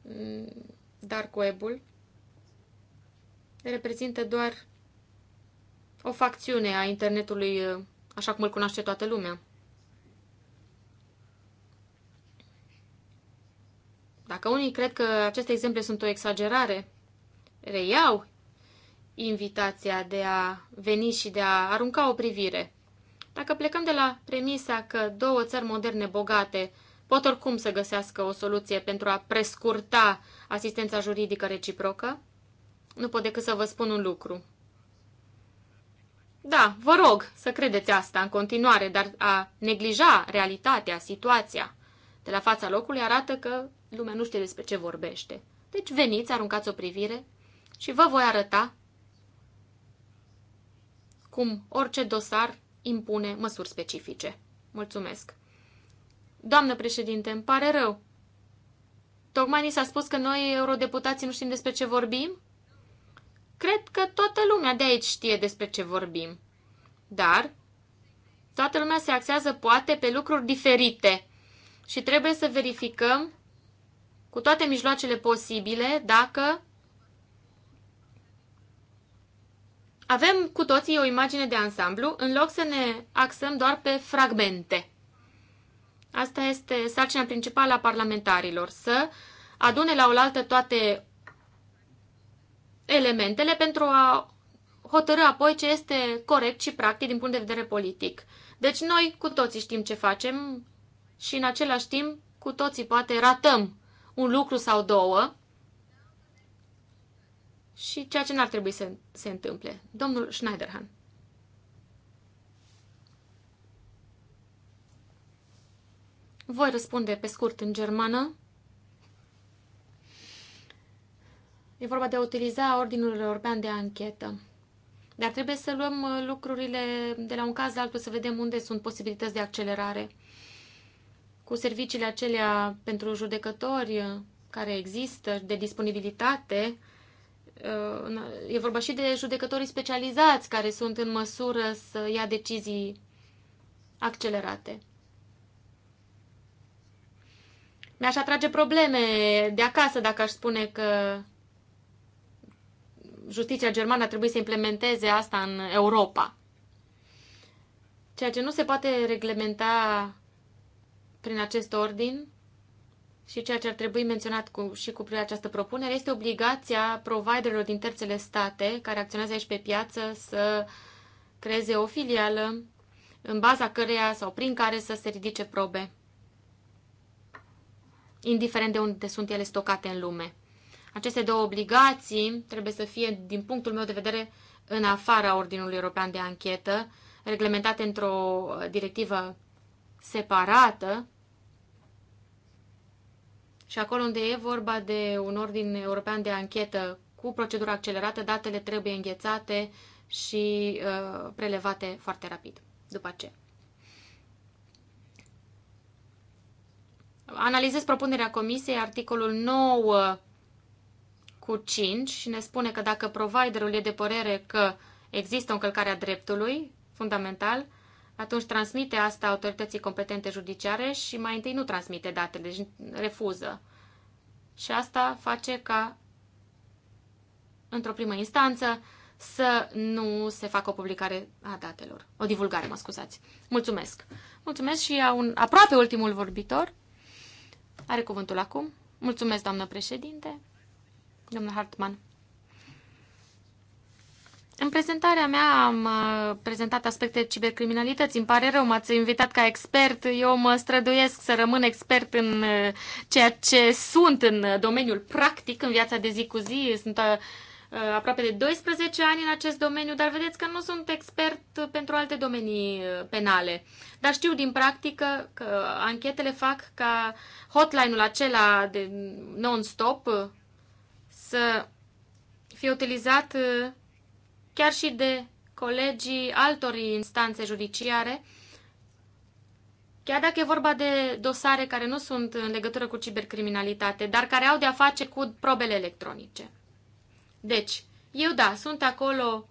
Speaker 4: mm, dark web-ul, reprezintă doar o facțiune a internetului uh, așa cum îl cunoaște toată lumea. Dacă unii cred că aceste exemple sunt o exagerare, reiau invitația de a veni și de a arunca o privire. Dacă plecăm de la premisa că două țări moderne bogate pot oricum să găsească o soluție pentru a prescurta asistența juridică reciprocă, nu pot decât să vă spun un lucru. Da, vă rog să credeți asta în continuare, dar a neglija realitatea, situația de la fața locului arată că lumea nu știe despre ce vorbește. Deci veniți, aruncați o privire și vă voi arăta cum orice dosar impune măsuri specifice. Mulțumesc! Doamnă președinte, îmi pare rău. Tocmai ni s-a spus că noi, eurodeputații, nu știm despre ce vorbim? Cred că toată lumea de aici știe despre ce vorbim. Dar toată lumea se axează poate pe lucruri diferite și trebuie să verificăm cu toate mijloacele posibile dacă avem cu toții o imagine de ansamblu, în loc să ne axăm doar pe fragmente. Asta este sarcina principală a parlamentarilor, să adune la oaltă toate elementele pentru a hotărâ apoi ce este corect și practic din punct de vedere politic. Deci noi cu toții știm ce facem și în același timp cu toții poate ratăm un lucru sau două și ceea ce n-ar trebui să se întâmple. Domnul Schneiderhan. Voi răspunde pe scurt în germană. E vorba de a utiliza Ordinul European de Anchetă. Dar trebuie să luăm uh, lucrurile de la un caz la altul, să vedem unde sunt posibilități de accelerare cu serviciile acelea pentru judecători care există, de disponibilitate. Uh, e vorba și de judecătorii specializați care sunt în măsură să ia decizii accelerate. Mi-aș atrage probleme de acasă dacă aș spune că justiția germană ar trebui să implementeze asta în Europa. Ceea ce nu se poate reglementa prin acest ordin și ceea ce ar trebui menționat cu, și cu această propunere este obligația providerilor din terțele state care acționează aici pe piață să creeze o filială în baza căreia sau prin care să se ridice probe, indiferent de unde sunt ele stocate în lume. Aceste două obligații trebuie să fie, din punctul meu de vedere, în afara Ordinului European de Anchetă, reglementate într-o directivă separată, și acolo unde e vorba de un ordin european de anchetă cu procedură accelerată, datele trebuie înghețate și uh, prelevate foarte rapid după ce Analizez propunerea comisiei, articolul 9 cu 5 și ne spune că dacă providerul e de părere că există o încălcare a dreptului fundamental, atunci transmite asta autorității competente judiciare și mai întâi nu transmite datele, deci refuză. Și asta face ca, într-o primă instanță, să nu se facă o publicare a datelor. O divulgare, mă scuzați. Mulțumesc. Mulțumesc și a un, aproape ultimul vorbitor. Are cuvântul acum. Mulțumesc, doamnă președinte. domnul Hartman. În prezentarea mea am uh, prezentat aspecte cibercriminalității. Îmi pare rău, m-ați invitat ca expert. Eu mă străduiesc să rămân expert în uh, ceea ce sunt în uh, domeniul practic, în viața de zi cu zi. Sunt aproape de 12 ani în acest domeniu, dar vedeți că nu sunt expert pentru alte domenii penale. Dar știu din practică că anchetele fac ca hotline-ul acela de non-stop să fie utilizat chiar și de colegii altor instanțe judiciare, chiar dacă e vorba de dosare care nu sunt în legătură cu cibercriminalitate, dar care au de-a face cu probele electronice. Deci, eu da, sunt acolo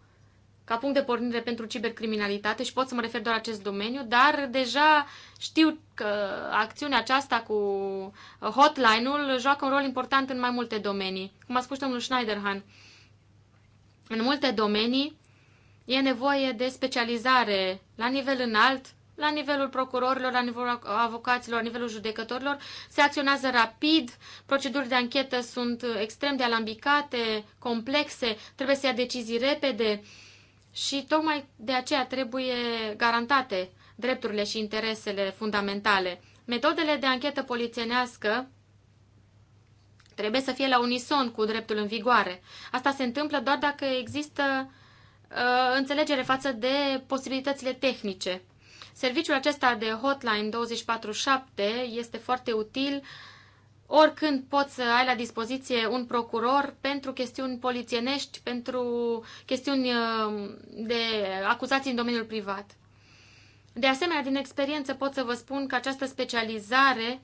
Speaker 4: ca punct de pornire pentru cibercriminalitate și pot să mă refer doar la acest domeniu, dar deja știu că acțiunea aceasta cu hotline-ul joacă un rol important în mai multe domenii. Cum a spus domnul Schneiderhan, uh, în multe domenii e nevoie de specializare la nivel înalt, la nivelul procurorilor, la nivelul avocaților, la nivelul judecătorilor. Se acționează rapid, proceduri de anchetă sunt extrem de alambicate, complexe, trebuie să ia decizii repede și tocmai de aceea trebuie garantate drepturile și interesele fundamentale. Metodele de anchetă polițienească Trebuie să fie la unison cu dreptul în vigoare. Asta se întâmplă doar dacă există uh, înțelegere față de posibilitățile tehnice. Serviciul acesta de hotline 24/7 este foarte util oricând poți să ai la dispoziție un procuror pentru chestiuni polițienești, pentru chestiuni uh, de acuzații în domeniul privat. De asemenea, din experiență pot să vă spun că această specializare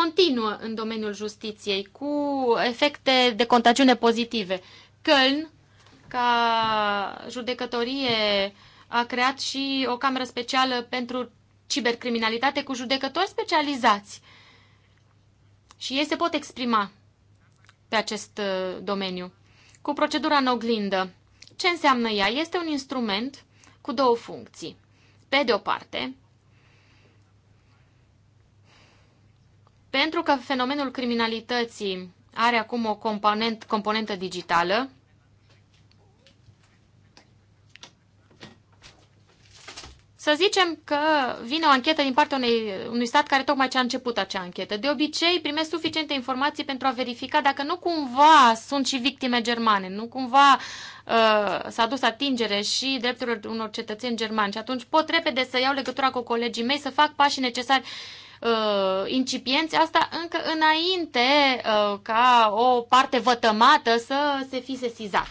Speaker 4: continuă în domeniul justiției cu efecte de contagiune pozitive. Köln, ca judecătorie, a creat și o cameră specială pentru cibercriminalitate cu judecători specializați. Și ei se pot exprima pe acest uh, domeniu. Cu procedura în oglindă, ce înseamnă ea? Este un instrument cu două funcții. Pe de o parte, Pentru că fenomenul criminalității are acum o component, componentă digitală, Să zicem că vine o anchetă din partea unei, unui stat care tocmai ce a început acea anchetă. De obicei primesc suficiente informații pentru a verifica dacă nu cumva sunt și victime germane, nu cumva uh, s-a dus atingere și drepturilor unor cetățeni germani. Și atunci pot repede să iau legătura cu colegii mei, să fac pașii necesari uh, uh, incipienți, asta încă înainte uh, ca o parte vătămată să se fi sesizat.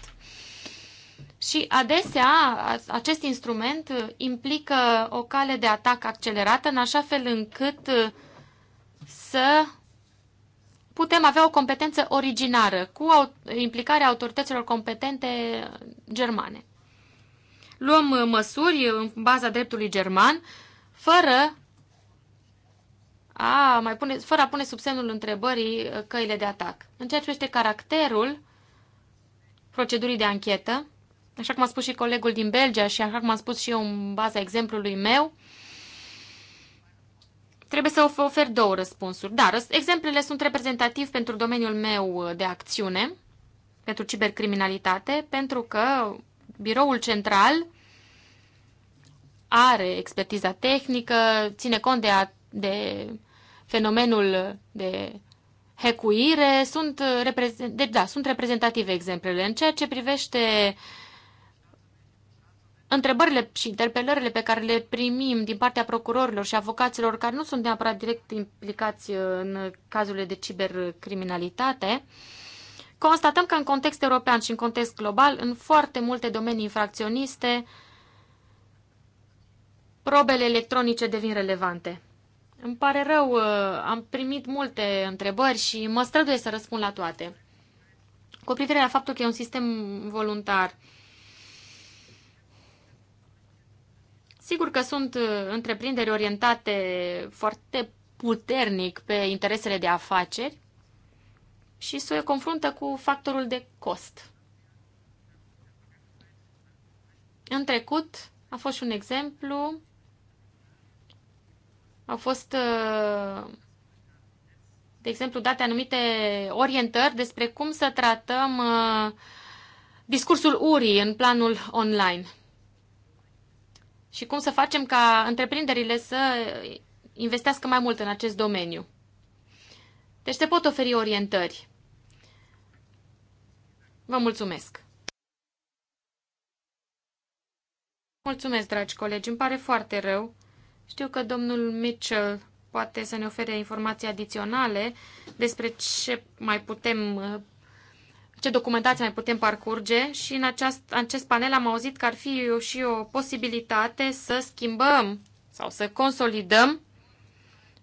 Speaker 4: Și adesea acest instrument uh, implică o cale de atac accelerată în așa fel încât uh, să putem avea o competență originară cu implicarea autorităților competente germane. Luăm uh, măsuri în baza dreptului german fără a mai pune, fără a pune sub semnul întrebării uh, căile de atac. În ceea ce este caracterul procedurii de anchetă, așa cum a spus și colegul din Belgia și așa cum am spus și eu în baza exemplului meu, trebuie să ofer două răspunsuri. Da, exemplele sunt reprezentativ pentru domeniul meu uh, de acțiune, pentru cibercriminalitate, pentru că biroul central are expertiza tehnică, ține cont de de fenomenul de hecuire, sunt, reprezent, de, deci da, sunt reprezentative exemplele. În ceea ce privește întrebările și interpelările pe care le primim din partea procurorilor și avocaților care nu sunt neapărat direct implicați în cazurile de cibercriminalitate, constatăm că în context european și în context global, în foarte multe domenii infracționiste, probele electronice devin relevante. Îmi pare rău, uh, am primit multe întrebări și mă străduiesc să răspund la toate. Cu privire la faptul că e un sistem voluntar, sigur că sunt uh, întreprinderi orientate foarte puternic pe interesele de afaceri și se confruntă cu factorul de cost. În trecut a fost și un exemplu au fost, uh, de exemplu, date anumite orientări despre cum să tratăm uh, discursul uri în planul online și cum să facem ca întreprinderile să investească mai mult în acest domeniu. Deci te pot oferi orientări. Vă mulțumesc! Mulțumesc, dragi colegi, îmi pare foarte rău știu că domnul Mitchell poate să ne ofere informații adiționale despre ce mai putem ce documentație mai putem parcurge și în aceast, acest panel am auzit că ar fi și o posibilitate să schimbăm sau să consolidăm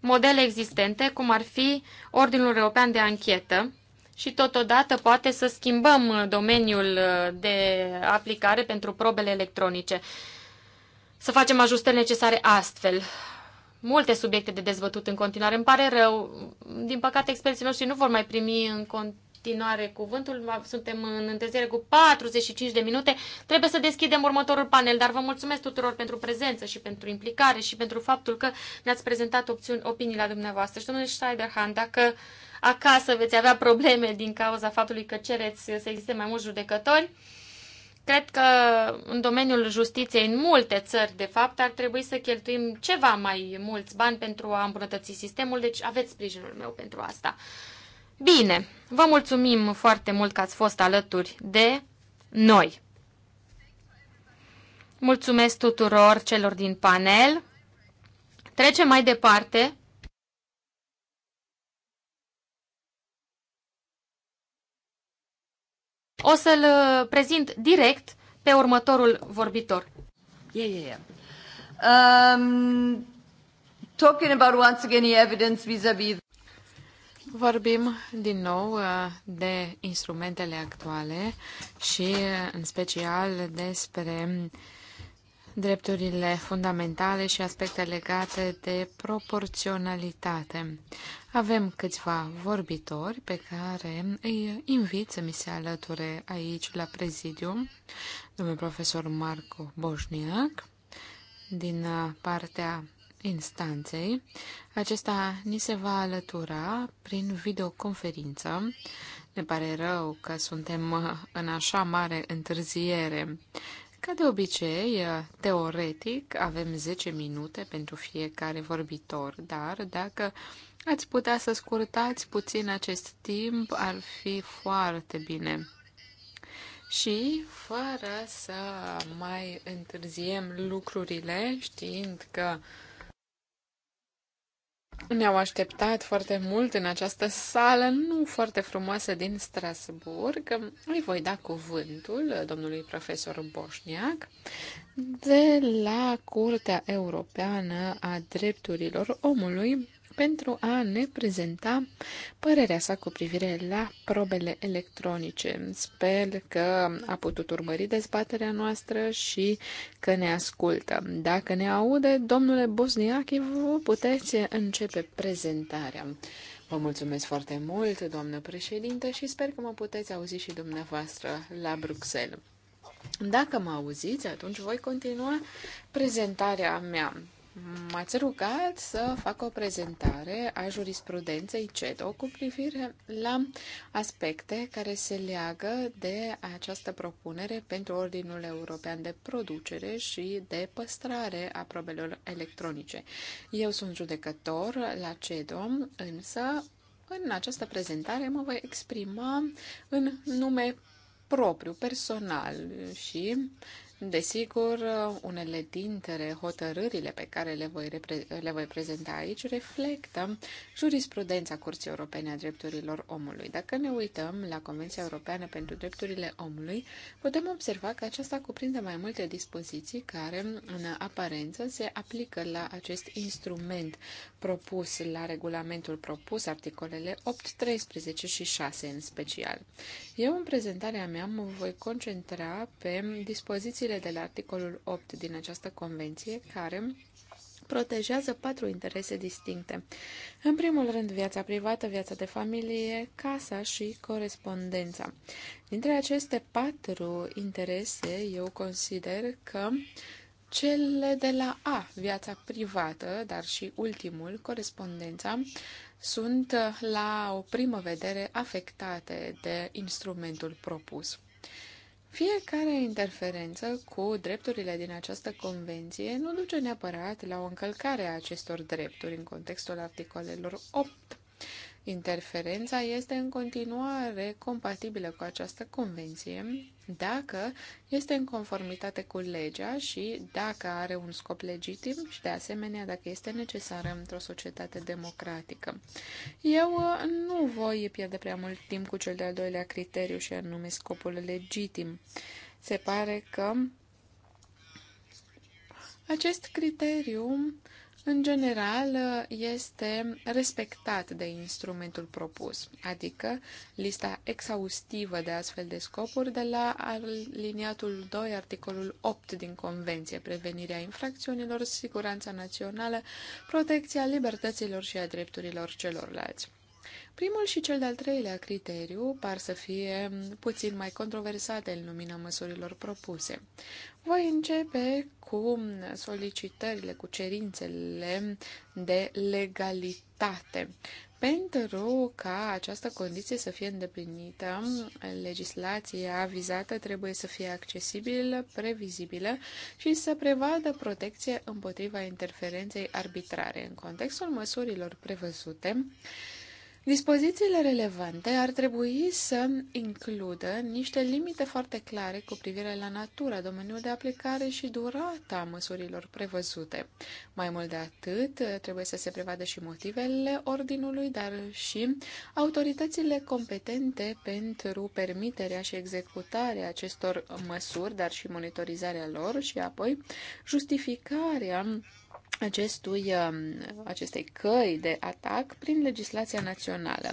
Speaker 4: modele existente, cum ar fi Ordinul European de Anchetă și totodată poate să schimbăm domeniul de aplicare pentru probele electronice să facem ajustări necesare astfel. Multe subiecte de dezbătut în continuare. Îmi pare rău. Din păcate, experții noștri nu vor mai primi în continuare cuvântul. Suntem în întârziere cu 45 de minute. Trebuie să deschidem următorul panel, dar vă mulțumesc tuturor pentru prezență și pentru implicare și pentru faptul că ne-ați prezentat opțiuni, opiniile dumneavoastră. Și domnule Schneiderhan, dacă acasă veți avea probleme din cauza faptului că cereți să existe mai mulți judecători, Cred că în domeniul justiției, în multe țări, de fapt, ar trebui să cheltuim ceva mai mulți bani pentru a îmbunătăți sistemul, deci aveți sprijinul meu pentru asta. Bine, vă mulțumim foarte mult că ați fost alături de noi. Mulțumesc tuturor celor din panel. Trecem mai departe O să-l uh, prezint direct pe
Speaker 5: următorul vorbitor. Yeah, yeah, yeah. Um, talking about once again the evidence vis-a-vis -vis... Vorbim din nou
Speaker 2: uh, de instrumentele actuale și uh, în special despre drepturile fundamentale și aspecte legate de proporționalitate. Avem câțiva vorbitori pe care îi invit să mi se alăture aici la prezidiu, domnul profesor Marco Boșniac, din partea instanței. Acesta ni se va alătura prin videoconferință. Ne pare rău că suntem în așa mare întârziere. Ca de obicei, eh, teoretic, avem 10 minute pentru fiecare vorbitor, dar dacă ați putea să scurtați puțin acest timp, ar fi foarte bine. Și, fără să mai întârziem lucrurile, știind că uh, ne-au așteptat foarte mult în această sală nu foarte frumoasă din Strasburg. Îi voi da cuvântul domnului profesor Boșniac de la Curtea Europeană a Drepturilor Omului pentru a ne prezenta părerea sa cu privire la probele electronice. Sper că a putut urmări dezbaterea noastră și că ne ascultă. Dacă ne aude, domnule Bosniachi, vă puteți începe prezentarea. Vă mulțumesc foarte mult, doamnă președinte, și sper că mă puteți auzi și dumneavoastră la Bruxelles. Dacă mă auziți, atunci voi continua prezentarea mea m-ați rugat să fac o prezentare a jurisprudenței CEDO cu privire la aspecte care se leagă de această propunere pentru Ordinul European de Producere și de Păstrare a probelor electronice. Eu sunt judecător la CEDO, însă în această prezentare mă voi exprima în nume propriu, personal și Desigur, unele dintre hotărârile pe care le voi, le voi prezenta aici reflectă jurisprudența Curții Europene a Drepturilor Omului. Dacă ne uităm la Convenția Europeană pentru Drepturile Omului, putem observa că aceasta cuprinde mai multe dispoziții care, în aparență, se aplică la acest instrument propus la regulamentul propus, articolele 8, 13 și 6 în special. Eu, în prezentarea mea, mă voi concentra pe dispozițiile dispozițiile de la articolul 8 din această convenție, care protejează patru interese distincte. În primul rând, viața privată, viața de familie, casa și corespondența. Dintre aceste patru interese, eu consider că cele de la A, viața privată, dar și ultimul, corespondența, sunt la o primă vedere afectate de instrumentul propus. Fiecare interferență cu drepturile din această convenție nu duce neapărat la o încălcare a acestor drepturi în contextul articolelor 8 Interferența este în continuare compatibilă cu această convenție dacă este în conformitate cu legea și dacă are un scop legitim și, de asemenea, dacă este necesară într-o societate democratică. Eu uh, nu voi pierde prea mult timp cu cel de-al doilea criteriu și anume scopul legitim. Se pare că acest criteriu uh, în general este respectat de instrumentul propus, adică lista exhaustivă de astfel de scopuri de la aliniatul 2, articolul 8 din Convenție, prevenirea infracțiunilor, siguranța națională, protecția libertăților și a drepturilor celorlalți. Primul și cel de-al treilea criteriu par să fie puțin mai controversate în lumina măsurilor propuse. Voi începe cu solicitările, cu cerințele de legalitate. Pentru ca această condiție să fie îndeplinită, legislația vizată trebuie să fie accesibilă, previzibilă și să prevadă protecție împotriva interferenței arbitrare. În contextul măsurilor prevăzute, Dispozițiile relevante ar trebui să includă niște limite foarte clare cu privire la natura, domeniul de aplicare și durata măsurilor prevăzute. Mai mult de atât, trebuie să se prevadă și motivele ordinului, dar și autoritățile competente pentru permiterea și executarea acestor măsuri, dar și monitorizarea lor și apoi justificarea acestui, um, acestei căi de atac prin legislația națională.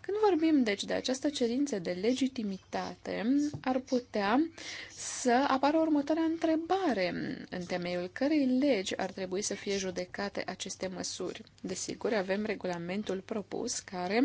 Speaker 2: Când vorbim, deci, de această cerință de legitimitate, ar putea să apară următoarea întrebare, în temeiul cărei legi ar trebui să fie judecate aceste măsuri. Desigur, avem regulamentul propus, care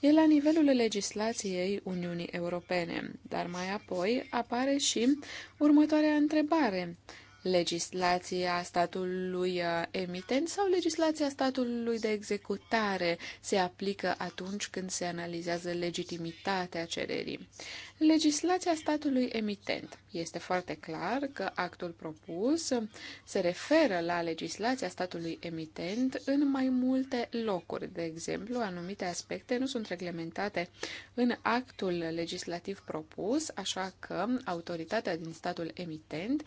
Speaker 2: e la nivelul legislației Uniunii Europene, dar mai apoi apare și următoarea întrebare legislația statului uh, emitent sau legislația statului de executare se aplică atunci când se analizează legitimitatea cererii. Legislația statului emitent. Este foarte clar că actul propus se referă la legislația statului emitent în mai multe locuri. De exemplu, anumite aspecte nu sunt reglementate în actul legislativ propus, așa că autoritatea din statul emitent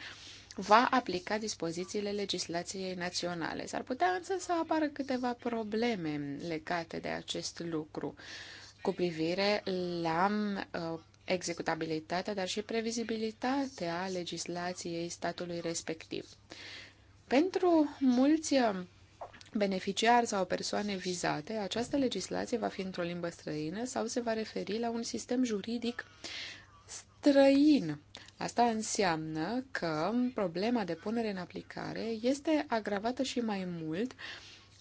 Speaker 2: va aplica dispozițiile legislației naționale. S-ar putea însă să apară câteva probleme legate de acest lucru cu privire la uh, executabilitatea, dar și previzibilitatea legislației statului respectiv. Pentru mulți uh, beneficiari sau persoane vizate, această legislație va fi într-o limbă străină sau se va referi la un sistem juridic străin Asta înseamnă că problema de punere în aplicare este agravată și mai mult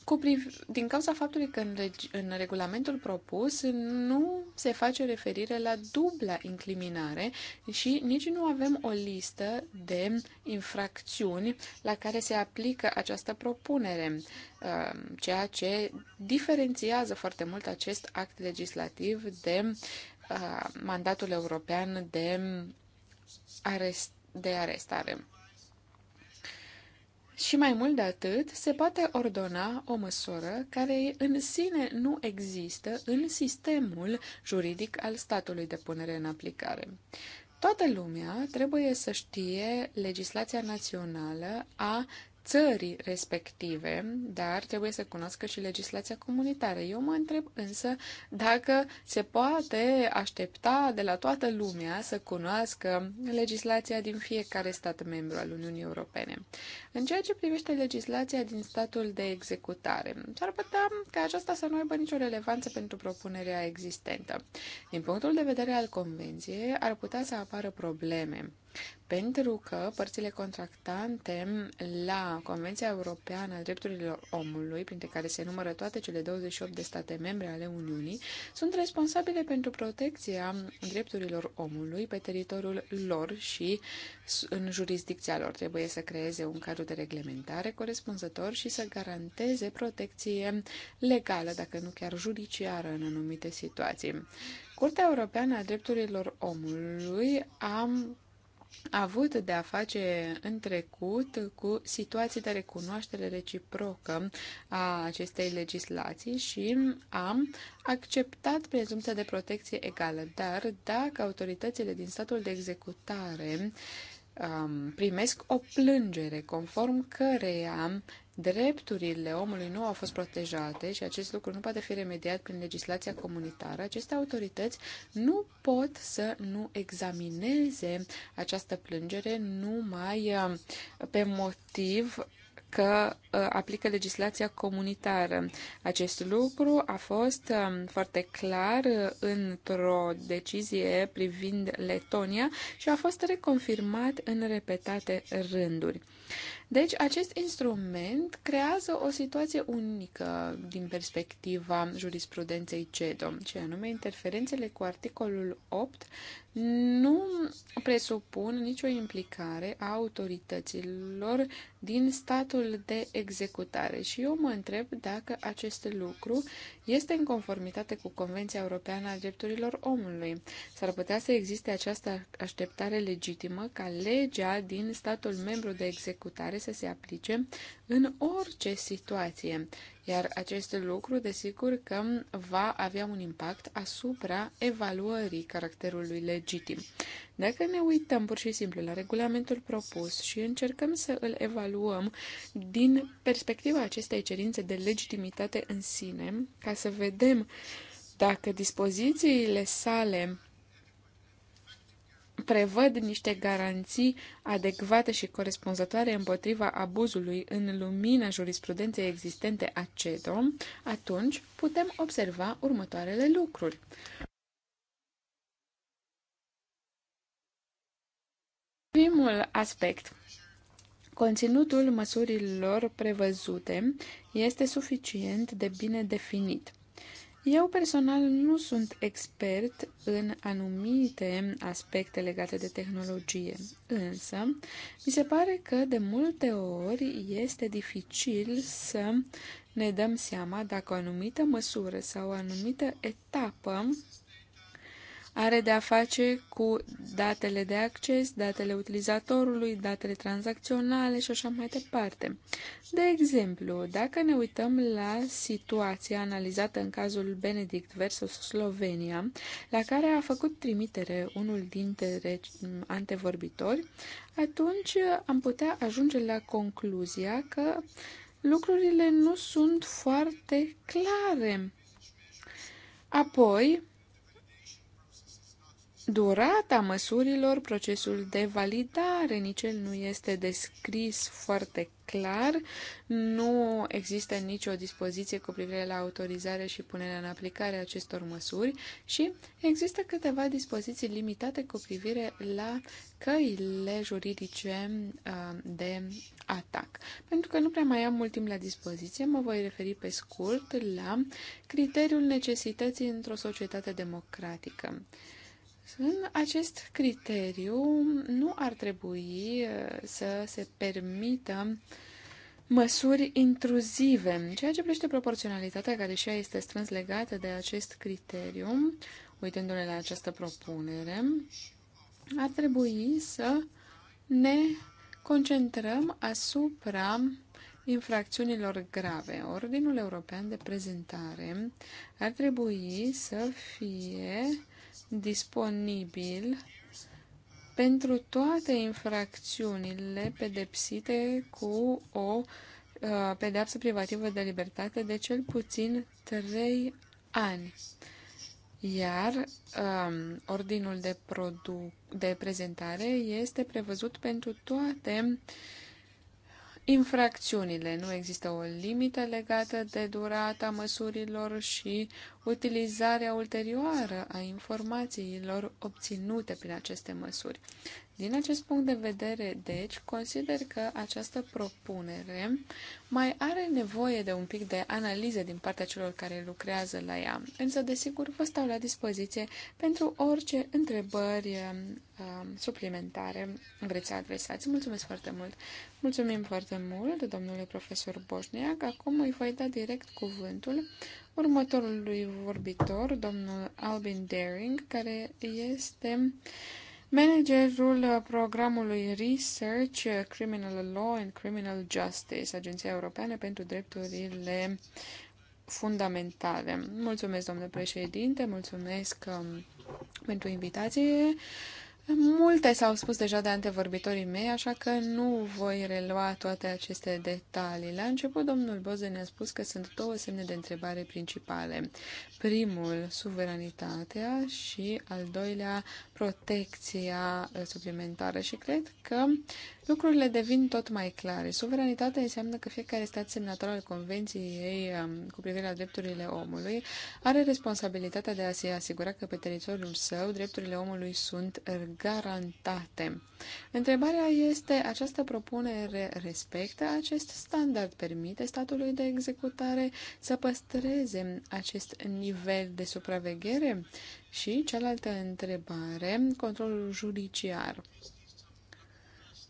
Speaker 2: cu priv- din cauza faptului că în, reg- în regulamentul propus nu se face referire la dubla incriminare și nici nu avem o listă de infracțiuni la care se aplică această propunere, uh, ceea ce diferențiază foarte mult acest act legislativ de uh, mandatul european de arest, de arestare. Și mai mult de atât, se poate ordona o măsură care în sine nu există în sistemul juridic al statului de punere în aplicare. Toată lumea trebuie să știe legislația națională a țării respective, dar trebuie să cunoască și legislația comunitară. Eu mă întreb însă dacă se poate aștepta de la toată lumea să cunoască legislația din fiecare stat membru al Uniunii Europene. În ceea ce privește legislația din statul de executare, s-ar putea ca aceasta să nu aibă nicio relevanță pentru propunerea existentă. Din punctul de vedere al Convenției, ar putea să apară probleme pentru că părțile contractante la Convenția Europeană a Drepturilor Omului, printre care se numără toate cele 28 de state membre ale Uniunii, sunt responsabile pentru protecția drepturilor omului pe teritoriul lor și în jurisdicția lor. Trebuie să creeze un cadru de reglementare corespunzător și să garanteze protecție legală, dacă nu chiar judiciară, în anumite situații. Curtea Europeană a Drepturilor Omului a a avut de a face în trecut cu situații de recunoaștere reciprocă a acestei legislații și am acceptat prezumția de protecție egală. Dar dacă autoritățile din statul de executare um, primesc o plângere conform căreia drepturile omului nu au fost protejate și acest lucru nu poate fi remediat prin legislația comunitară, aceste autorități nu pot să nu examineze această plângere numai uh, pe motiv că uh, aplică legislația comunitară. Acest lucru a fost um, foarte clar uh, într-o decizie privind Letonia și a fost reconfirmat în repetate rânduri. Deci, acest instrument creează o situație unică din perspectiva jurisprudenței CEDO, ce anume interferențele cu articolul 8 nu presupun nicio implicare a autorităților din statul de executare. Și eu mă întreb dacă acest lucru este în conformitate cu Convenția Europeană a Drepturilor Omului. S-ar putea să existe această așteptare legitimă ca legea din statul membru de executare să se aplice în orice situație, iar acest lucru, desigur, că va avea un impact asupra evaluării caracterului legitim. Dacă ne uităm pur și simplu la regulamentul propus și încercăm să îl evaluăm din perspectiva acestei cerințe de legitimitate în sine, ca să vedem dacă dispozițiile sale prevăd niște garanții adecvate și corespunzătoare împotriva abuzului în lumina jurisprudenței existente a CEDO, atunci putem observa următoarele lucruri. Primul aspect. Conținutul măsurilor prevăzute este suficient de bine definit. Eu personal nu sunt expert în anumite aspecte legate de tehnologie, însă mi se pare că de multe ori este dificil să ne dăm seama dacă o anumită măsură sau o anumită etapă are de a face cu datele de acces, datele utilizatorului, datele tranzacționale și așa mai departe. De exemplu, dacă ne uităm la situația analizată în cazul Benedict versus Slovenia, la care a făcut trimitere unul dintre antevorbitori, atunci am putea ajunge la concluzia că lucrurile nu sunt foarte clare. Apoi, durata măsurilor, procesul de validare, nici el nu este descris foarte clar, nu există nicio dispoziție cu privire la autorizarea și punerea în aplicare a acestor măsuri și există câteva dispoziții limitate cu privire la căile juridice uh, de atac. Pentru că nu prea mai am mult timp la dispoziție, mă voi referi pe scurt la criteriul necesității într-o societate democratică. În acest criteriu nu ar trebui uh, să se permită măsuri intruzive. ceea ce privește proporționalitatea, care și ea este strâns legată de acest criteriu, uitându-ne la această propunere, ar trebui să ne concentrăm asupra infracțiunilor grave. Ordinul european de prezentare ar trebui să fie disponibil pentru toate infracțiunile pedepsite cu o uh, pedeapsă privativă de libertate de cel puțin 3 ani. Iar um, ordinul de, produ- de prezentare este prevăzut pentru toate uh, infracțiunile. Nu există o limită legată de durata măsurilor și utilizarea ulterioară a informațiilor obținute prin aceste măsuri. Din acest punct de vedere, deci, consider că această propunere mai are nevoie de un pic de analiză din partea celor care lucrează la ea, însă, desigur, vă stau la dispoziție pentru orice întrebări uh, suplimentare vreți să adresați. Mulțumesc foarte mult! Mulțumim foarte mult, domnule profesor Boșniac. Acum îi voi da direct cuvântul următorului vorbitor, domnul Albin Daring, care este uh, Managerul uh, programului Research, uh, Criminal Law and Criminal Justice, Agenția Europeană pentru Drepturile Fundamentale. Mulțumesc, domnule președinte, mulțumesc um, pentru invitație. Multe s-au spus deja de antevorbitorii mei, așa că nu voi relua toate aceste detalii. La început, domnul Boze ne-a spus că sunt două semne de întrebare principale. Primul, suveranitatea și al doilea, protecția suplimentară. Și cred că Lucrurile devin tot mai clare. Suveranitatea înseamnă că fiecare stat semnator al Convenției ei um, cu privire la drepturile omului are responsabilitatea de a se asigura că pe teritoriul său drepturile omului sunt garantate. Întrebarea este, această propunere respectă acest standard? Permite statului de executare să păstreze acest nivel de supraveghere? Și cealaltă întrebare, controlul judiciar.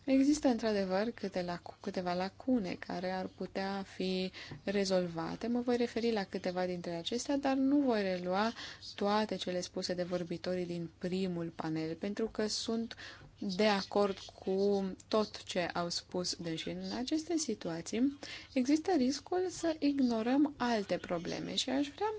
Speaker 2: Există într-adevăr câteva lacune care ar putea fi rezolvate. Mă voi referi la câteva dintre acestea, dar nu voi relua toate cele spuse de vorbitorii din primul panel, pentru că sunt de acord cu tot ce au spus, deși în aceste situații există riscul să ignorăm alte probleme și aș vrea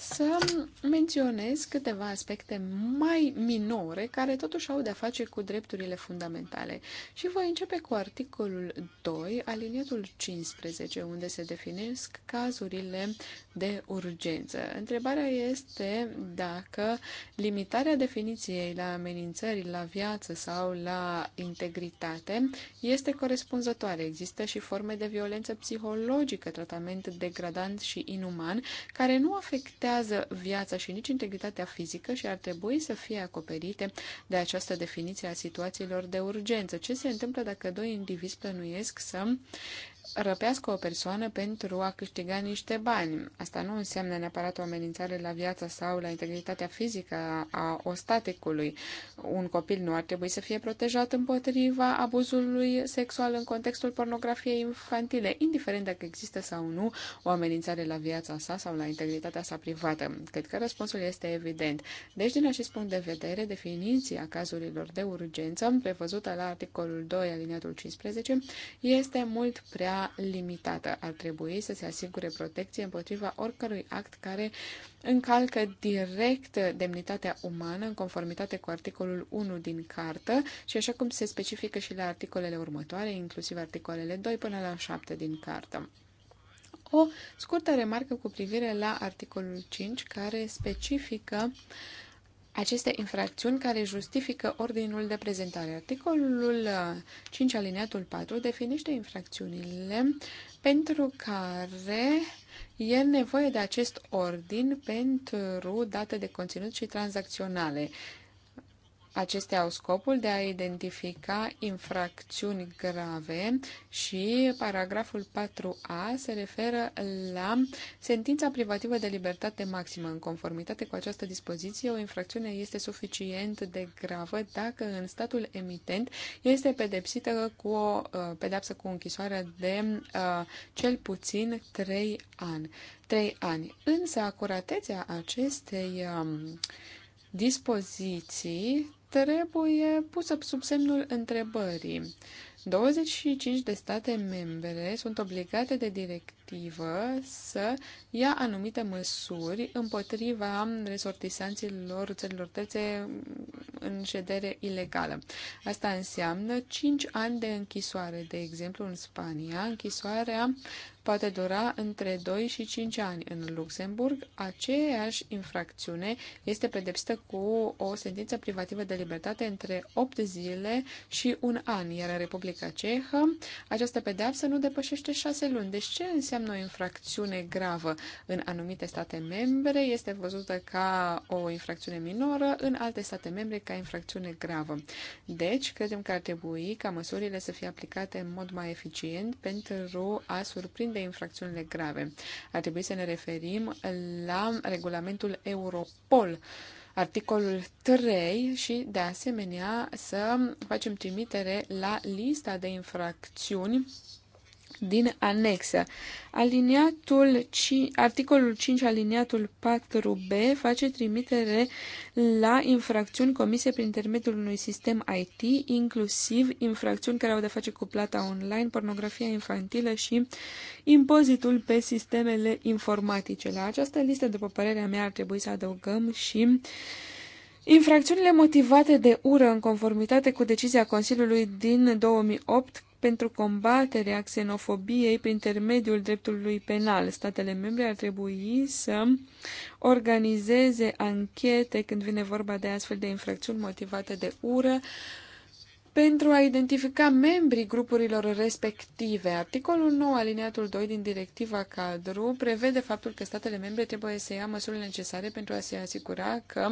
Speaker 2: să menționez câteva aspecte mai minore care totuși au de-a face cu drepturile fundamentale. Și voi începe cu articolul 2, aliniatul 15, unde se definesc cazurile de urgență. Întrebarea este dacă limitarea definiției la amenințări la viață sau la integritate este corespunzătoare. Există și forme de violență psihologică, tratament degradant și inuman, care nu afectează afectează viața și nici integritatea fizică și ar trebui să fie acoperite de această definiție a situațiilor de urgență. Ce se întâmplă dacă doi indivizi plănuiesc să răpească o persoană pentru a câștiga niște bani. Asta nu înseamnă neapărat o amenințare la viața sau la integritatea fizică a ostaticului. Un copil nu ar trebui să fie protejat împotriva abuzului sexual în contextul pornografiei infantile, indiferent dacă există sau nu o amenințare la viața sa sau la integritatea sa privată. Cred că răspunsul este evident. Deci, din acest punct de vedere, definiția cazurilor de urgență prevăzută la articolul 2 aliniatul 15 este mult prea prea limitată. Ar trebui să se asigure protecție împotriva oricărui act care încalcă direct demnitatea umană în conformitate cu articolul 1 din cartă și așa cum se specifică și la articolele următoare, inclusiv articolele 2 până la 7 din cartă. O scurtă remarcă cu privire la articolul 5 care specifică uh, aceste infracțiuni care justifică ordinul de prezentare. Articolul 5 uh, alineatul 4 definește infracțiunile pentru care e nevoie de acest ordin pentru date de conținut și tranzacționale. Acestea au scopul de a identifica infracțiuni grave și paragraful 4a se referă la sentința privativă de libertate maximă. În conformitate cu această dispoziție, o infracțiune este suficient de gravă dacă în statul emitent este pedepsită cu o uh, pedepsă cu închisoare de uh, cel puțin 3 ani. 3 ani. Însă acuratețea acestei uh, dispoziții trebuie pusă sub semnul întrebării. 25 de state membre sunt obligate de direct respectivă să ia anumite măsuri împotriva resortisanților țărilor terțe în ședere ilegală. Asta înseamnă 5 ani de închisoare, de exemplu în Spania. Închisoarea poate dura între 2 și 5 ani. În Luxemburg, aceeași infracțiune este pedepsită cu o sentință privativă de libertate între 8 zile și un an, iar în Republica Cehă această pedeapsă nu depășește 6 luni. Deci ce înseamnă înseamnă o infracțiune gravă. În anumite state membre este văzută ca o infracțiune minoră, în alte state membre ca infracțiune gravă. Deci, credem că ar trebui ca măsurile să fie aplicate în mod mai eficient pentru a surprinde infracțiunile grave. Ar trebui să ne referim la regulamentul Europol articolul 3 și, de asemenea, să facem trimitere la lista de infracțiuni din anexă. Aliniatul 5, articolul 5, aliniatul 4b, face trimitere la infracțiuni comise prin intermediul unui sistem IT, inclusiv infracțiuni care au de face cu plata online, pornografia infantilă și impozitul pe sistemele informatice. La această listă, după părerea mea, ar trebui să adăugăm și Infracțiunile motivate de ură în conformitate cu decizia Consiliului din 2008 pentru combaterea xenofobiei prin intermediul dreptului penal. Statele membre ar trebui să organizeze anchete când vine vorba de astfel de infracțiuni motivate de ură, pentru a identifica membrii grupurilor respective. Articolul 9, aliniatul 2 din directiva cadru, prevede faptul că statele membre trebuie să ia măsurile necesare pentru a se asigura că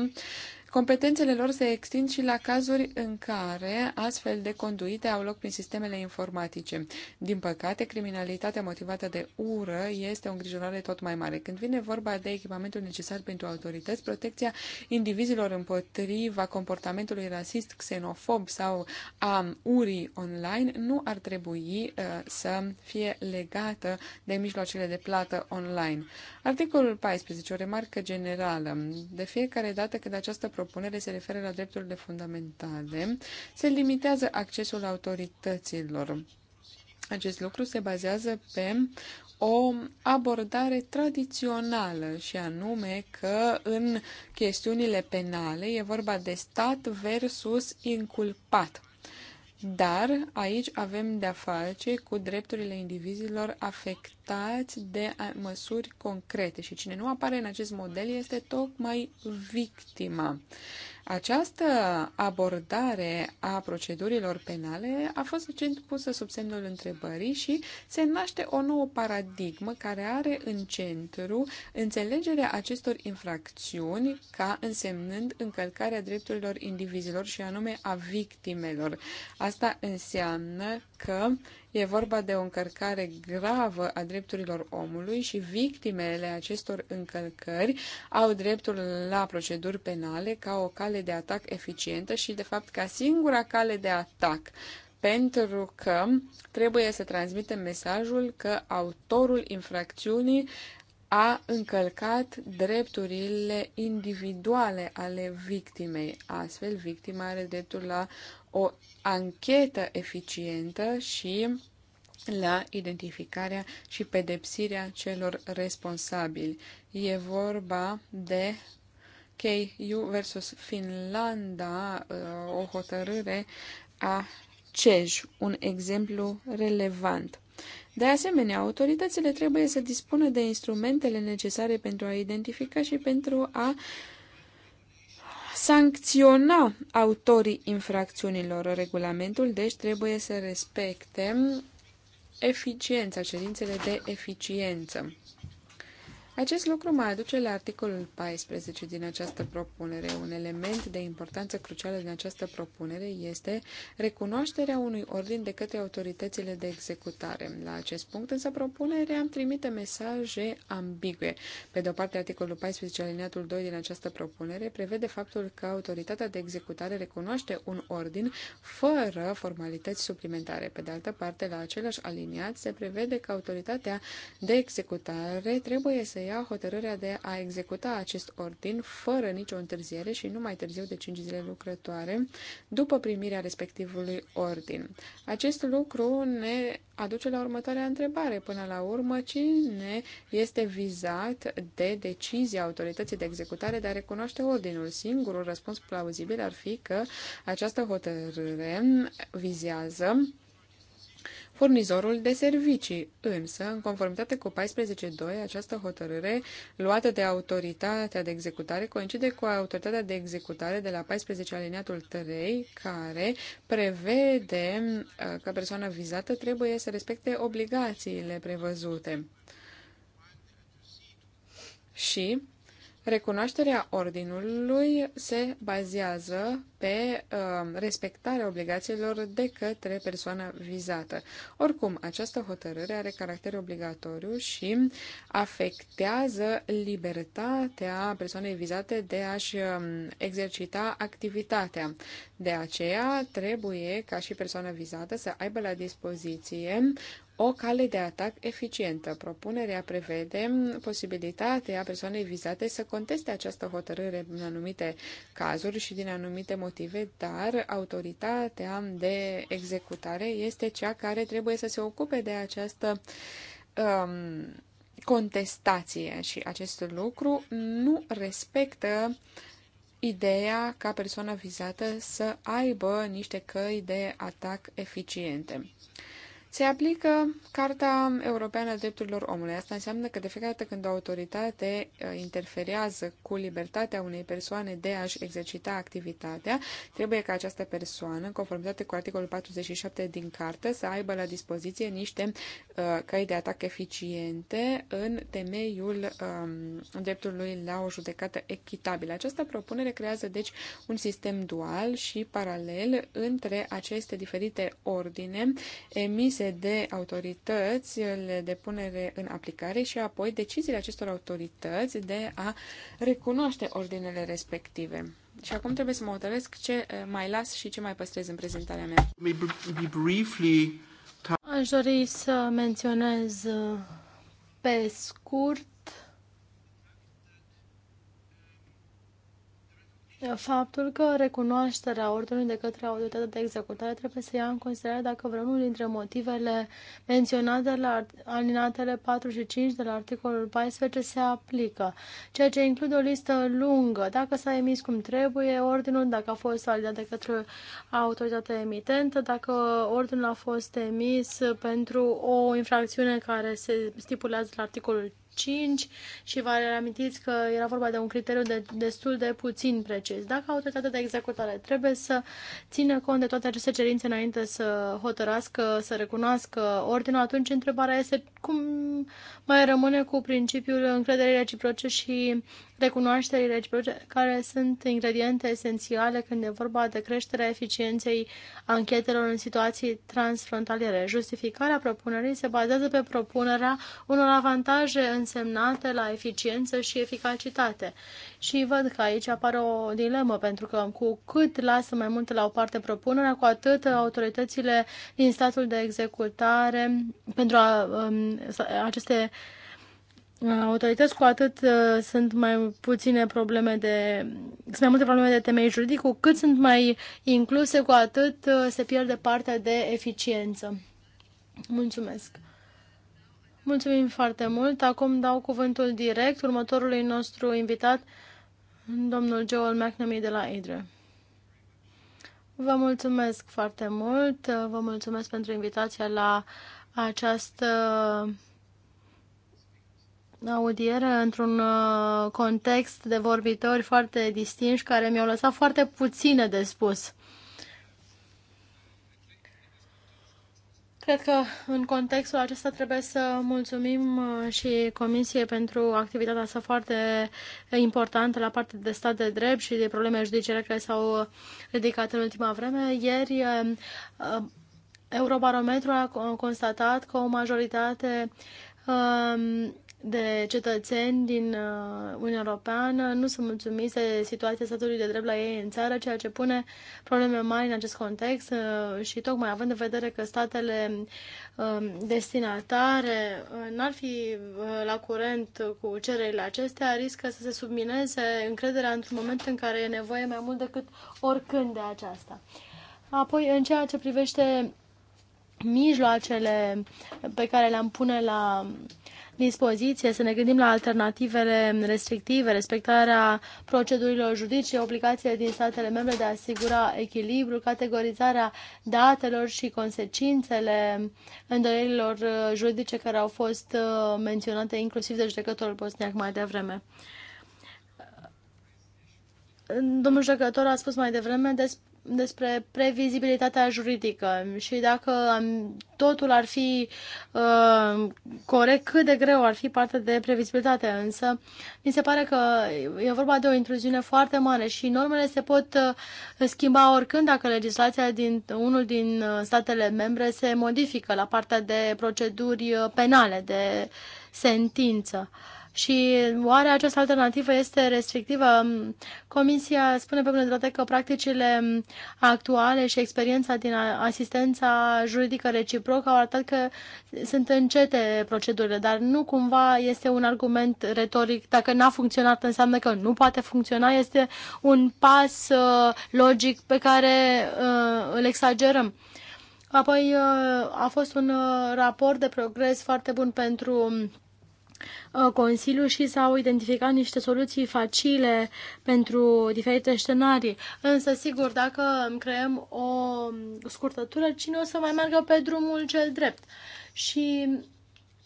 Speaker 2: Competențele lor se extind și la cazuri în care astfel de conduite au loc prin sistemele informatice. Din păcate, criminalitatea motivată de ură este o îngrijorare tot mai mare. Când vine vorba de echipamentul necesar pentru autorități, protecția indivizilor împotriva comportamentului rasist, xenofob sau a urii online nu ar trebui uh, să fie legată de mijloacele de plată online. Articolul 14, o remarcă generală. De fiecare dată când această propunere propunere se referă la drepturile fundamentale, se limitează accesul autorităților. Acest lucru se bazează pe o abordare tradițională și anume că în chestiunile penale e vorba de stat versus inculpat. Dar aici avem de-a face cu drepturile indivizilor afectați de măsuri concrete și cine nu apare în acest model este tocmai victima. Această abordare a procedurilor penale a fost recent pusă sub semnul întrebării și se naște o nouă paradigmă care are în centru înțelegerea acestor infracțiuni ca însemnând încălcarea drepturilor indivizilor și anume a victimelor. Asta înseamnă că uh, E vorba de o încărcare gravă a drepturilor omului și victimele acestor încălcări au dreptul la proceduri penale ca o cale de atac eficientă și, de fapt, ca singura cale de atac pentru că trebuie să transmitem mesajul că autorul infracțiunii a încălcat drepturile individuale ale victimei. Astfel, victima are dreptul la o anchetă eficientă și la identificarea și pedepsirea celor responsabili. E vorba de KU versus Finlanda, uh, o hotărâre a CEJ, un exemplu relevant. De asemenea, autoritățile trebuie să dispună de instrumentele necesare pentru a identifica și pentru a uh, sancționa autorii infracțiunilor. Regulamentul, deci, trebuie să respecte eficiența, cerințele de eficiență. Acest lucru mă aduce la articolul 14 din această propunere. Un element de importanță crucială din această propunere este recunoașterea unui ordin de către autoritățile de executare. La acest punct, însă, propunerea îmi trimite mesaje ambigue. Pe de o parte, articolul 14 alineatul 2 din această propunere prevede faptul că autoritatea de executare recunoaște un ordin fără formalități suplimentare. Pe de altă parte, la același aliniat se prevede că autoritatea de executare trebuie să ia hotărârea de a executa acest ordin fără nicio întârziere și nu mai târziu de 5 zile lucrătoare după primirea respectivului ordin. Acest lucru ne aduce la următoarea întrebare. Până la urmă, cine este vizat de decizia autorității de executare de a recunoaște ordinul? Singurul răspuns plauzibil ar fi că această hotărâre vizează furnizorul de servicii. Însă, în conformitate cu 14.2, această hotărâre luată de autoritatea de executare coincide cu autoritatea de executare de la 14 aliniatul 3, care prevede uh, că persoana vizată trebuie să respecte obligațiile prevăzute. Și Recunoașterea ordinului se bazează pe uh, respectarea obligațiilor de către persoana vizată. Oricum, această hotărâre are caracter obligatoriu și afectează libertatea persoanei vizate de a-și um, exercita activitatea. De aceea, trebuie ca și persoana vizată să aibă la dispoziție o cale de atac eficientă. Propunerea prevede posibilitatea persoanei vizate să conteste această hotărâre în anumite cazuri și din anumite motive, dar autoritatea de executare este cea care trebuie să se ocupe de această um, contestație și acest lucru nu respectă ideea ca persoana vizată să aibă niște căi de atac eficiente. Se aplică Carta Europeană a Drepturilor Omului. Asta înseamnă că de fiecare dată când o autoritate uh, interferează cu libertatea unei persoane de a-și exercita activitatea, trebuie ca această persoană, în conformitate cu articolul 47 din Cartă, să aibă la dispoziție niște uh, căi de atac eficiente în temeiul um, dreptului la o judecată echitabilă. Această propunere creează, deci, un sistem dual și paralel între aceste diferite ordine emise emise de autorități de punere în aplicare și apoi deciziile acestor autorități de a recunoaște ordinele respective. Și acum trebuie să mă hotărăsc ce eh, mai las și ce mai păstrez în prezentarea mea. Aș dori să menționez eh, pe scurt
Speaker 3: faptul că recunoașterea ordinului de către autoritatea de executare trebuie să ia în considerare dacă vreunul dintre motivele menționate la alinatele 4 și 5 de la articolul 14 se aplică, ceea ce include o listă lungă, dacă s-a emis cum trebuie ordinul, dacă a fost validat de către autoritatea emitentă, dacă ordinul a fost emis pentru o infracțiune care se stipulează la articolul 5 și vă reamintiți că era vorba de un criteriu de, destul de puțin precis. Dacă autoritatea de executare trebuie să țină cont de toate aceste cerințe înainte să hotărască, să recunoască ordinul, atunci întrebarea este cum mai rămâne cu principiul încrederii reciproce și recunoașterii reciproce, care sunt ingrediente esențiale când e vorba de creșterea eficienței anchetelor în situații transfrontaliere. Justificarea propunerii se bazează pe propunerea unor avantaje însemnate la eficiență și eficacitate. Și văd că aici apare o dilemă, pentru că cu cât lasă mai multe la o parte propunerea, cu atât autoritățile din statul de executare pentru a, um, aceste uh, Uh, autorități, cu atât uh, sunt mai puține probleme de, sunt mai multe probleme de temei juridic, cu cât sunt mai incluse, cu atât uh, se pierde partea de eficiență. Mulțumesc! Mulțumim foarte mult! Acum dau cuvântul direct următorului nostru invitat, domnul Joel McNamee de la IDRE. Vă mulțumesc foarte mult, vă mulțumesc pentru invitația la această audiere într-un uh, context de vorbitori foarte distinși care mi-au lăsat foarte puține de spus. Cred că în contextul acesta trebuie să mulțumim uh, și Comisiei pentru activitatea sa foarte importantă la partea de stat de drept și de probleme judiciare care s-au uh, ridicat în ultima vreme. Ieri Eurobarometru a constatat că o majoritate um, de cetățeni din uh, Uniunea Europeană nu sunt mulțumiți de situația statului de drept la ei în țară, ceea ce pune probleme mari în acest context uh, și tocmai având în vedere că statele um, destinatare uh, n-ar fi la curent cu cererile acestea, riscă să se submineze încrederea într-un moment în care e nevoie mai mult decât oricând de aceasta. Apoi, în ceea ce privește mijloacele pe care le-am pune la uh, dispoziție, să ne gândim la alternativele restrictive, respectarea procedurilor judice, obligațiile din statele membre de a asigura echilibru, categorizarea datelor și consecințele îndoielilor uh, juridice care au fost uh, menționate inclusiv de judecătorul bosniac mai devreme. Domnul judecător a spus mai devreme despre despre previzibilitatea juridică și dacă totul ar fi uh, corect, cât de greu ar fi partea de previzibilitate, însă mi se pare că e vorba de o intruziune foarte mare și normele se pot uh, schimba oricând dacă legislația din unul din uh, statele membre se modifică la partea de proceduri uh, penale, de sentință. Uh, și oare această alternativă este restrictivă? Comisia spune pe bună dreptate că practicile actuale și experiența din asistența juridică reciprocă au arătat că sunt încete procedurile, dar nu cumva este un argument retoric. Dacă n-a funcționat, înseamnă că nu poate funcționa. Este un pas uh, logic pe care uh, îl exagerăm. Apoi uh, a fost un raport de progres foarte bun pentru Uh, Consiliul și s-au identificat niște soluții facile pentru diferite scenarii. Însă, sigur, dacă creăm o scurtătură, cine o să mai meargă pe drumul cel drept? Și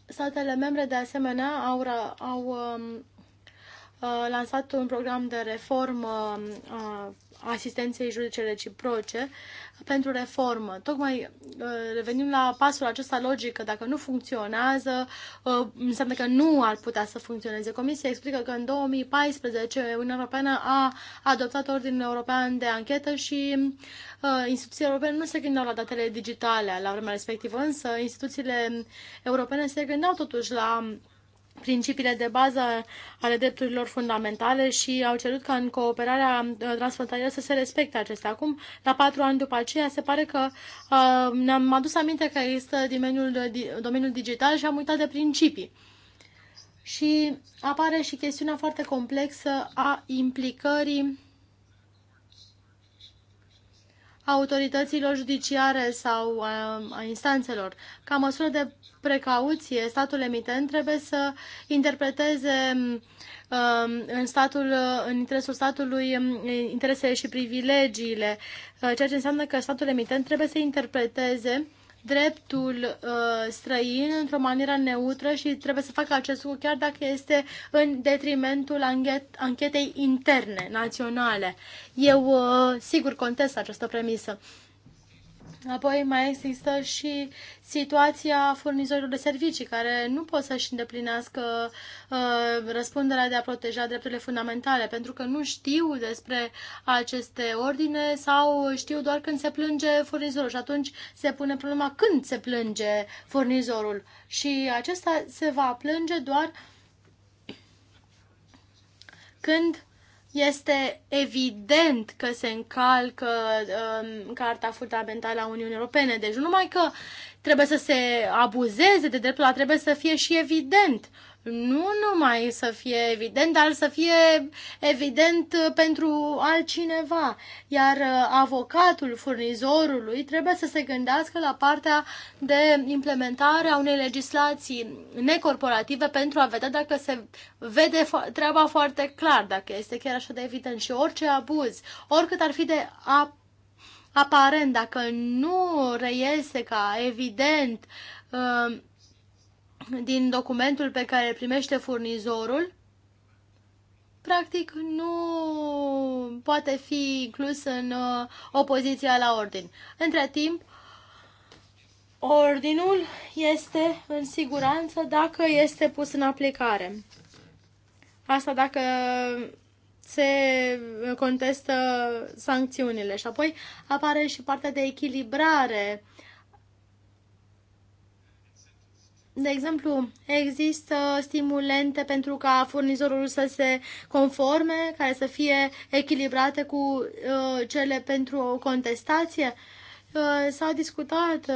Speaker 3: statele membre, de asemenea, au, au um, Uh, lansat un program de reformă uh, a asistenței judice reciproce pentru reformă. Tocmai uh, revenim la pasul acesta logic că dacă nu funcționează, înseamnă că nu ar putea să funcționeze. Comisia explică că în 2014 Uniunea Europeană a adoptat Ordinul European de Anchetă și instituțiile europene nu se gândeau la datele digitale la vremea respectivă, însă instituțiile europene se gândeau totuși la principiile de bază ale drepturilor fundamentale și au cerut ca în cooperarea uh, transfrontalieră să se respecte acestea. Acum, la patru ani după aceea, se pare că uh, ne-am adus aminte că există domeniul, domeniul digital și am uitat de principii. Și apare și chestiunea foarte complexă a implicării autorităților judiciare sau a instanțelor. Ca măsură de precauție, statul emitent trebuie să interpreteze în, statul, în interesul statului interesele și privilegiile, ceea ce înseamnă că statul emitent trebuie să interpreteze dreptul uh, străin într-o manieră neutră și trebuie să facă acest lucru chiar dacă este în detrimentul anchetei interne, naționale. Eu, uh, sigur, contest această premisă. Uh, Apoi mai există și situația furnizorilor de servicii care nu pot să-și îndeplinească uh, răspunderea de a proteja drepturile fundamentale pentru că nu știu despre aceste ordine sau știu doar când se plânge furnizorul și atunci se pune problema când se plânge furnizorul și acesta se va plânge doar când este evident că se încalcă um, Carta Fundamentală a Uniunii Europene, deci nu numai că trebuie să se abuzeze de dreptul, dar trebuie să fie și evident. Uh, nu numai să fie evident, dar să fie evident pentru altcineva. Iar uh, avocatul furnizorului trebuie să se gândească la partea de implementare a unei legislații necorporative pentru a vedea dacă se vede treaba foarte clar, dacă este chiar așa de evident și orice abuz, oricât ar fi de aparent, dacă nu reiese ca evident uh, din documentul pe care îl primește furnizorul, practic nu poate fi inclus în uh, opoziția la ordin. Între timp, ordinul este în siguranță dacă este pus în aplicare. Asta dacă se contestă sancțiunile. Și apoi apare și partea de echilibrare de exemplu, există stimulente pentru ca furnizorul să se conforme, care să fie echilibrate cu uh, cele pentru o contestație. Uh, s-a discutat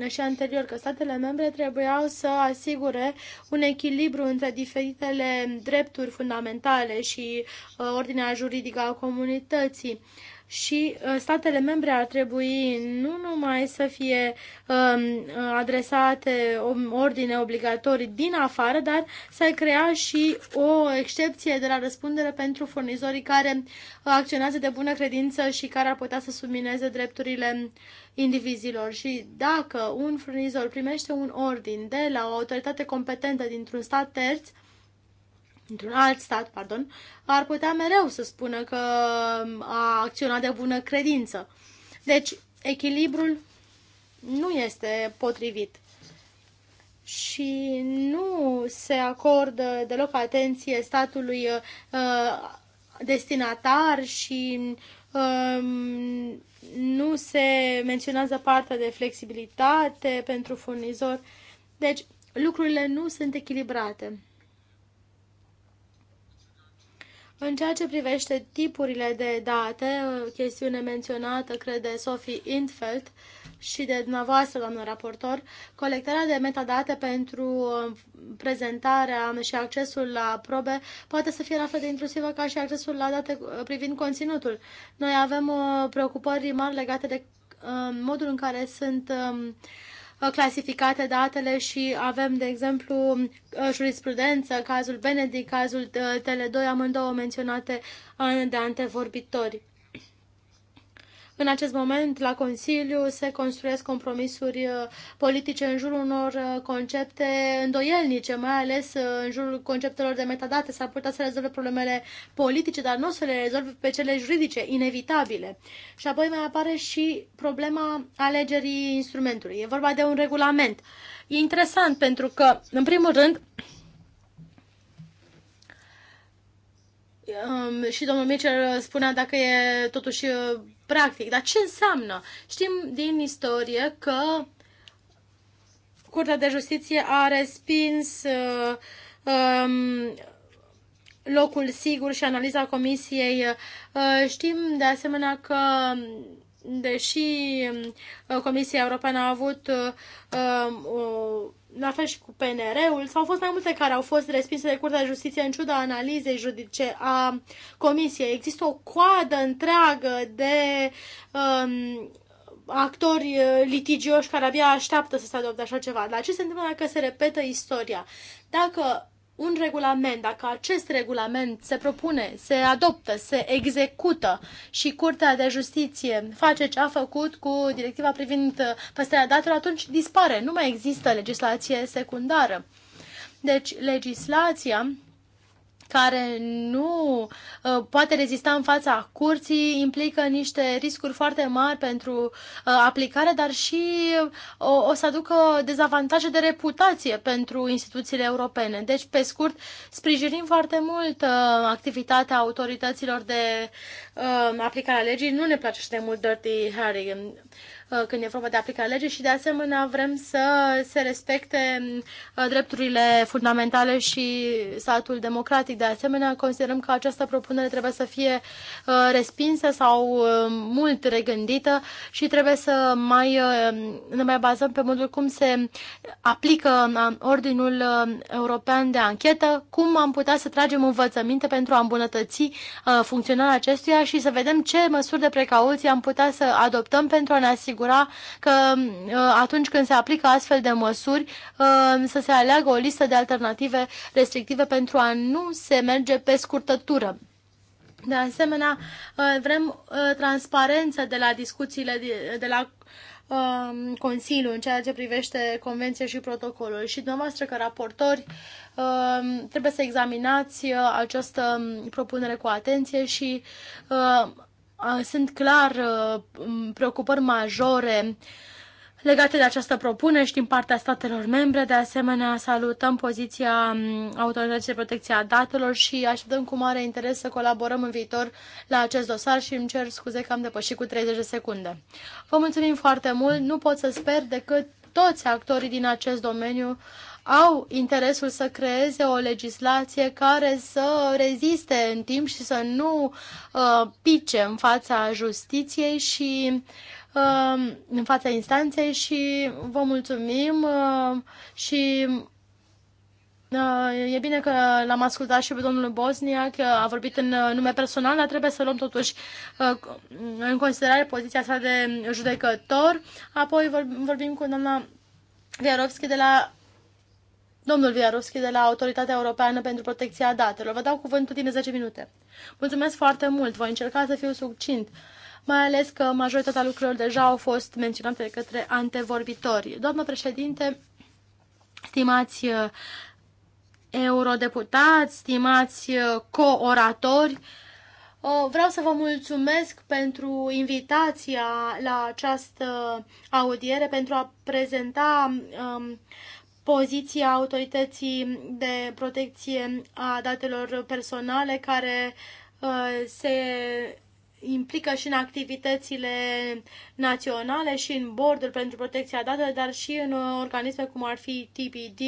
Speaker 3: uh, și anterior că statele membre trebuiau să asigure un echilibru între diferitele drepturi fundamentale și uh, ordinea juridică a comunității. Uh, și uh, statele membre ar trebui nu numai să fie um, adresate ordine obligatorii din afară, dar să crea și o excepție de la răspundere pentru furnizorii care uh, acționează de bună credință și care ar putea să submineze drepturile indivizilor și dacă un furnizor primește un ordin de la o autoritate competentă dintr-un stat terț, într-un alt stat, pardon, ar putea mereu să spună că um, a acționat de bună credință. Deci, echilibrul nu este potrivit și nu se acordă deloc atenție statului uh, destinatar și uh, nu se menționează partea de flexibilitate pentru furnizor. Deci, lucrurile nu sunt echilibrate. În ceea ce privește tipurile de date, chestiune menționată, crede Sophie Intfeld și de dumneavoastră, doamnă raportor, colectarea de metadate pentru um, prezentarea și accesul la probe poate să fie la fel de intrusivă ca și accesul la date uh, privind conținutul. Noi avem uh, preocupări mari legate de uh, modul în care sunt um, Uh, clasificate datele și avem, de exemplu, uh, jurisprudență, cazul Benedict, cazul uh, Tele2, amândouă menționate de antevorbitori. În acest moment, la Consiliu, se construiesc compromisuri uh, politice în jurul unor uh, concepte îndoielnice, mai ales uh, în jurul conceptelor de metadate. S-ar putea să rezolve problemele politice, dar nu o să le rezolve pe cele juridice, inevitabile. Și apoi mai apare și problema alegerii instrumentului. E vorba de un regulament. E interesant pentru că, în primul rând, um, și domnul Mitchell spunea dacă e totuși practic. Dar ce înseamnă? Știm din istorie că Curtea de Justiție a respins uh, um, locul sigur și analiza comisiei. Uh, știm de asemenea că deși um, Comisia Europeană a avut um, la fel și cu PNR-ul, s-au fost mai multe care au fost respinse de Curtea de Justiție în ciuda analizei judice a Comisiei. Există o coadă întreagă de um, actori uh, litigioși care abia așteaptă să se adopte așa ceva. Dar ce se întâmplă dacă se repetă istoria? Dacă un regulament, dacă acest regulament se propune, se adoptă, se execută și Curtea de Justiție face ce a făcut cu directiva privind uh, păstrarea datelor, atunci dispare. Nu mai există legislație secundară. Deci, legislația care nu uh, poate rezista în fața curții implică niște riscuri foarte mari pentru uh, aplicare, dar și uh, o, o să aducă dezavantaje de reputație pentru instituțiile europene. Deci, pe scurt, sprijinim foarte mult activitatea autorităților de aplicare a legii. Nu ne place și de mult Dirty Harry. Uh, când e vorba de aplicarea legii și de asemenea vrem să se respecte uh, drepturile fundamentale și statul democratic. De asemenea, considerăm că această propunere trebuie să fie uh, respinsă sau mult regândită și trebuie să mai, ne mai bazăm pe modul cum se aplică Ordinul European de Anchetă, cum am putea să tragem învățăminte pentru a îmbunătăți funcționarea acestuia și să vedem ce măsuri de precauție am putea să adoptăm pentru a ne asigura asigura că uh, atunci când se aplică astfel de măsuri uh, să se aleagă o listă de alternative restrictive pentru a nu se merge pe scurtătură. De asemenea, uh, vrem transparență de la discuțiile de la um, Consiliu în ceea ce privește convenția și protocolul și dumneavoastră că raportori um, trebuie să examinați această um, propunere cu atenție și sunt clar preocupări majore legate de această propunere și din partea statelor membre. De asemenea, salutăm poziția Autorității de Protecție a Datelor și așteptăm cu mare interes să colaborăm în viitor la acest dosar și îmi cer scuze că am depășit cu 30 de secunde. Vă mulțumim foarte mult, nu pot să sper decât toți actorii din acest domeniu au interesul să creeze o legislație care să reziste în timp și să nu uh, pice în fața justiției și uh, în fața instanței și vă mulțumim uh, și uh, E bine că l-am ascultat și pe domnul că uh, a vorbit în uh, nume personal, dar trebuie să luăm totuși în considerare poziția sa de judecător. Apoi vorbim cu doamna Viarovski de la Domnul Viaruschi de la Autoritatea Europeană pentru Protecția Datelor. Vă dau cuvântul din 10 minute. Mulțumesc foarte mult, voi încerca să fiu succint, mai ales că majoritatea lucrurilor deja au fost menționate de către antevorbitori. Doamnă președinte, stimați uh, eurodeputați, stimați uh, cooratori, Vreau să vă mulțumesc pentru invitația la această audiere, pentru a prezenta um, poziția autorității de protecție a datelor personale care uh, se implică și în activitățile naționale și în bordul pentru protecția datelor, dar și în organisme cum ar fi TPD,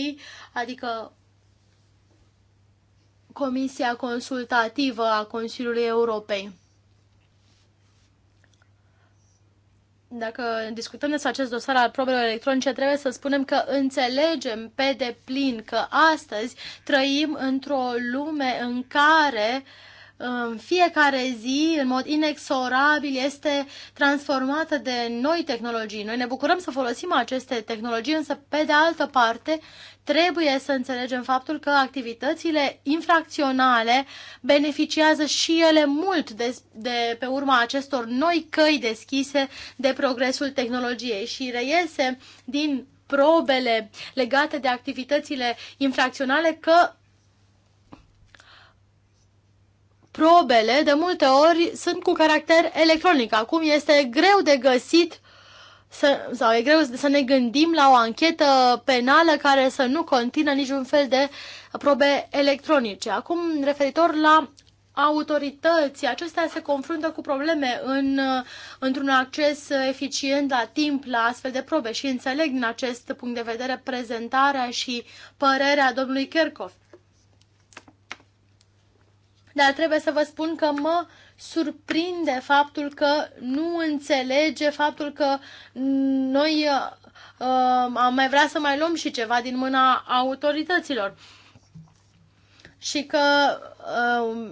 Speaker 3: adică Comisia Consultativă a Consiliului Europei. dacă discutăm despre acest dosar al probelor electronice, trebuie să spunem că înțelegem pe deplin că astăzi trăim într-o lume în care uh, în fiecare zi, în mod inexorabil, este transformată de noi tehnologii. Noi ne bucurăm să folosim aceste tehnologii, însă, pe de altă parte, trebuie să înțelegem faptul că activitățile infracționale beneficiază și ele mult de, de pe urma acestor noi căi deschise de progresul tehnologiei și reiese din probele legate de activitățile infracționale că probele de multe ori sunt cu caracter electronic. Acum este greu de găsit să, sau e greu să ne gândim la o anchetă penală care să nu conțină niciun fel de probe electronice. Acum, referitor la autorități, acestea se confruntă cu probleme în, într-un acces eficient la timp la astfel de probe și înțeleg din acest punct de vedere prezentarea și părerea domnului Kerkhoff dar trebuie să vă spun că mă surprinde faptul că nu înțelege faptul că noi uh, am mai vrea să mai luăm și ceva din mâna autorităților. Și că uh,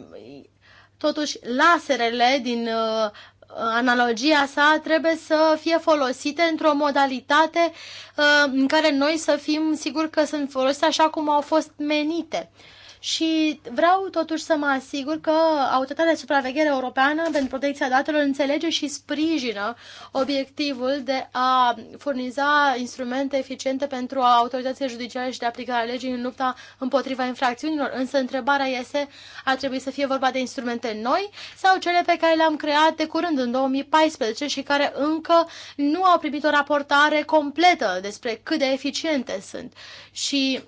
Speaker 3: totuși laserele din uh, analogia sa trebuie să fie folosite într-o modalitate uh, în care noi să fim siguri că sunt folosite așa cum au fost menite. Uh, și vreau totuși să mă asigur că Autoritatea de Supraveghere Europeană pentru Protecția Datelor înțelege și sprijină obiectivul de a furniza instrumente eficiente pentru autoritățile judiciare și de aplicare a legii în lupta împotriva infracțiunilor. Însă întrebarea este, ar trebui să fie vorba de instrumente noi sau cele pe care le-am creat de curând în 2014 și care încă nu au primit o raportare completă despre cât de eficiente sunt. Și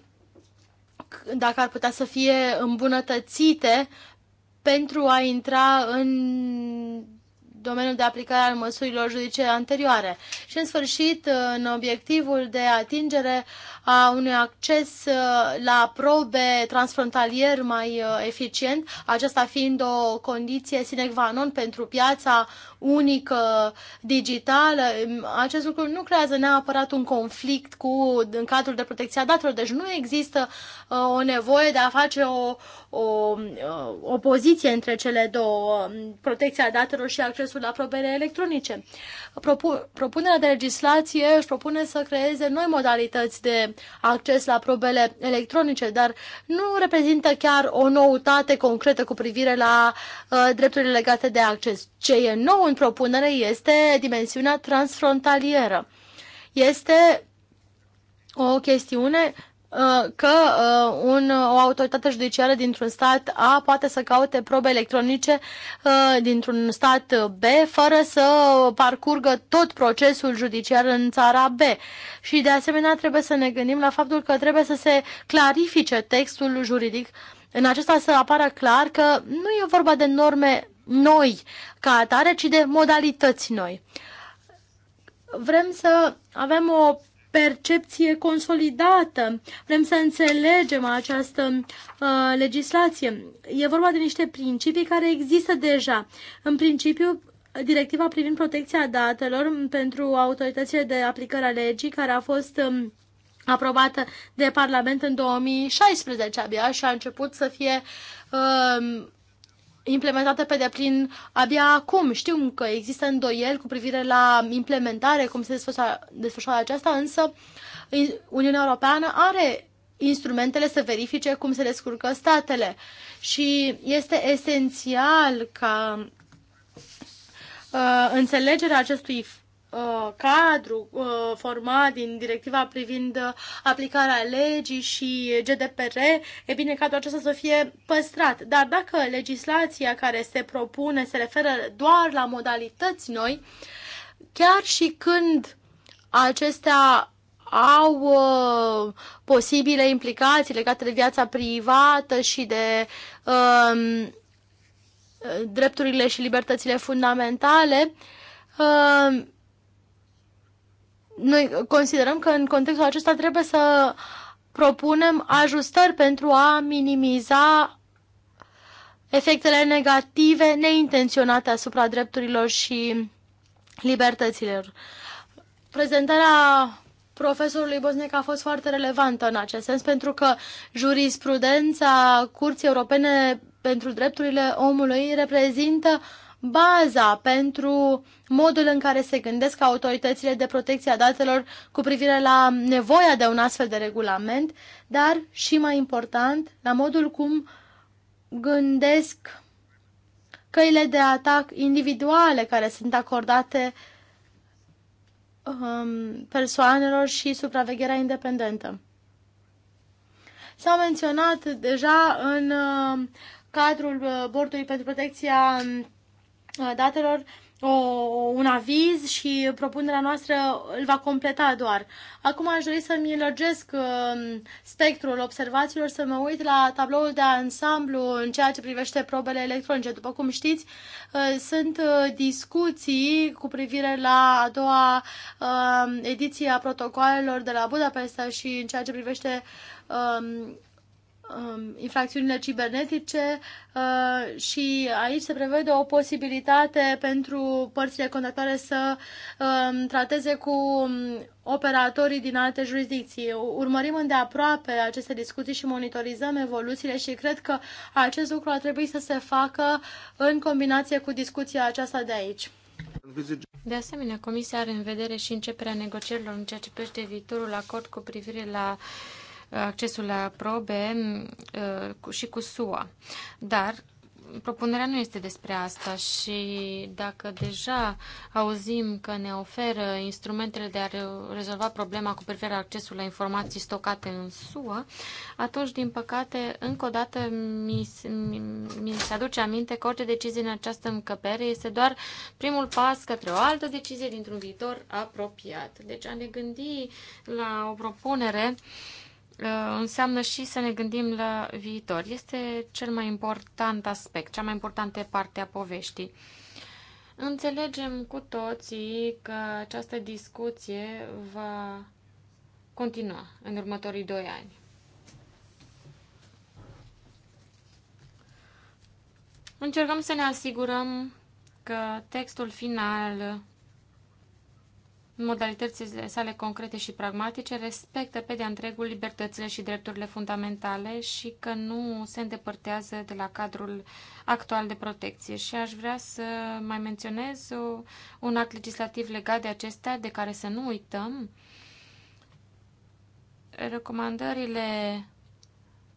Speaker 3: dacă ar putea să fie îmbunătățite pentru a intra în domeniul de aplicare al măsurilor judice anterioare. Și, în sfârșit, în obiectivul de atingere a unui acces uh, la probe transfrontalier mai uh, eficient, aceasta fiind o condiție sine qua non pentru piața unică digitală. Acest lucru nu creează neapărat un conflict cu în cadrul de protecția datelor, deci nu există uh, o nevoie de a face o, o, o poziție între cele două, um, protecția datelor și accesul la probele electronice. propunerea de legislație își propune să creeze noi modalități de acces la probele electronice, dar nu reprezintă chiar o noutate concretă cu privire la uh, drepturile legate de acces. Ce e nou în propunere este dimensiunea transfrontalieră. Este o chestiune Uh, că uh, un, o autoritate judiciară dintr-un stat A poate să caute probe electronice uh, dintr-un stat B fără să parcurgă tot procesul judiciar în țara B. Și de asemenea trebuie să ne gândim la faptul că trebuie să se clarifice textul juridic în acesta să apară clar că nu e vorba de norme noi ca atare, ci de modalități noi. Vrem să avem o percepție consolidată. Vrem să înțelegem această uh, legislație. E vorba de niște principii care există deja. În principiu, directiva privind protecția datelor pentru autoritățile de aplicare a legii, care a fost um, aprobată de Parlament în 2016 abia și a început să fie um, implementate pe deplin abia acum. Știu că există îndoieli cu privire la implementare, cum se desfășoară aceasta, însă Uniunea Europeană are instrumentele să verifice cum se descurcă statele și este esențial ca uh, înțelegerea acestui Uh, cadru uh, format din directiva privind uh, aplicarea legii și GDPR, e bine cadrul acesta să fie păstrat. Dar dacă legislația care se propune se referă doar la modalități noi, chiar și când acestea au uh, posibile implicații legate de viața privată și de uh, drepturile și libertățile fundamentale, uh, noi considerăm că în contextul acesta trebuie să propunem ajustări pentru a minimiza efectele negative neintenționate asupra drepturilor și libertăților. Prezentarea profesorului Bosnec a fost foarte relevantă în acest sens, pentru că jurisprudența Curții Europene pentru Drepturile Omului reprezintă uh, baza pentru modul în care se gândesc autoritățile de protecție a datelor cu privire la nevoia de un astfel de regulament, dar și mai important, la modul cum gândesc căile de atac individuale care sunt acordate um, persoanelor și supravegherea independentă. S-au menționat deja în uh, cadrul uh, Bordului pentru Protecția um, Uh, datelor o, un aviz și propunerea noastră îl va completa doar. Acum aș dori să-mi elogesc uh, spectrul observațiilor, să mă uit la tabloul de ansamblu în ceea ce privește probele electronice. După cum știți, uh, sunt discuții cu privire la a doua ediție a protocoalelor de la Budapesta și în ceea ce privește um, Um, infracțiunile cibernetice uh, și aici se prevede o posibilitate pentru părțile contractoare să um, trateze cu um, operatorii din alte jurisdicții. Urmărim îndeaproape aceste discuții și monitorizăm evoluțiile și cred că acest lucru ar trebui să se facă în combinație cu discuția aceasta de aici. De asemenea, Comisia are în vedere
Speaker 4: și începerea negocierilor în ceea ce privește viitorul acord cu privire la uh, accesul la probe mm, și cu SUA. Dar propunerea nu este despre asta și dacă deja auzim că ne oferă instrumentele de a rezolva problema cu privire la accesul la informații stocate în SUA, atunci, din păcate, încă o dată mi, mi, mi se aduce aminte că orice decizie în această încăpere este doar primul pas către o altă decizie dintr-un viitor apropiat. Deci a ne gândi la o propunere uh, Uh, înseamnă și să ne gândim la viitor. Este cel mai important aspect, cea mai importantă parte a poveștii. Înțelegem cu toții că această discuție va continua în următorii doi ani. Încercăm să ne asigurăm că textul final în modalitățile sale concrete și pragmatice, respectă pe de-a întregul libertățile și drepturile fundamentale și că nu se îndepărtează de la cadrul actual de protecție. Și aș vrea să mai menționez un act legislativ legat de acestea, de care să nu uităm. Recomandările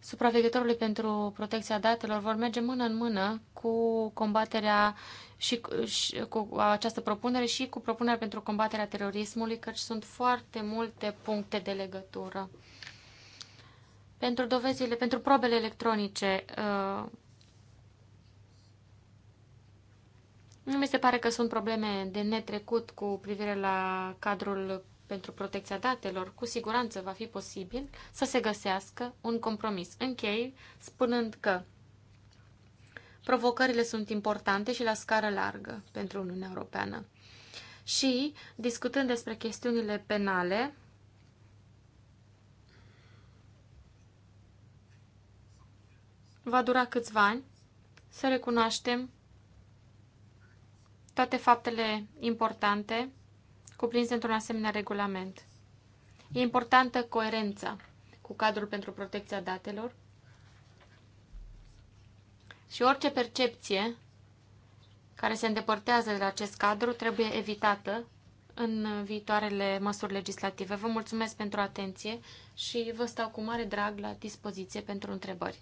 Speaker 4: supraveghetorului pentru protecția datelor vor merge mână în mână cu combaterea și, și cu această propunere și cu propunerea pentru combaterea terorismului, căci sunt foarte multe puncte de legătură. Pentru dovezile, pentru probele electronice, uh, nu mi se pare că sunt probleme de netrecut cu privire la cadrul pentru protecția datelor, cu siguranță va fi posibil să se găsească un compromis. Închei spunând că provocările sunt importante și la scară largă pentru Uniunea Europeană. Și, discutând despre chestiunile penale, va dura câțiva ani să recunoaștem toate faptele importante cuprinse într-un asemenea regulament. E importantă coerența cu cadrul pentru protecția datelor și orice percepție care se îndepărtează de la acest cadru trebuie evitată în viitoarele măsuri legislative. Vă mulțumesc pentru atenție și vă stau cu mare drag la dispoziție pentru întrebări.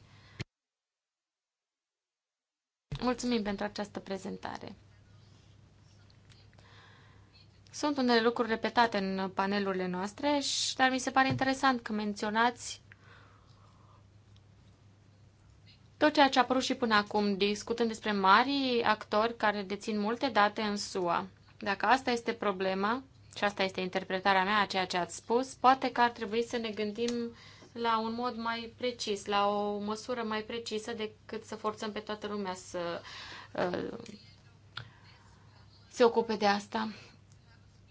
Speaker 4: Mulțumim pentru această prezentare. Sunt unele lucruri repetate în panelurile noastre, dar mi se pare interesant că menționați tot ceea ce a apărut și până acum, discutând despre mari actori care dețin multe date în SUA. Dacă asta este problema, și asta este interpretarea mea a ceea ce ați spus, poate că ar trebui să ne gândim la un mod mai precis, la o măsură mai precisă decât să forțăm pe toată lumea să uh, se ocupe de asta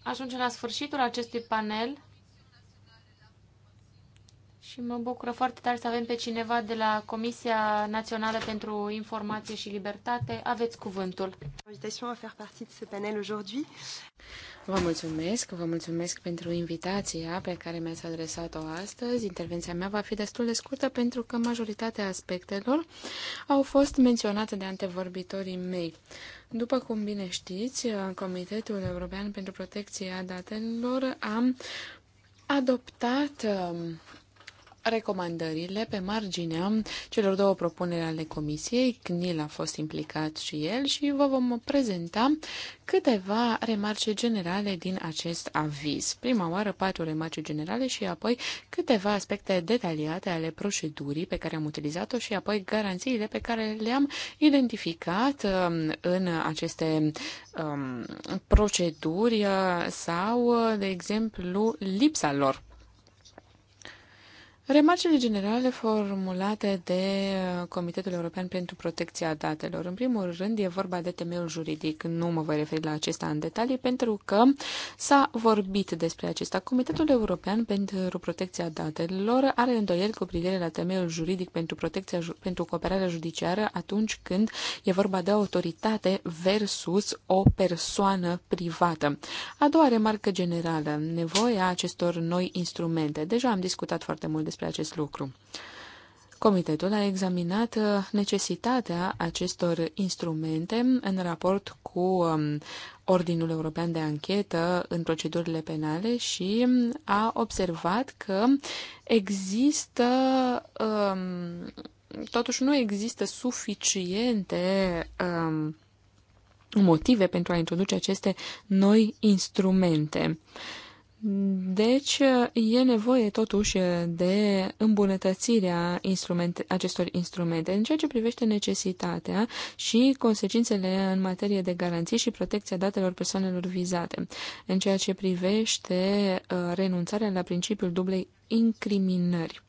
Speaker 4: ajungem la sfârșitul acestui panel și mă bucură foarte tare să avem pe cineva de la Comisia Națională pentru Informație și Libertate. Aveți cuvântul.
Speaker 2: Vă mulțumesc, vă mulțumesc pentru invitația pe care mi-ați adresat-o astăzi. Intervenția mea va fi destul de scurtă pentru că majoritatea aspectelor au fost menționate de antevorbitorii mei. După cum bine știți, Comitetul European pentru Protecția Datelor a adoptat um, recomandările pe marginea celor două propuneri ale Comisiei. CNIL a fost implicat și el și vă vom prezenta câteva remarce generale din acest aviz. Prima oară patru remarce generale și apoi câteva aspecte detaliate ale procedurii pe care am utilizat-o și apoi garanțiile pe care le-am identificat um, în aceste um, proceduri uh, sau, uh, de exemplu, lipsa lor. Remarcele generale formulate de uh, Comitetul European pentru Protecția Datelor. În primul rând, e vorba de temeiul juridic. Nu mă voi referi la acesta în detalii, pentru că s-a vorbit despre acesta. Comitetul European pentru Protecția Datelor are îndoieli cu privire la temeiul juridic pentru, protecția, pentru cooperarea judiciară atunci când e vorba de autoritate versus o persoană privată. A doua remarcă generală, nevoia acestor noi instrumente. Deja am discutat foarte mult despre despre acest lucru. Comitetul a examinat uh, necesitatea acestor instrumente în raport cu um, Ordinul European de Anchetă în procedurile penale și um, a observat că există um, totuși nu există suficiente motive pentru a introduce aceste noi instrumente. Deci e nevoie totuși de îmbunătățirea instrumente, acestor instrumente în ceea ce privește necesitatea și consecințele în materie de garanții și protecția datelor persoanelor vizate, în ceea ce privește uh, renunțarea la principiul dublei incriminări.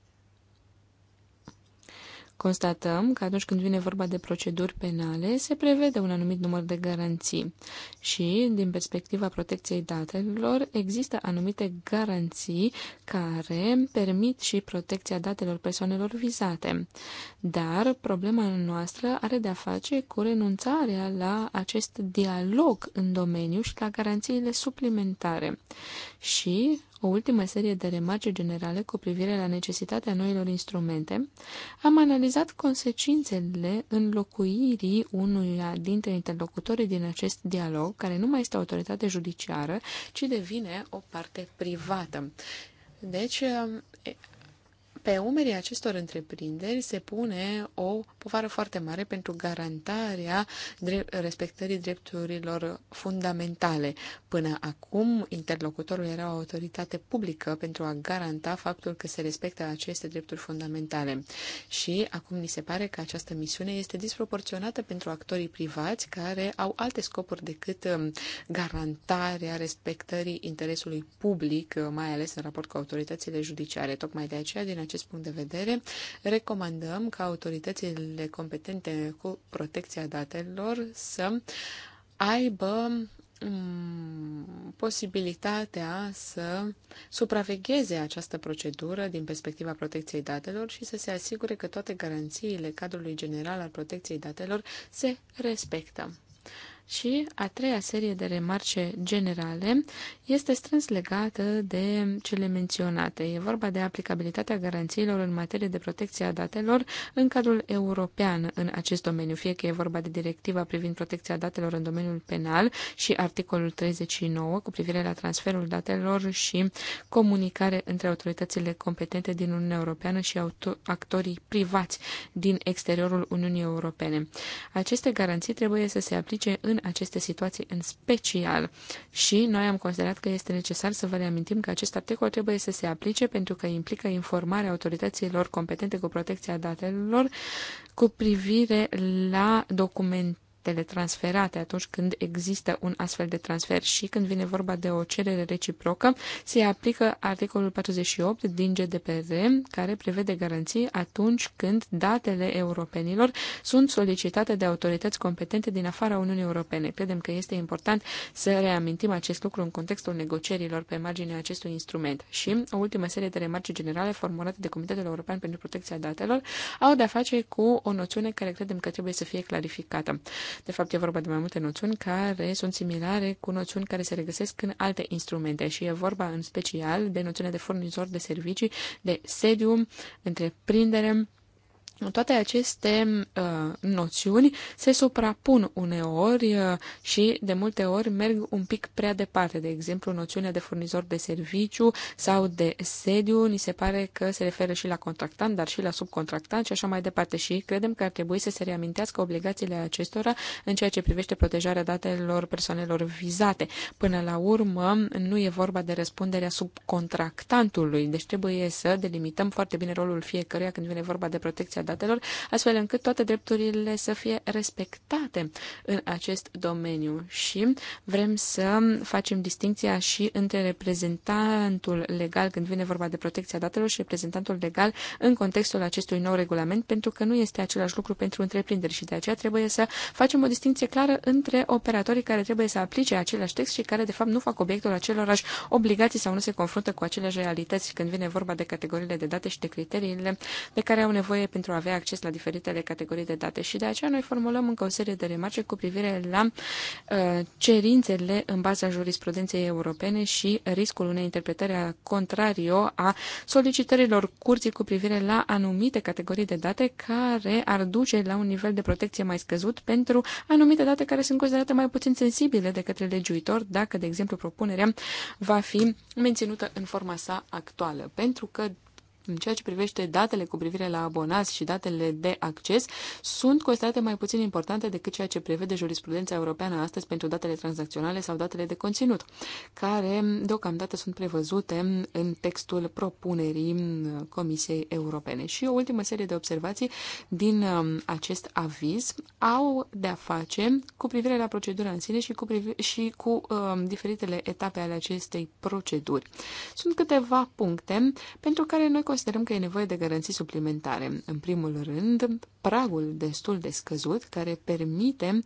Speaker 2: Constatăm că atunci când vine vorba de proceduri penale, se prevede un anumit număr de garanții și, din perspectiva protecției datelor, există anumite garanții care permit și protecția datelor persoanelor vizate. Dar problema noastră are de-a face cu renunțarea la acest dialog în domeniu și la garanțiile suplimentare. Și o ultimă serie de remarce generale cu privire la necesitatea noilor instrumente, am analizat consecințele înlocuirii unuia dintre interlocutorii din acest dialog, care nu mai este autoritate judiciară, ci devine o parte privată. Deci, pe umerii acestor întreprinderi se pune o povară foarte mare pentru garantarea respectării drepturilor fundamentale. Până acum, interlocutorul era o autoritate publică pentru a garanta faptul că se respectă aceste drepturi fundamentale. Și acum ni se pare că această misiune este disproporționată pentru actorii privați care au alte scopuri decât um, garantarea respectării interesului public, uh, mai ales în raport cu autoritățile judiciare. Tocmai de aceea, din acest punct de vedere, recomandăm ca autoritățile competente cu protecția datelor să aibă mm, posibilitatea să supravegheze această procedură din perspectiva protecției datelor și să se asigure că toate garanțiile cadrului general al protecției datelor se respectă. Și a treia serie de remarce generale este strâns legată de cele menționate. E vorba de aplicabilitatea garanțiilor în materie de protecție a datelor în cadrul european în acest domeniu, fie că e vorba de directiva privind protecția datelor în domeniul penal și articolul 39 cu privire la transferul datelor și comunicare între autoritățile competente din Uniunea Europeană și actorii privați din exteriorul Uniunii Europene. Aceste garanții trebuie să se aplice în aceste situații în special și noi am considerat că este necesar să vă reamintim că acest articol trebuie să se aplice pentru că implică informarea autorităților competente cu protecția datelor cu privire la documente datele transferate atunci când există un astfel de transfer și când vine vorba de o cerere reciprocă, se aplică articolul 48 din GDPR, care prevede garanții atunci când datele europenilor sunt solicitate de autorități competente din afara Uniunii Europene. Credem că este important să reamintim acest lucru în contextul negocierilor pe marginea acestui instrument. Și o ultimă serie de remarci generale formulate de Comitetul European pentru Protecția Datelor au de-a face cu o noțiune care credem că trebuie să fie clarificată. De fapt, e vorba de mai multe noțiuni care sunt similare cu noțiuni care se regăsesc în alte instrumente și e vorba în special de noțiunea de furnizor de servicii, de sediu, întreprindere, toate aceste uh, noțiuni se suprapun uneori uh, și de multe ori merg un pic prea departe. De exemplu, noțiunea de furnizor de serviciu sau de sediu ni se pare că se referă și la contractant, dar și la subcontractant și așa mai departe. Și credem că ar trebui să se reamintească obligațiile acestora în ceea ce privește protejarea datelor persoanelor vizate. Până la urmă, nu e vorba de răspunderea subcontractantului, deci trebuie să delimităm foarte bine rolul fiecăruia când vine vorba de protecția datelor, astfel încât toate drepturile să fie respectate în acest domeniu și vrem să facem distinția și între reprezentantul legal când vine vorba de protecția datelor și reprezentantul legal în contextul acestui nou regulament, pentru că nu este același lucru pentru întreprinderi și de aceea trebuie să facem o distinție clară între operatorii care trebuie să aplice același text și care de fapt nu fac obiectul acelorași obligații sau nu se confruntă cu aceleași realități când vine vorba de categoriile de date și de criteriile de care au nevoie pentru a avea acces la diferitele categorii de date și de aceea noi formulăm încă o serie de remarce cu privire la uh, cerințele în baza jurisprudenței europene și riscul unei interpretări a contrario a solicitărilor curții cu privire la anumite categorii de date care ar duce la un nivel de protecție mai scăzut pentru anumite date care sunt considerate mai puțin sensibile de către legiuitor, dacă, de exemplu, propunerea va fi menținută în forma sa actuală. Pentru că în ceea ce privește datele cu privire la abonați și datele de acces, sunt considerate mai puțin importante decât ceea ce prevede jurisprudența europeană astăzi pentru datele tranzacționale sau datele de conținut, care deocamdată sunt prevăzute în textul propunerii Comisiei Europene. Și o ultimă serie de observații din um, acest aviz au de-a face cu privire la procedura în sine și cu, și cu uh, diferitele etape ale acestei proceduri. Sunt câteva puncte pentru care noi considerăm că e nevoie de garanții suplimentare. În primul rând, pragul destul de scăzut care permite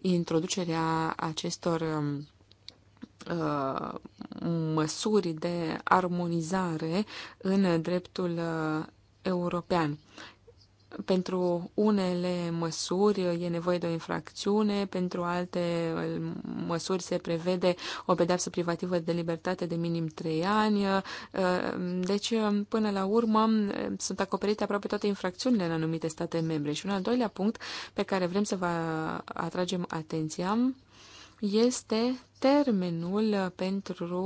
Speaker 2: introducerea acestor um, uh, măsuri de armonizare în dreptul uh, european pentru unele măsuri e nevoie de o infracțiune, pentru alte măsuri se prevede o pedeapsă privativă de libertate de minim 3 ani. Uh, deci, uh, până la urmă, uh, sunt acoperite aproape toate infracțiunile în anumite state membre. Și un al doilea punct pe care vrem să vă atragem atenția este termenul pentru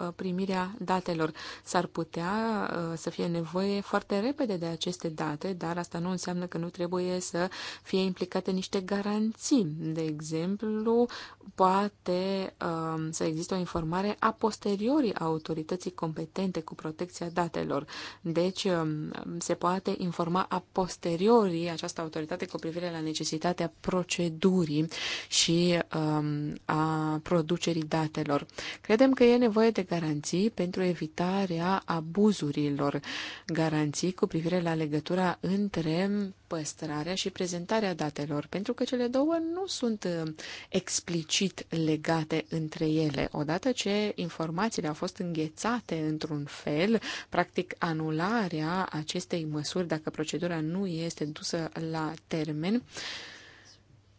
Speaker 2: uh, primirea datelor. S-ar putea uh, să fie nevoie foarte repede de aceste date, dar asta nu înseamnă că nu trebuie să fie implicate niște garanții. De exemplu, poate um, să existe o informare a posteriori a autorității competente cu protecția datelor. Deci, um, se poate informa a posteriori această autoritate cu privire la necesitatea procedurii și um, a produsului producerii datelor. Credem că e nevoie de garanții pentru evitarea abuzurilor, garanții cu privire la legătura între păstrarea și prezentarea datelor, pentru că cele două nu sunt uh, explicit legate între ele. Odată ce informațiile au fost înghețate într-un fel, practic anularea acestei măsuri, dacă procedura nu este dusă la termen,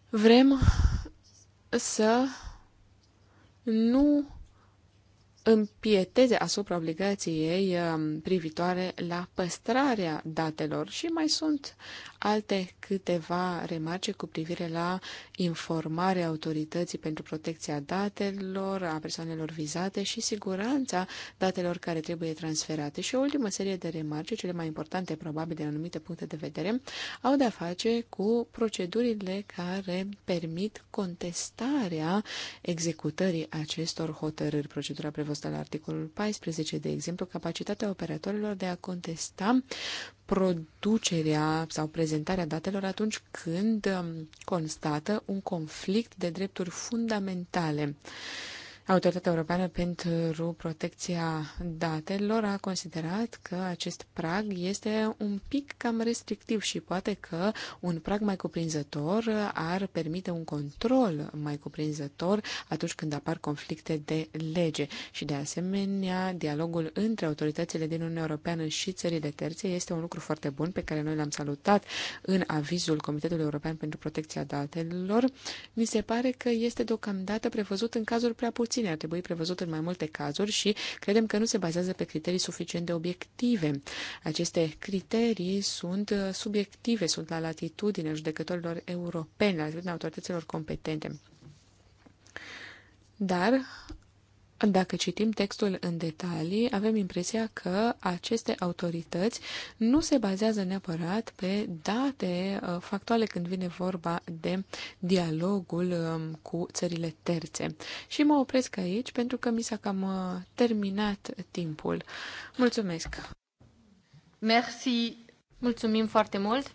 Speaker 2: vrem să nu împieteze asupra obligației ei um, privitoare la păstrarea datelor și mai sunt alte câteva remarce cu privire la informarea autorității pentru protecția datelor, a persoanelor vizate și siguranța datelor care trebuie transferate. Și o ultimă serie de remarce, cele mai importante probabil de anumite puncte de vedere, au de-a face cu procedurile care permit contestarea executării acestor hotărâri. Procedura prevăzută fost al articolul 14, de exemplu, capacitatea operatorilor de a contesta producerea sau prezentarea datelor atunci când um, constată un conflict de drepturi fundamentale. Uh, Autoritatea Europeană pentru Protecția Datelor a considerat că acest prag este un pic cam restrictiv și poate că un prag mai cuprinzător ar permite un control mai cuprinzător atunci când apar conflicte de lege. Și de asemenea, dialogul între autoritățile din Uniunea Europeană și țările terțe este un lucru foarte bun pe care noi l-am salutat în avizul Comitetului European pentru Protecția Datelor. Mi se pare că este deocamdată prevăzut în cazul prea puțin sancțiunea ar trebui prevăzut în mai multe cazuri și credem că nu se bazează pe criterii suficient de obiective. Aceste criterii sunt uh, subiective, sunt la latitudine judecătorilor europeni, la latitudinea autorităților competente. Dar dacă citim textul în detalii, avem impresia că aceste autorități nu se bazează neapărat pe date uh, factuale când vine vorba de dialogul um, cu țările terțe. Și mă opresc aici pentru că mi s-a cam uh, terminat timpul. Mulțumesc! Merci! Mulțumim foarte mult!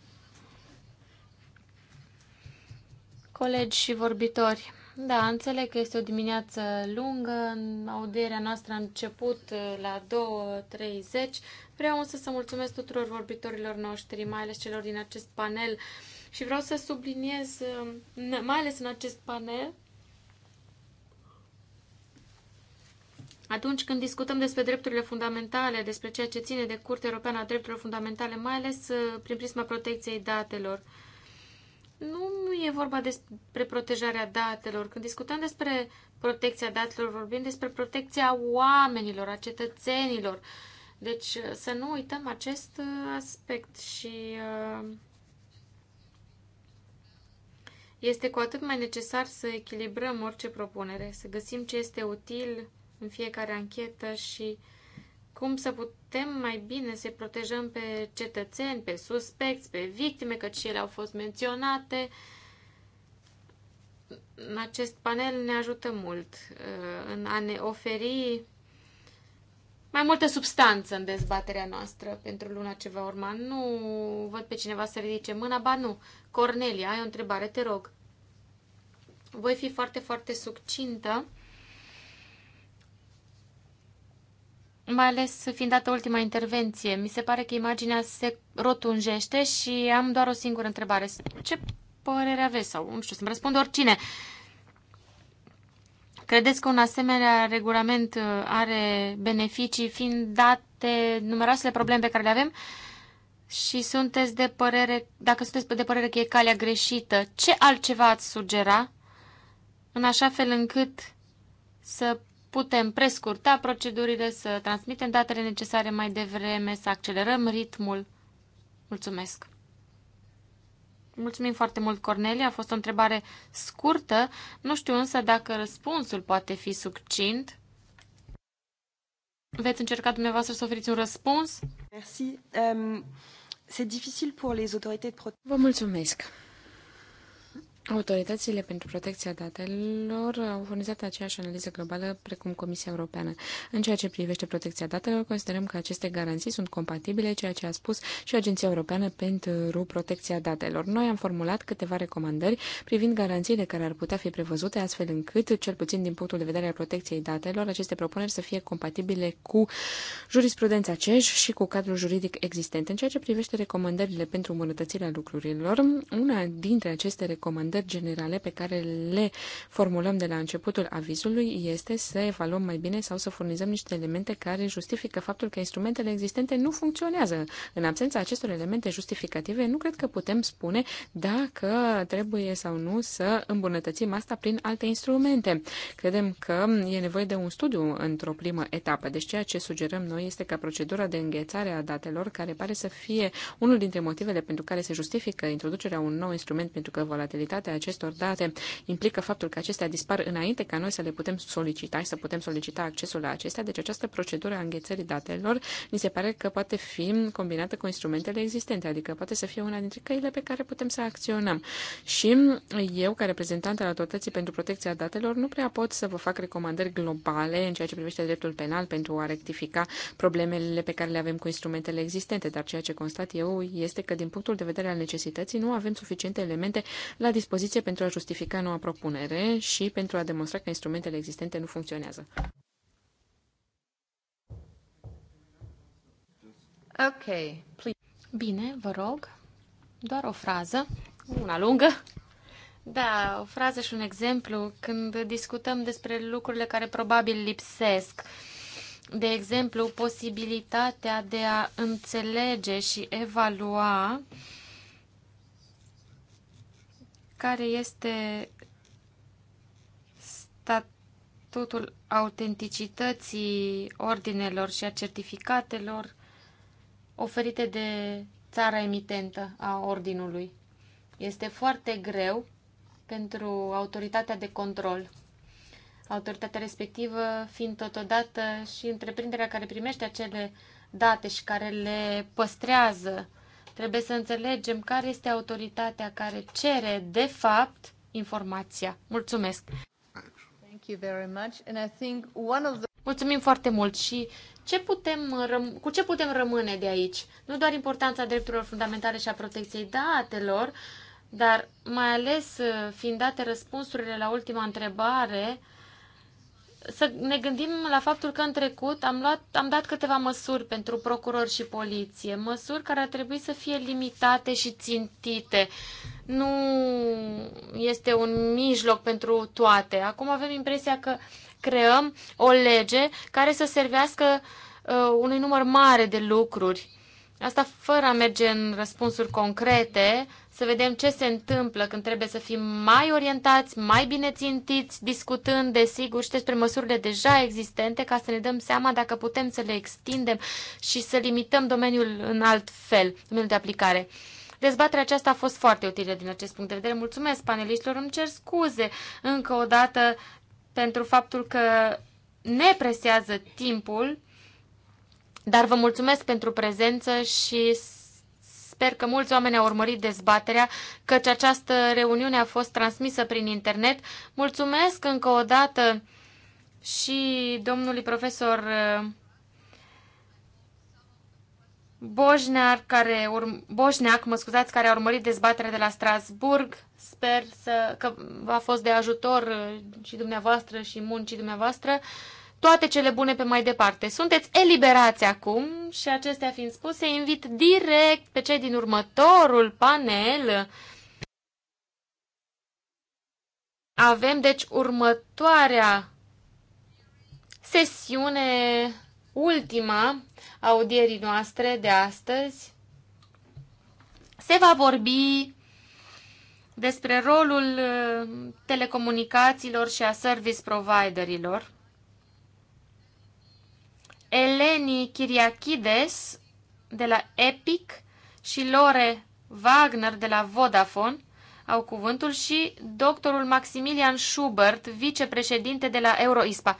Speaker 4: Colegi și vorbitori, da, înțeleg că este o dimineață lungă. Audierea noastră a început uh, la 2.30. Vreau însă să mulțumesc tuturor vorbitorilor noștri, mai ales celor din acest panel. Și vreau să subliniez, um, mai ales în acest panel, Atunci când discutăm despre drepturile fundamentale, despre ceea ce ține de Curtea Europeană a Drepturilor Fundamentale, mai ales uh, prin prisma protecției datelor, nu e vorba despre protejarea datelor. Când discutăm despre protecția datelor, vorbim despre protecția oamenilor, a cetățenilor. Deci să nu uităm acest uh, aspect și uh, este cu atât mai necesar să echilibrăm orice propunere, să găsim ce este util în fiecare anchetă și uh, cum să putem mai bine să protejăm pe cetățeni, pe suspecți, pe victime, căci și ele au fost menționate. Acest panel ne ajută mult uh, în a ne oferi mai multă substanță în dezbaterea noastră pentru luna ce va urma. Nu văd pe cineva să ridice mâna, ba nu. Cornelia, ai o întrebare, te rog. Voi fi foarte, foarte succintă mai ales fiind dată ultima intervenție. Mi se pare că imaginea se rotunjește și am doar o singură întrebare. Ce părere aveți? Sau, nu știu, să-mi răspund oricine. Credeți că un asemenea regulament uh, are beneficii fiind date numeroasele probleme pe care le avem? Și sunteți de părere, dacă sunteți de părere că e calea greșită, ce altceva ați sugera în așa fel încât să putem prescurta procedurile, să transmitem datele necesare mai devreme, să accelerăm ritmul. Mulțumesc! Mulțumim foarte mult, Cornelia. A fost o întrebare scurtă. Nu știu însă dacă răspunsul poate fi succint. Veți încerca dumneavoastră să oferiți un răspuns?
Speaker 2: Merci. Um, c'est difficile pour les autorités de Vă mulțumesc. Autoritățile pentru protecția datelor au furnizat aceeași analiză globală precum Comisia Europeană. În ceea ce privește protecția datelor, considerăm că aceste garanții sunt compatibile, ceea ce a spus și Agenția Europeană pentru Protecția Datelor. Noi am formulat câteva recomandări privind garanțiile care ar putea fi prevăzute, astfel încât, cel puțin din punctul de vedere al protecției datelor, aceste propuneri să fie compatibile cu jurisprudența CEJ și cu cadrul juridic existent. În ceea ce privește recomandările pentru îmbunătățirea lucrurilor, una dintre aceste recomandări recomandări generale pe care le formulăm de la începutul avizului este să evaluăm mai bine sau să furnizăm niște elemente care justifică faptul că instrumentele existente nu funcționează. În absența acestor elemente justificative, nu cred că putem spune dacă trebuie sau nu să îmbunătățim asta prin alte instrumente. Credem că e nevoie de un studiu într-o primă etapă. Deci ceea ce sugerăm noi este ca procedura de înghețare a datelor, care pare să fie unul dintre motivele pentru care se justifică introducerea un nou instrument pentru că volatilitatea calitatea acestor date implică faptul că acestea dispar înainte ca noi să le putem solicita și să putem solicita accesul la acestea. Deci această procedură a înghețării datelor mi se pare că poate fi combinată cu instrumentele existente, adică poate să fie una dintre căile pe care putem să acționăm. Și eu, ca reprezentant al Autorității pentru Protecția Datelor, nu prea pot să vă fac recomandări globale în ceea ce privește dreptul penal pentru a rectifica problemele pe care le avem cu instrumentele existente, dar ceea ce constat eu este că, din punctul de vedere al necesității, nu avem suficiente elemente la dispoziție dispoziție pentru a justifica noua propunere și pentru a demonstra că instrumentele existente nu funcționează. Ok,
Speaker 4: please. Bine, vă rog,
Speaker 1: doar o frază,
Speaker 4: una lungă. Da, o frază și un exemplu când discutăm despre lucrurile care probabil lipsesc. De exemplu, posibilitatea de a înțelege și evalua uh, care este statutul autenticității ordinelor și a certificatelor oferite de țara emitentă a ordinului. Este foarte greu pentru autoritatea de control. Autoritatea respectivă fiind totodată și întreprinderea care primește acele date și care le păstrează Trebuie să înțelegem care este autoritatea care cere, de fapt, informația. Mulțumesc! Mulțumim foarte mult și ce putem cu ce putem rămâne de aici? Nu doar importanța drepturilor fundamentale și a protecției datelor, dar mai ales uh, fiind date răspunsurile la ultima întrebare, uh, să ne gândim la faptul că în trecut am, luat, am dat câteva măsuri pentru procuror și poliție, măsuri care ar trebui să fie limitate și țintite. Nu este un mijloc pentru toate. Acum avem impresia că creăm o lege care să servească uh, unui număr mare de lucruri. Asta fără a merge în răspunsuri concrete, să vedem ce se întâmplă când trebuie să fim mai orientați, mai bine țintiți, discutând, desigur, și despre măsurile deja existente, ca să ne dăm seama dacă putem să le extindem și să limităm domeniul în alt fel, domeniul de aplicare. Dezbaterea aceasta a fost foarte utilă din acest punct de vedere. Mulțumesc paneliștilor, îmi cer scuze încă o dată pentru faptul că ne presează timpul, dar vă mulțumesc pentru prezență și Sper că mulți oameni au urmărit dezbaterea, căci această reuniune a fost transmisă prin internet. Mulțumesc încă o dată și domnului profesor uh, Boșneac, care, urm- Boșneac, mă scuzați, care a urmărit dezbaterea de la Strasburg. Sper să, că v-a fost de ajutor uh, și dumneavoastră și muncii dumneavoastră toate cele bune pe mai departe. Sunteți eliberați acum și acestea fiind spuse, invit direct pe cei din următorul panel. Avem deci următoarea sesiune, ultima audierii noastre de astăzi. Se va vorbi despre rolul uh, telecomunicațiilor și a service providerilor Eleni Kiriakides de la Epic și Lore Wagner de la Vodafone au cuvântul și doctorul Maximilian Schubert, vicepreședinte de la Euroispa.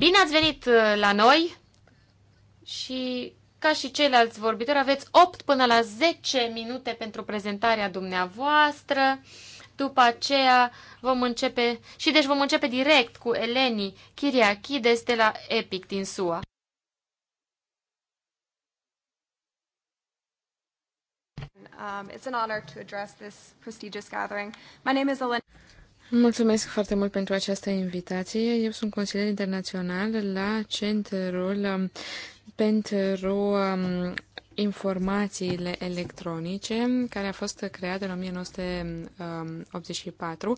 Speaker 4: Bine ați venit uh, la noi și ca și ceilalți vorbitori aveți 8 până la 10 minute pentru prezentarea dumneavoastră. După aceea vom începe, și deci vom începe direct cu Eleni Chiriachides de la Epic din SUA.
Speaker 5: Um, it's an honor to address this prestigious gathering. My name is Eleni.
Speaker 2: Mulțumesc foarte mult pentru această invitație. Eu sunt consilier internațional la Centrul um, pentru um, informațiile electronice, care a fost creată în 1984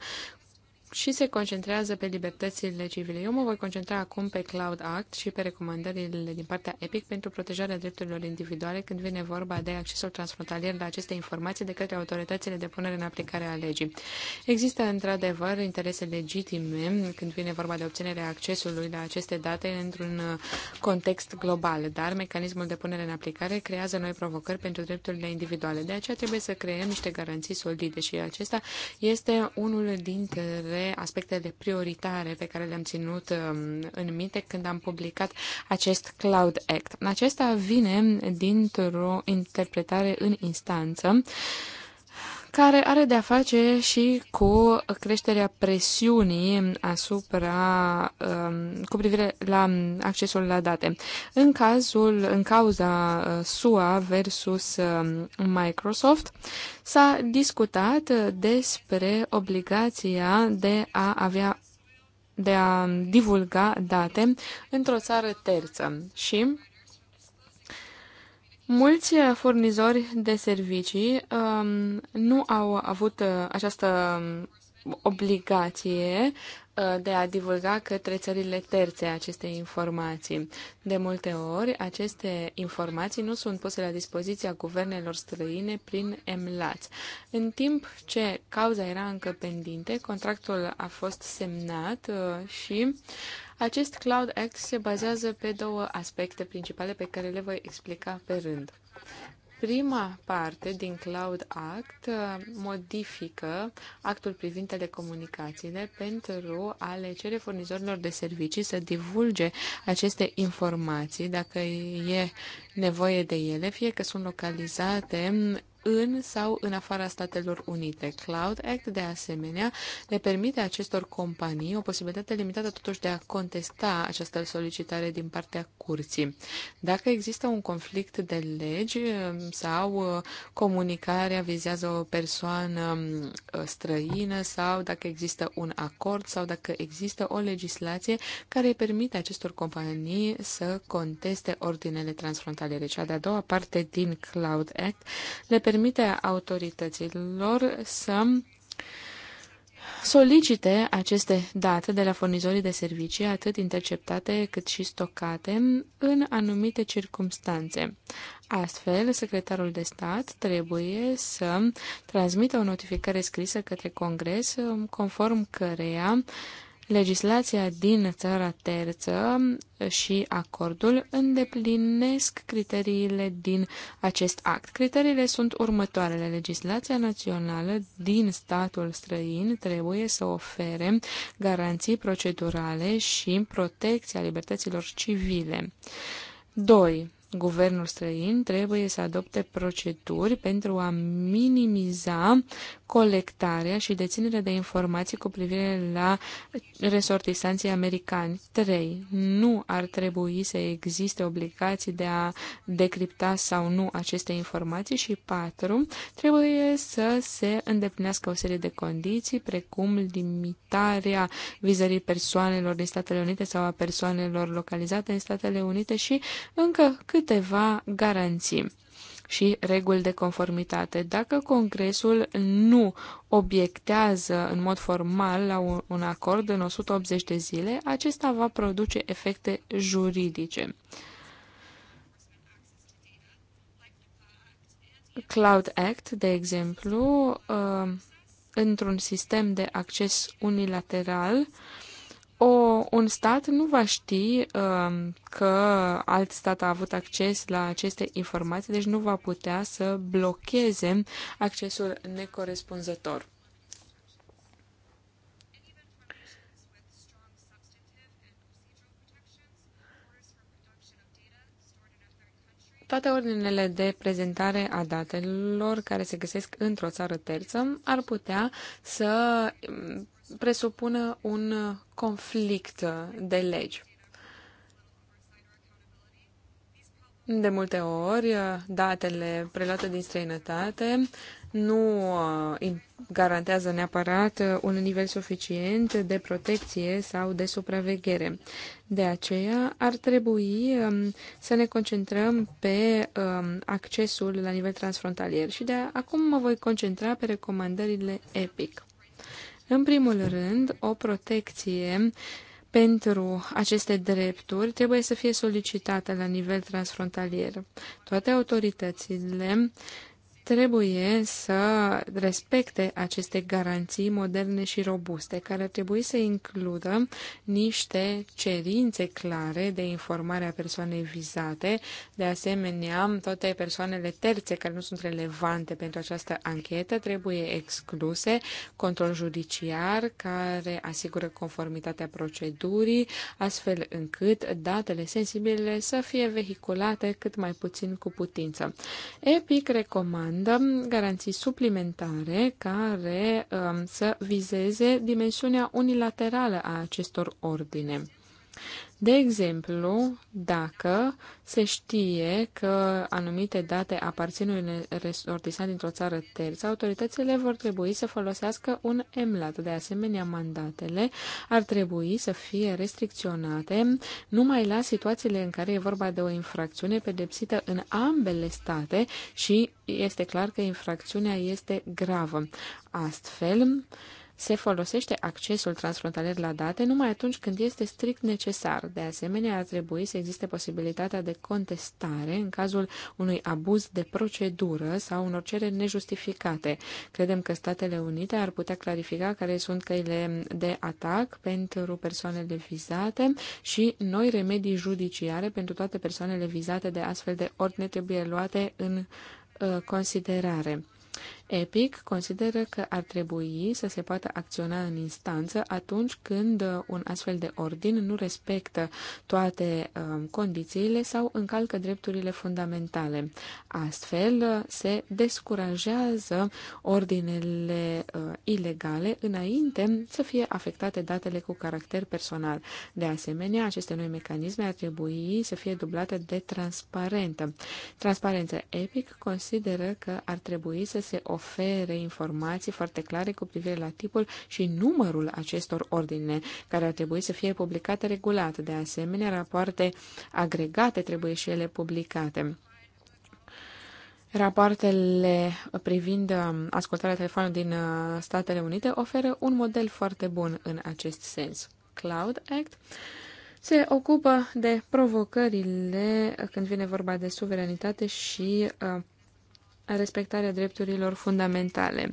Speaker 2: și se concentrează pe libertățile civile. Eu mă voi concentra acum pe Cloud Act și pe recomandările din partea EPIC pentru protejarea drepturilor individuale când vine vorba de accesul transfrontalier la aceste informații de către autoritățile de punere în aplicare a legii. Există într-adevăr interese legitime când vine vorba de obținerea accesului la aceste date într-un uh, context global, dar mecanismul de punere în aplicare creează noi provocări pentru drepturile individuale. De aceea trebuie să creăm niște garanții solide și acesta este unul dintre dintre aspectele prioritare pe care le-am ținut um, în minte când am publicat acest Cloud Act. Acesta vine dintr-o interpretare în instanță care are de-a face și cu creșterea presiunii asupra, um, cu privire la accesul la date. În cazul, în cauza uh, SUA versus um, Microsoft, s-a discutat uh, despre obligația de a avea de a divulga date într-o țară terță și Mulți uh, furnizori de servicii um, nu au avut uh, această um, obligație uh, de a divulga către țările terțe aceste informații. De multe ori, aceste informații nu sunt puse la dispoziția guvernelor străine prin MLAT. În timp ce cauza era încă pendinte, contractul a fost semnat și uh, acest Cloud Act se bazează pe două aspecte principale pe care le voi explica pe rând. Prima parte din Cloud Act uh, modifică actul privind telecomunicațiile pentru a le cere furnizorilor de servicii să divulge aceste informații dacă e nevoie de ele, fie că sunt localizate în sau în afara Statelor Unite. Cloud Act, de asemenea, le permite acestor companii o posibilitate limitată totuși de a contesta această solicitare din partea curții. Dacă există un conflict de legi um, sau uh, comunicarea vizează o persoană um, uh, străină sau dacă există un acord sau dacă există o legislație care îi permite acestor companii să conteste ordinele transfrontaliere. Cea de-a doua parte din Cloud Act le permite permite autorităților să solicite aceste date de la furnizorii de servicii, atât interceptate cât și stocate, în anumite circumstanțe. Astfel, secretarul de stat trebuie să transmită o notificare scrisă către Congres, conform căreia uh, legislația din țara terță și acordul îndeplinesc criteriile din acest act. Criteriile sunt următoarele. Legislația națională din statul străin trebuie să ofere garanții procedurale și protecția libertăților civile. 2. Guvernul străin trebuie să adopte proceduri pentru a minimiza colectarea și deținerea de informații cu privire la resortisanții americani. 3. Nu ar trebui să existe obligații de a decripta sau nu aceste informații și 4. Trebuie să se îndeplinească o serie de condiții, precum limitarea vizării persoanelor din Statele Unite sau a persoanelor localizate în Statele Unite și încă câteva garanții și reguli de conformitate. Dacă Congresul nu obiectează în mod formal la un acord în 180 de zile, acesta va produce efecte juridice. Cloud Act, de exemplu, uh, într-un sistem de acces unilateral, o, un stat nu va ști uh, că alt stat a avut acces la aceste informații, deci nu va putea să blocheze accesul necorespunzător. Toate ordinele de prezentare a datelor care se găsesc într-o țară terță ar putea să presupună un conflict de legi. De multe ori, datele preluate din străinătate nu uh, garantează neapărat un nivel suficient de protecție sau de supraveghere. De aceea, ar trebui um, să ne concentrăm pe um, accesul la nivel transfrontalier și de acum mă voi concentra pe recomandările EPIC. În primul rând, o protecție pentru aceste drepturi trebuie să fie solicitată la nivel transfrontalier. Toate autoritățile trebuie să respecte aceste garanții moderne și robuste, care ar trebui să includă niște cerințe clare de informare a persoanei vizate, de asemenea, toate persoanele terțe care nu sunt relevante pentru această anchetă trebuie excluse, control judiciar care asigură conformitatea procedurii, astfel încât datele sensibile să fie vehiculate cât mai puțin cu putință. EPIC recomandă recomandă garanții suplimentare care um, să vizeze dimensiunea unilaterală a acestor ordine. De exemplu, dacă se știe că anumite date aparțin unui resortisant dintr-o țară terță, autoritățile vor trebui să folosească un emlat. De asemenea, mandatele ar trebui să fie restricționate numai la situațiile în care e vorba de o infracțiune pedepsită în ambele state și este clar că infracțiunea este gravă. Astfel, se folosește accesul transfrontalier la date numai atunci când este strict necesar. De asemenea, ar trebui să existe posibilitatea de contestare în cazul unui abuz de procedură sau unor cereri nejustificate. Credem că Statele Unite ar putea clarifica care sunt căile de atac pentru persoanele vizate și noi remedii judiciare pentru toate persoanele vizate de astfel de ordine trebuie luate în uh, considerare. EPIC consideră că ar trebui să se poată acționa în instanță atunci când uh, un astfel de ordin nu respectă toate um, condițiile sau încalcă drepturile fundamentale. Astfel, uh, se descurajează ordinele uh, ilegale înainte să fie afectate datele cu caracter personal. De asemenea, aceste noi mecanisme ar trebui să fie dublate de transparentă. Transparența EPIC consideră că ar trebui să se ofere ofere informații foarte clare cu privire la tipul și numărul acestor ordine, care ar trebui să fie publicate regulat. De asemenea, rapoarte agregate trebuie și ele publicate. Rapoartele privind um, ascultarea telefonului din uh, Statele Unite oferă un model foarte bun în acest sens. Cloud Act se ocupă de provocările când vine vorba de suveranitate și uh, respectarea drepturilor fundamentale.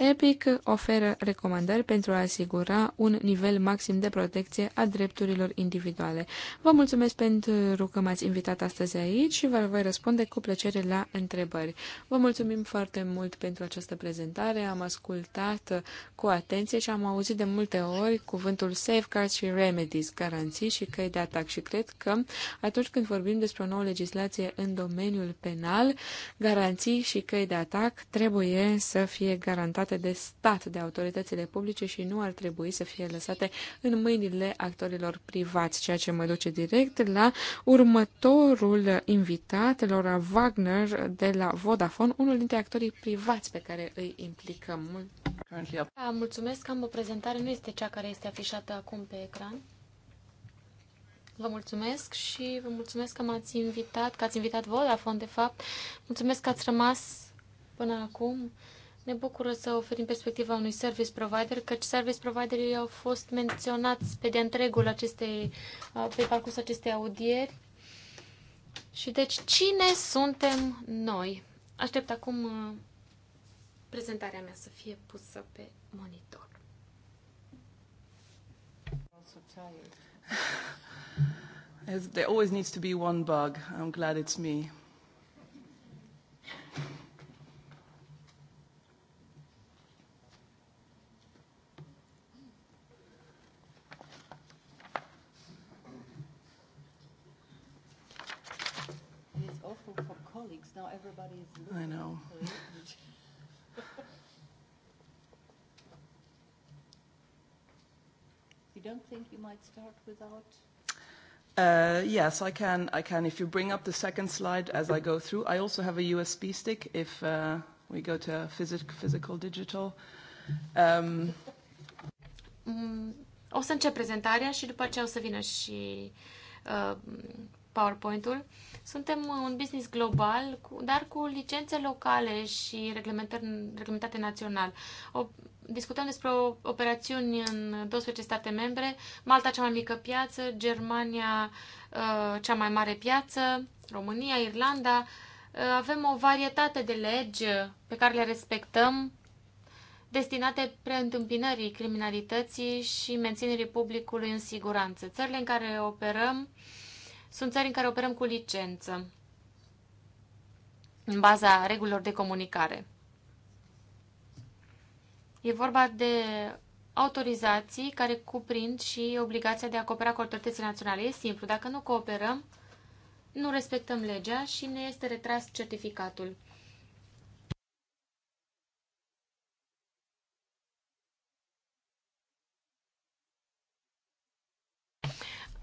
Speaker 2: EPIC oferă recomandări pentru a asigura un nivel maxim de protecție a drepturilor individuale. Vă mulțumesc pentru că m-ați invitat astăzi aici și vă voi răspunde cu plăcere la întrebări. Vă mulțumim foarte mult pentru această prezentare, am ascultat cu atenție și am auzit de multe ori cuvântul safeguards și remedies, garanții și căi de atac și cred că atunci când vorbim despre o nouă legislație în domeniul penal, garanții și căi de atac trebuie să fie garantate controlate de stat, de autoritățile publice și nu ar trebui să fie lăsate în mâinile actorilor privați, ceea ce mă duce direct la următorul invitat, Laura Wagner de la Vodafone, unul dintre actorii privați pe care îi implicăm. Mult.
Speaker 4: Da, mulțumesc, că am o prezentare, nu este cea care este afișată acum pe ecran. Vă mulțumesc și vă mulțumesc că m-ați invitat, că ați invitat Vodafone, de fapt. Mulțumesc că ați rămas până acum. Ne bucură să oferim perspectiva unui service provider, căci service providerii au fost menționați pe de întregul acestei, uh, pe parcursul acestei audieri. Și deci, cine suntem noi? Aștept acum uh, prezentarea mea să fie pusă pe monitor.
Speaker 5: there always needs to be one bug. I'm glad it's me. colleagues. Now everybody is. I know. you don't think you might start without? Uh, yes, I can. I can. If you bring up the second slide as I go through, I also have a USB stick. If uh, we go to phys- physical digital. Um,
Speaker 4: mm, o să încep prezentarea și după aceea o să vină și uh, PowerPoint-ul. Suntem un business global, dar cu licențe locale și reglementate național. O, discutăm despre operațiuni în 12 state membre, Malta cea mai mică piață, Germania uh, cea mai mare piață, România, Irlanda. Uh, avem o varietate de legi pe care le respectăm, destinate preîntâmpinării criminalității și menținerii publicului în siguranță. Țările în care operăm uh, sunt țări în care operăm cu licență, în baza regulilor de comunicare. E vorba de autorizații care cuprind și obligația de a coopera cu autoritățile naționale. E simplu, dacă nu cooperăm, nu respectăm legea și ne este retras certificatul.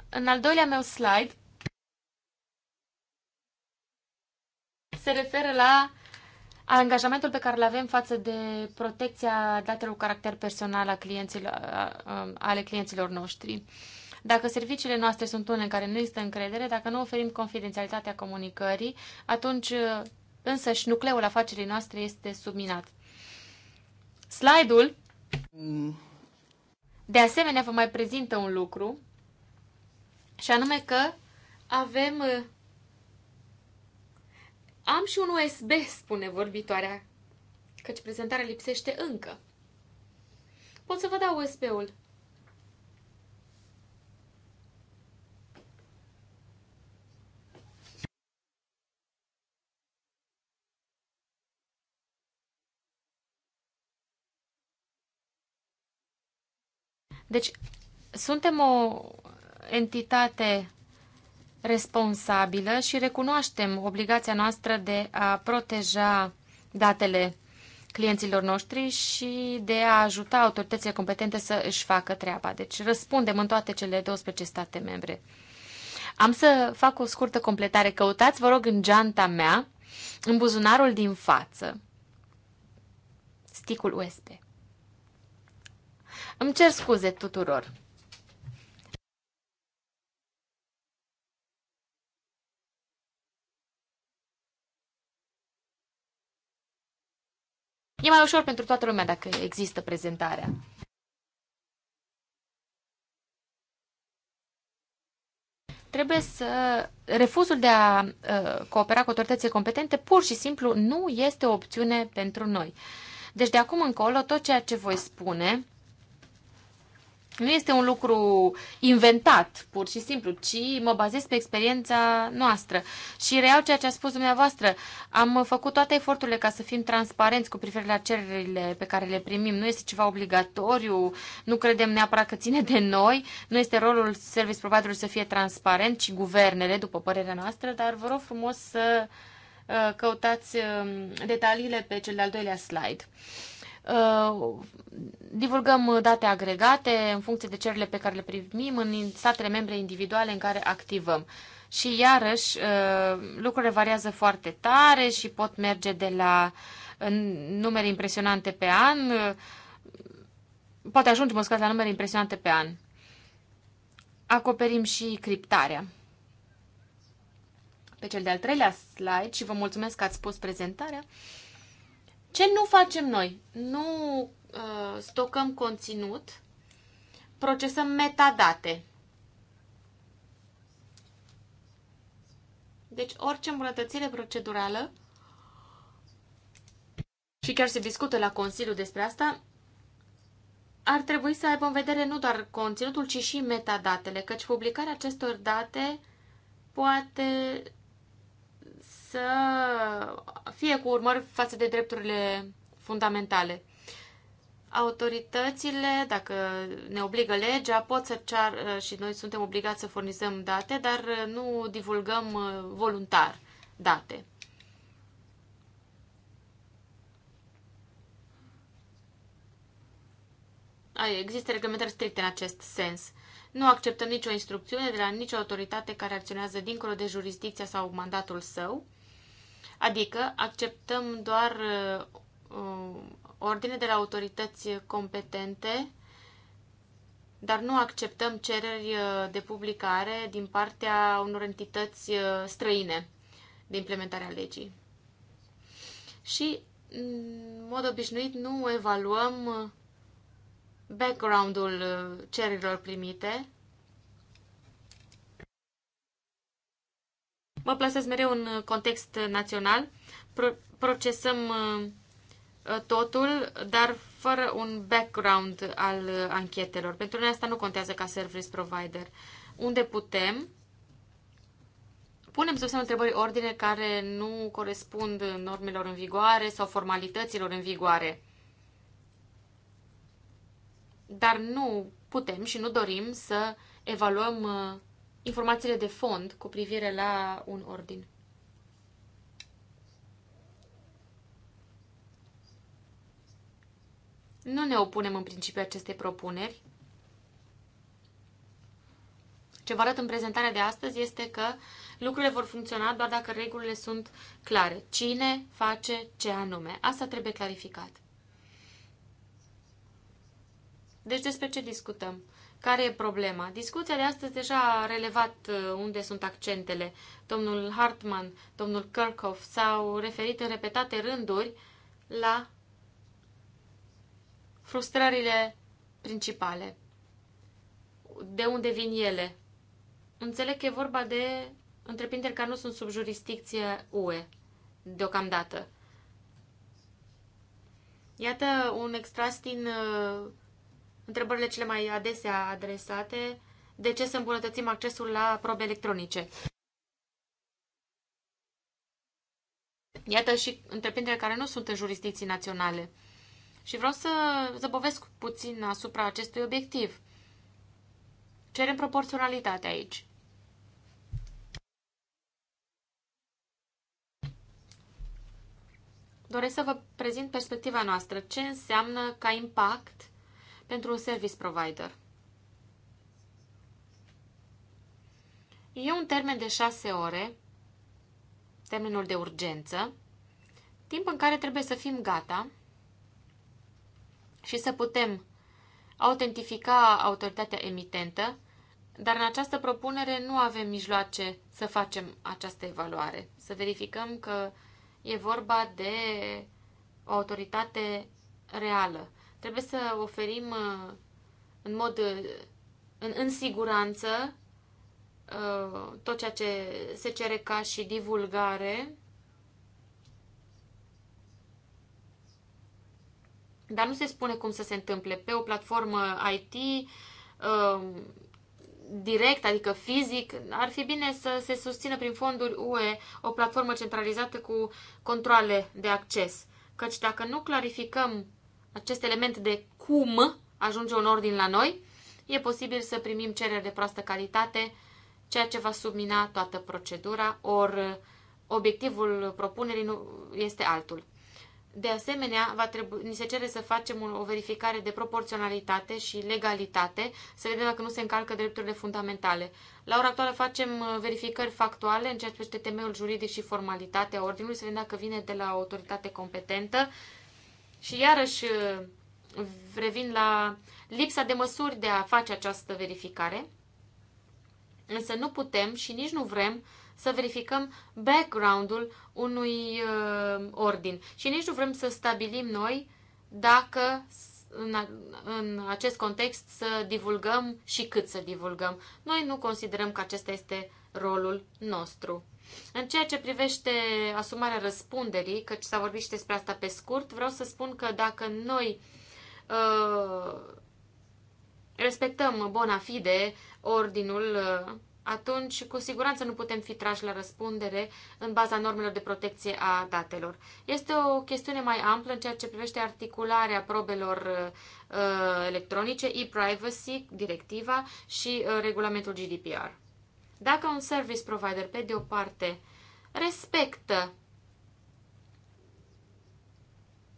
Speaker 4: În al doilea meu slide se referă la angajamentul pe care îl avem față de protecția datelor cu caracter personal a clienților, ale clienților noștri. Dacă serviciile noastre sunt unele în care nu există încredere, dacă nu oferim confidențialitatea comunicării, atunci uh, și nucleul afacerii noastre este subminat. Slide-ul de asemenea vă mai prezintă un lucru și anume că avem uh, am și un USB, spune vorbitoarea, căci prezentarea lipsește încă. Pot să vă dau USB-ul. Deci, suntem o entitate responsabilă și recunoaștem obligația noastră de a proteja datele clienților noștri și de a ajuta autoritățile competente să își facă treaba. Deci răspundem în toate cele 12 state membre. Am să fac o scurtă completare. Căutați, vă rog, în geanta mea, în buzunarul din față, sticul USB. Îmi cer scuze
Speaker 3: tuturor.
Speaker 4: E mai ușor pentru toată lumea dacă există prezentarea. Trebuie să... Refuzul de a uh, coopera cu autoritățile competente pur și simplu nu este o opțiune pentru noi. Deci de acum încolo tot ceea ce voi spune nu este un lucru inventat, pur și simplu, ci mă bazez pe experiența noastră. Și real ceea ce a spus dumneavoastră. Am făcut toate eforturile ca să fim transparenți cu privire la cererile pe care le primim. Nu este ceva obligatoriu, nu credem neapărat că ține de noi, nu este rolul service providerului să fie transparent, ci guvernele, după părerea noastră, dar vă rog frumos să uh, căutați um, detaliile pe cel de-al doilea slide. Uh, divulgăm date agregate în funcție de cererile pe care le primim în statele membre individuale în care activăm. Și iarăși, uh, lucrurile variază foarte tare și pot merge de la uh, numere impresionante pe an, poate ajunge, mă la numere impresionante pe an. Acoperim și criptarea. Pe cel de-al treilea slide, și vă mulțumesc că ați spus prezentarea, uh, ce nu facem noi? Nu uh, stocăm conținut, procesăm metadate. Deci orice îmbunătățire procedurală și chiar se discută la Consiliu despre asta, ar trebui să aibă în vedere nu doar conținutul, ci și metadatele, căci publicarea acestor date poate să fie cu urmări față de drepturile fundamentale. Autoritățile, dacă ne obligă legea, pot să cear uh, și noi suntem obligați să furnizăm date, dar uh, nu divulgăm uh, voluntar date. Există reglementări stricte în acest sens. Nu acceptăm nicio instrucțiune de la nicio autoritate care acționează dincolo de jurisdicția sau mandatul său. Adică acceptăm doar uh, ordine de la autorități competente, dar nu acceptăm cereri uh, de publicare din partea unor entități uh, străine de implementarea legii. Și, în mod obișnuit, nu evaluăm background-ul cererilor primite, mă plasez mereu în uh, context național, procesăm uh, uh, totul, dar fără un background al anchetelor. Pentru noi asta nu contează ca service provider. Unde putem, punem sub semnul întrebării ordine care nu corespund normelor în vigoare sau formalităților în vigoare. Dar nu putem și nu dorim să evaluăm informațiile de fond cu privire la un ordin. Nu ne opunem în principiu acestei propuneri. Ce vă arăt în prezentarea de astăzi este că lucrurile vor funcționa doar dacă regulile sunt clare. Cine face ce anume? Asta trebuie clarificat. Deci despre ce discutăm? Care e problema? Discuția de astăzi deja a relevat uh, unde sunt accentele. Domnul Hartman, domnul Kirchhoff s-au referit în repetate rânduri la frustrările principale. De unde vin ele? Înțeleg că e vorba de întreprinderi care nu sunt sub jurisdicție UE deocamdată. Iată un extras din uh, întrebările cele mai adesea adresate, de ce să îmbunătățim accesul la probe electronice. Iată și întreprinderile care nu sunt în jurisdicții naționale. Și vreau să zăbovesc puțin asupra acestui obiectiv. Cerem proporționalitate aici. Doresc să vă prezint perspectiva noastră. Ce înseamnă ca impact pentru un service provider. E un termen de șase ore, termenul de urgență, timp în care trebuie să fim gata și să putem autentifica autoritatea emitentă, dar în această propunere nu avem mijloace să facem această evaluare, să verificăm că e vorba de o autoritate reală. Trebuie să oferim uh, în mod uh, în, în siguranță uh, tot ceea ce se cere ca și divulgare. Dar nu se spune cum să se întâmple. Pe o platformă IT, direct, adică fizic, ar fi bine să se susțină prin fonduri UE o platformă centralizată cu controle de acces. Căci dacă nu clarificăm acest element de cum ajunge un ordin la noi, e posibil să primim cereri de proastă calitate, ceea ce va submina toată procedura, ori obiectivul propunerii nu este altul. De asemenea, va trebui, ni se cere să facem o verificare de proporționalitate și legalitate, să vedem dacă nu se încalcă drepturile fundamentale. La ora actuală facem uh, verificări factuale în ceea ce privește temeiul juridic și formalitatea ordinului, să vedem dacă vine de la o autoritate competentă și iarăși uh, revin la lipsa de măsuri de a face această verificare, însă nu putem și nici nu vrem să verificăm background-ul unui uh, ordin. Și nici nu vrem să stabilim noi dacă în, în acest context să divulgăm și cât să divulgăm. Noi nu considerăm că acesta este rolul nostru. În ceea ce privește asumarea răspunderii, căci s-a vorbit și despre asta pe scurt, vreau să spun că dacă noi uh, respectăm bona fide ordinul, uh, atunci cu siguranță nu putem fi trași la răspundere în baza normelor de protecție a datelor. Este o chestiune mai amplă în ceea ce privește articularea probelor uh, uh electronice, e-privacy, directiva și uh, regulamentul GDPR. Dacă un service provider, pe de o parte, respectă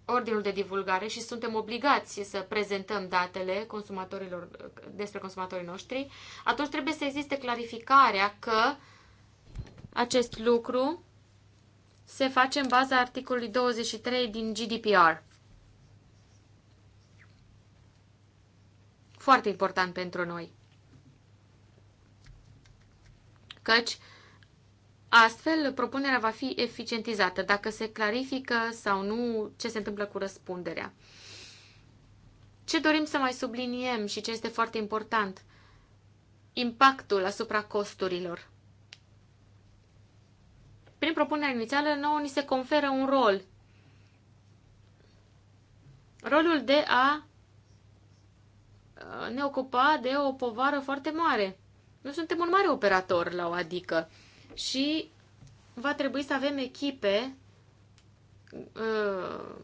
Speaker 4: ordinul de divulgare și suntem obligați să prezentăm datele consumatorilor, despre consumatorii noștri, atunci trebuie să existe clarificarea că acest lucru se face în baza articolului 23 din GDPR. Foarte important pentru noi. căci astfel propunerea va fi eficientizată dacă se clarifică sau nu ce se întâmplă cu răspunderea. Ce dorim să mai subliniem și ce este foarte important? Impactul asupra costurilor. Prin propunerea inițială, nouă ni se conferă un rol. Rolul de a uh, ne ocupa de o povară foarte mare. Noi suntem un mare operator la o adică și va trebui să avem echipe uh,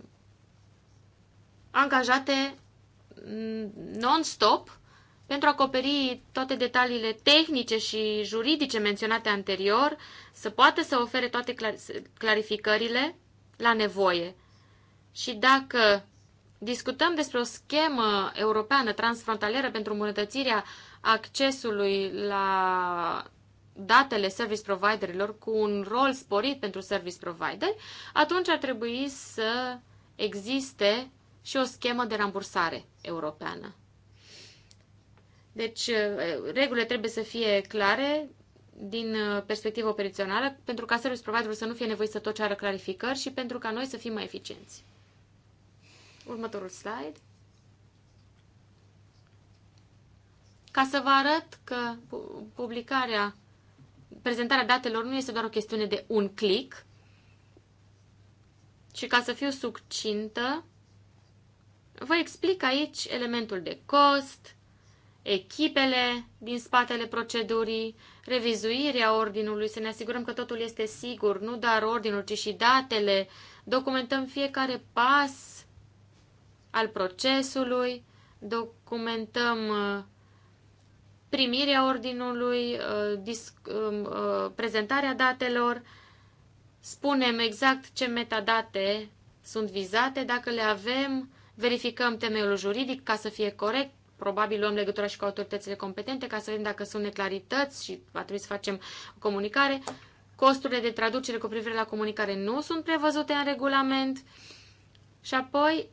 Speaker 4: angajate non-stop pentru a acoperi toate detaliile tehnice și juridice menționate anterior, să poată să ofere toate clarificările la nevoie. Și dacă discutăm despre o schemă europeană transfrontalieră pentru îmbunătățirea accesului la datele service providerilor cu un rol sporit pentru service provider, atunci ar trebui să existe și o schemă de rambursare europeană. Deci, regulile trebuie să fie clare din perspectivă operațională, pentru ca service providerul să nu fie nevoit să tot ceară clarificări și pentru ca noi să fim mai eficienți. Următorul slide. ca să vă arăt că publicarea, prezentarea datelor nu este doar o chestiune de un click. Și ca să fiu succintă, vă explic aici elementul de cost, echipele din spatele procedurii, revizuirea ordinului, să ne asigurăm că totul este sigur, nu doar ordinul, ci și datele, documentăm fiecare pas al procesului, documentăm uh, primirea ordinului, uh, um, uh, prezentarea datelor, spunem exact ce metadate sunt vizate, dacă le avem, verificăm temeiul juridic ca să fie corect, probabil luăm legătura și cu autoritățile competente ca să vedem dacă sunt neclarități și va trebui să facem o comunicare. Costurile de traducere cu privire la comunicare nu sunt prevăzute în regulament și apoi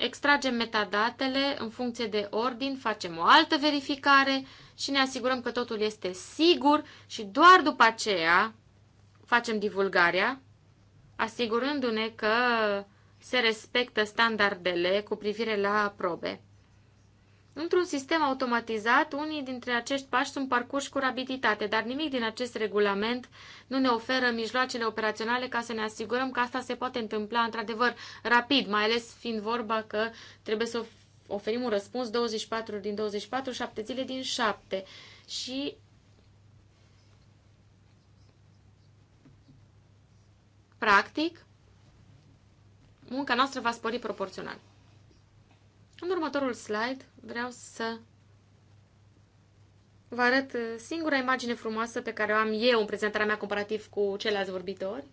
Speaker 4: extragem metadatele în funcție de ordin, facem o altă verificare și ne asigurăm că totul este sigur și doar după aceea facem divulgarea, asigurându-ne că se respectă standardele cu privire la probe. Într-un sistem automatizat, unii dintre acești pași sunt parcurși cu rapiditate, dar nimic din acest regulament nu ne oferă mijloacele operaționale ca să ne asigurăm că asta se poate întâmpla într-adevăr rapid, mai ales fiind vorba că trebuie să oferim un răspuns 24 din 24, 7 zile din 7. Și practic, munca noastră va spori proporțional. În următorul slide vreau să vă arăt uh, singura imagine frumoasă pe care o am eu în prezentarea mea comparativ cu ceilalți vorbitori.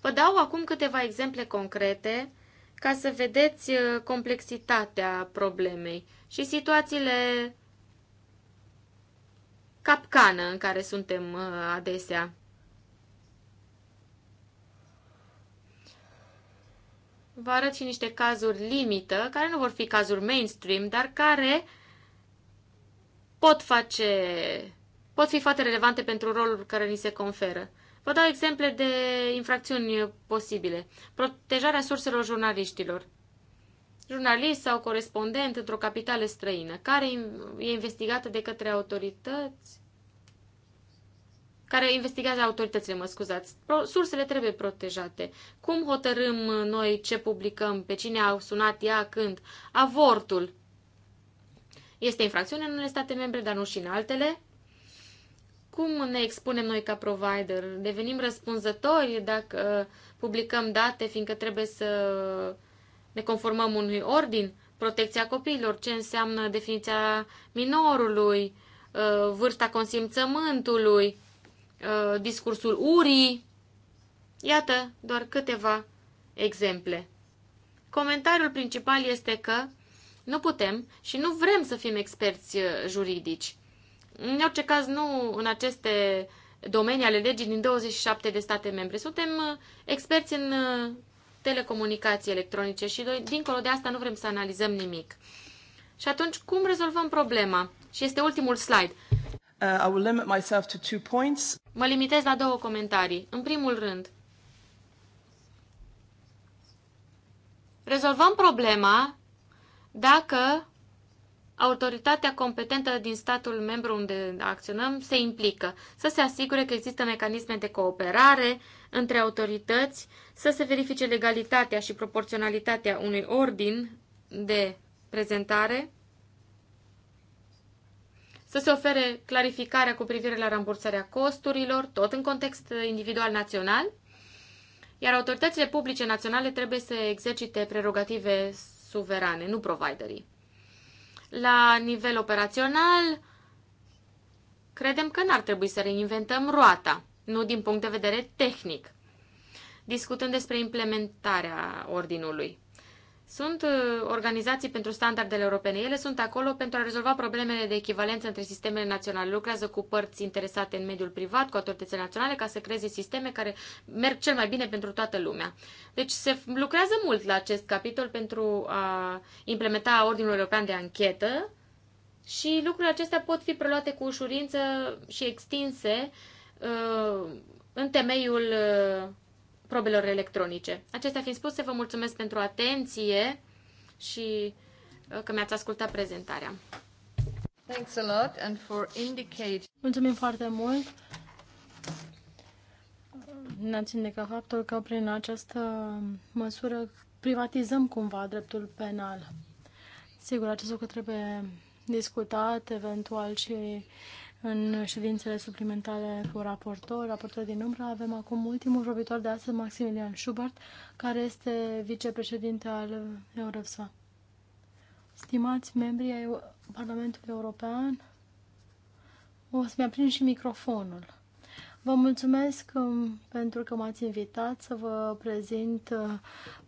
Speaker 4: Vă dau acum câteva exemple concrete ca să vedeți uh, complexitatea problemei și situațiile capcană în care suntem uh, adesea. vă arăt și niște cazuri limită, care nu vor fi cazuri mainstream, dar care pot face, pot fi foarte relevante pentru rolul care ni se conferă. Vă dau exemple de infracțiuni posibile. Protejarea surselor jurnaliștilor. Jurnalist sau corespondent într-o capitală străină, care e investigată de către autorități care investigează autoritățile, mă scuzați. Sursele trebuie protejate. Cum hotărâm noi ce publicăm, pe cine au sunat ea, când? Avortul este infracțiune în unele state membre, dar nu și în altele. Cum ne expunem noi ca provider? Devenim răspunzători dacă publicăm date, fiindcă trebuie să ne conformăm unui ordin? Protecția copiilor, ce înseamnă definiția minorului, vârsta consimțământului, Uh, discursul urii. Iată doar câteva exemple. Comentariul principal este că nu putem și nu vrem să fim experți uh, juridici. În orice caz, nu în aceste domenii ale legii din 27 de state membre. Suntem uh, experți în telecomunicații electronice și, noi, dincolo de asta, nu vrem să analizăm nimic. Și atunci, cum rezolvăm problema? Și este ultimul slide. Uh,
Speaker 5: I will limit myself to two points.
Speaker 4: Mă limitez la două comentarii. În primul rând, rezolvăm problema dacă autoritatea competentă din statul membru unde acționăm se implică, să se asigure că există mecanisme de cooperare între autorități, să se verifice legalitatea și proporționalitatea unui ordin de prezentare, să se ofere clarificarea cu privire la rambursarea costurilor, tot în context individual național, iar autoritățile publice naționale trebuie să exercite prerogative suverane, nu providerii. La nivel operațional, credem că n-ar trebui să reinventăm roata, nu din punct de vedere tehnic, discutând despre implementarea ordinului. Sunt uh, organizații pentru standardele europene. Ele sunt acolo pentru a rezolva problemele de echivalență între sistemele naționale. Lucrează cu părți interesate în mediul privat, cu autoritățile naționale, ca să creeze sisteme care merg cel mai bine pentru toată lumea. Deci se lucrează mult la acest capitol pentru a implementa Ordinul European de Anchetă și lucrurile acestea pot fi preluate cu ușurință și extinse uh, în temeiul uh, probelor electronice. Acestea fiind spuse, vă mulțumesc pentru atenție și uh, că mi-ați ascultat prezentarea.
Speaker 5: Thanks a lot and for indicate... Mulțumim foarte mult.
Speaker 3: Ne-ați indicat faptul că prin această măsură privatizăm cumva dreptul penal. Sigur, acest lucru trebuie discutat eventual și în ședințele suplimentare cu raportor, raportor din umbră. Avem acum ultimul vorbitor de astăzi, Maximilian Schubert, care este vicepreședinte al Eurofsa. Stimați membri ai Parlamentului European, o să-mi aprind și microfonul. Vă mulțumesc um, pentru că m-ați invitat să vă prezint uh,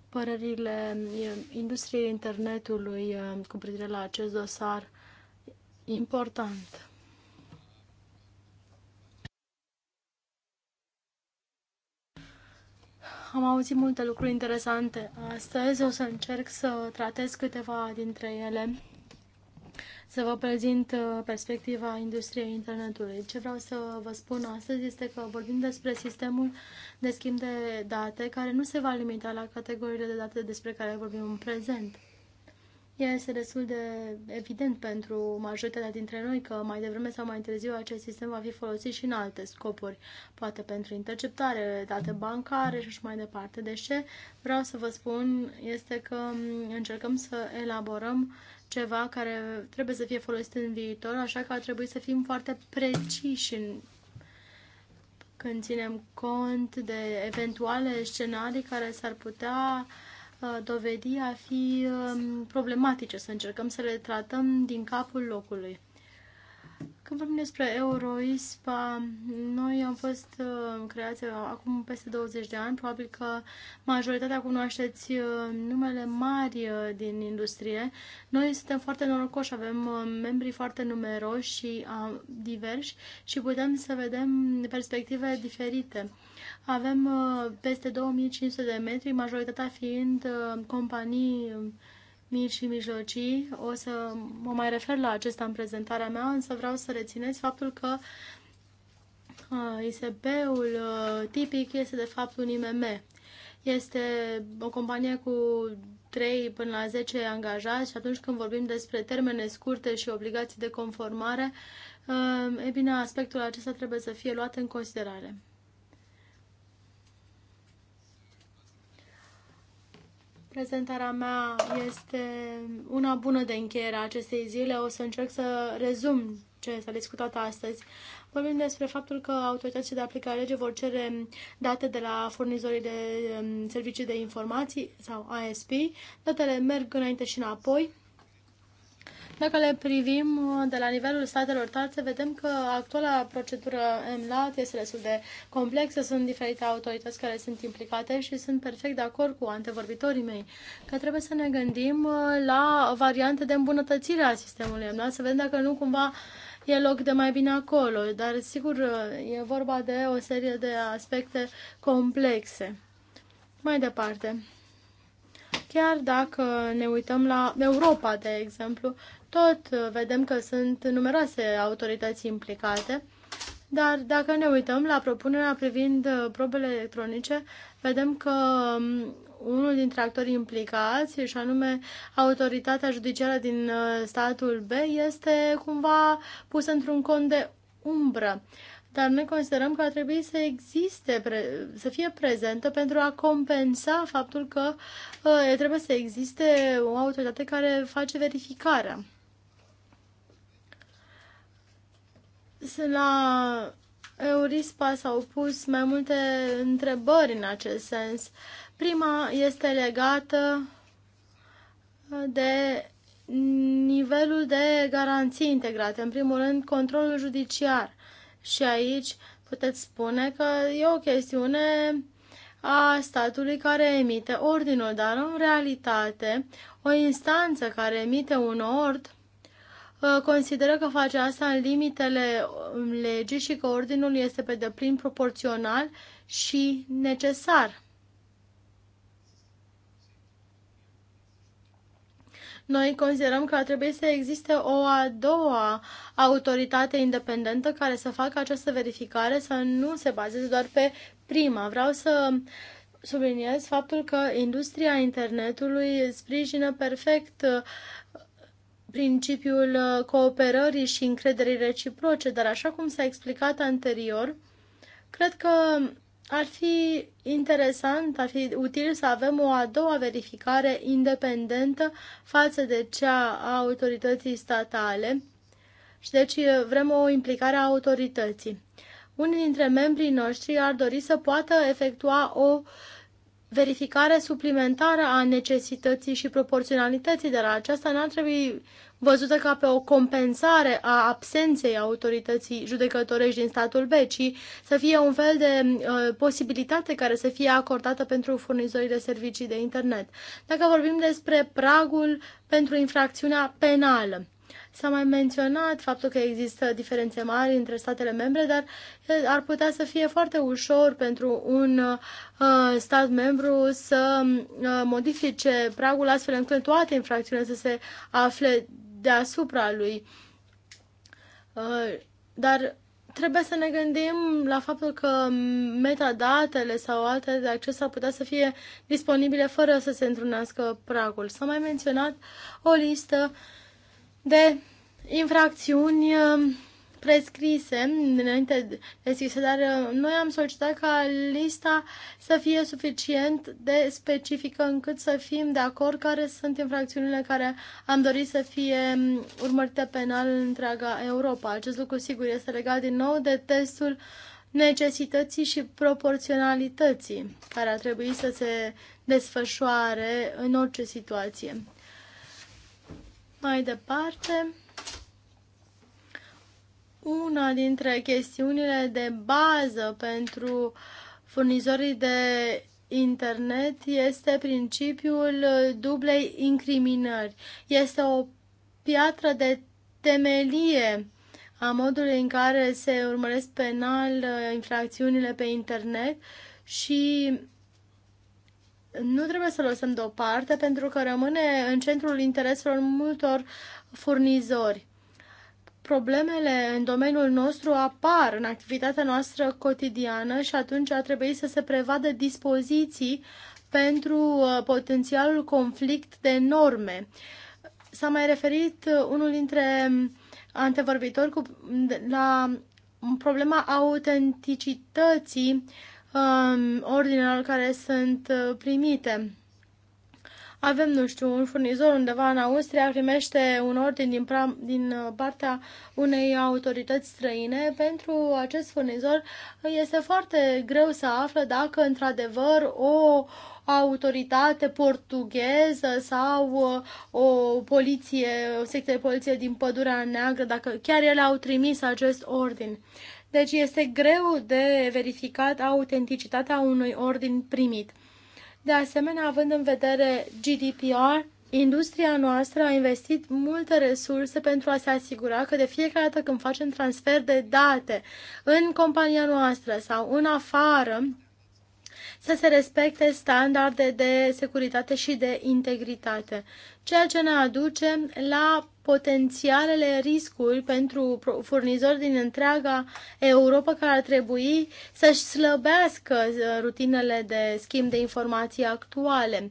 Speaker 3: părerile uh, industriei internetului uh, cu privire la acest dosar important. Am auzit multe lucruri interesante astăzi. O să încerc să tratez câteva dintre ele, să vă prezint uh, perspectiva industriei internetului. Ce vreau să vă spun astăzi este că vorbim despre sistemul de schimb de date care nu se va limita la categoriile de date despre care vorbim în prezent ea este destul de evident pentru majoritatea dintre noi că mai devreme sau mai târziu acest sistem va fi folosit și în alte scopuri, poate pentru interceptare, date bancare și așa mai departe. De deci ce vreau să vă spun este că încercăm să elaborăm ceva care trebuie să fie folosit în viitor, așa că ar trebui să fim foarte preciși în când ținem cont de eventuale scenarii care s-ar putea uh, Uh, dovedi a fi um, problematice, să încercăm să le tratăm din capul locului. Când vorbim despre Euroispa, noi am fost uh, creați uh, acum peste 20 de ani. Probabil că majoritatea cunoașteți uh, numele mari din industrie. Noi suntem foarte norocoși, avem membri foarte numeroși și diversi și putem să vedem perspective diferite. Avem peste 2500 de metri, majoritatea fiind companii mici și mijlocii. O să mă mai refer la acesta în prezentarea mea, însă vreau să rețineți faptul că uh, ISP-ul uh, tipic este de fapt un IMM. Este o companie cu 3 până la 10 angajați și atunci când vorbim despre termene scurte și obligații de conformare, uh, e bine, aspectul acesta trebuie să fie luat în considerare. Prezentarea mea este una bună de încheiere a acestei zile. O să încerc să rezum ce s-a discutat astăzi. Vorbim despre faptul că autoritățile de aplicare lege vor cere date de la furnizorii de um, servicii de informații sau ASP. Datele merg înainte și înapoi dacă le privim uh, de la nivelul statelor tarțe, vedem că actuala procedură MLAT este destul de complexă, sunt diferite autorități care sunt implicate și sunt perfect de acord cu antevorbitorii mei că trebuie să ne gândim uh, la variante de îmbunătățire a sistemului MLAT, să vedem dacă nu cumva e loc de mai bine acolo, dar sigur uh, e vorba de o serie de aspecte complexe. Mai departe, chiar dacă ne uităm la Europa, de exemplu, tot vedem că sunt numeroase autorități implicate, dar dacă ne uităm la propunerea privind uh, probele electronice, vedem că um, unul dintre actorii implicați, și anume autoritatea judiciară din uh, statul B, este cumva pus într-un cont de umbră. Dar noi considerăm că ar trebui să existe, să fie prezentă pentru a compensa faptul că uh, trebuie să existe o autoritate care face verificarea. la Eurispa s-au pus mai multe întrebări în acest sens. Prima este legată de nivelul de garanții integrate. În primul rând, controlul judiciar. Și aici puteți spune că e o chestiune a statului care emite ordinul, dar în realitate o instanță care emite un ord Uh, consideră că face asta în limitele um, legii și că ordinul este pe deplin proporțional și necesar. Noi considerăm că trebuie să existe o a doua autoritate independentă care să facă această verificare, să nu se bazeze doar pe prima. Vreau să subliniez faptul că industria internetului sprijină perfect uh, principiul uh, cooperării și încrederii reciproce, dar așa cum s-a explicat anterior, cred că ar fi interesant, ar fi util să avem o a doua verificare independentă față de cea a autorității statale și deci uh, vrem o implicare a autorității. Unii dintre membrii noștri ar dori să poată efectua o verificare suplimentară a necesității și proporționalității, dar aceasta n-ar trebui văzută ca pe o compensare a absenței autorității judecătorești din statul B, ci să fie un fel de uh, posibilitate care să fie acordată pentru furnizorii de servicii de internet. Dacă vorbim despre pragul pentru infracțiunea penală, S-a mai menționat faptul că există diferențe mari între statele membre, dar uh, ar putea să fie foarte ușor pentru un uh, stat membru să uh, modifice pragul astfel încât toate infracțiunile să se afle deasupra lui. Uh, dar trebuie să ne gândim la faptul că metadatele sau alte de acces ar putea să fie disponibile fără să se întrunească pragul. S-a mai menționat o listă de infracțiuni uh, prescrise, înainte de scrise, dar uh, noi am solicitat ca lista să fie suficient de specifică încât să fim de acord care sunt infracțiunile care am dorit să fie um, urmărite penal în întreaga Europa. Acest lucru sigur este legat din nou de testul necesității și proporționalității care ar trebui să se desfășoare în orice situație. Mai departe, una dintre chestiunile de bază pentru furnizorii de internet este principiul dublei incriminări. Este o piatră de temelie a modului în care se urmăresc penal uh, infracțiunile pe internet și nu trebuie să lăsăm deoparte pentru că rămâne în centrul intereselor multor furnizori problemele în domeniul nostru apar în activitatea noastră cotidiană și atunci ar trebui să se prevadă dispoziții pentru uh, potențialul conflict de norme. S-a mai referit uh, unul dintre um, antevorbitori cu, la um, problema autenticității um, ordinelor care sunt uh, primite avem, nu știu, un furnizor undeva în Austria primește un ordin din, pra- din uh, partea unei autorități străine, pentru acest furnizor uh, este foarte greu să află dacă într-adevăr o autoritate portugheză sau uh, o poliție, o secție de poliție din Pădurea Neagră, dacă chiar ele au trimis acest ordin. Deci este greu de verificat autenticitatea unui ordin primit. De asemenea, având în vedere GDPR, industria noastră a investit multe resurse pentru a se asigura că de fiecare dată când facem transfer de date în compania noastră sau în afară, să se respecte standarde de securitate și de integritate, ceea ce ne aduce la potențialele riscuri pentru furnizori din întreaga Europa care ar trebui să-și slăbească uh, rutinele de schimb de informații actuale.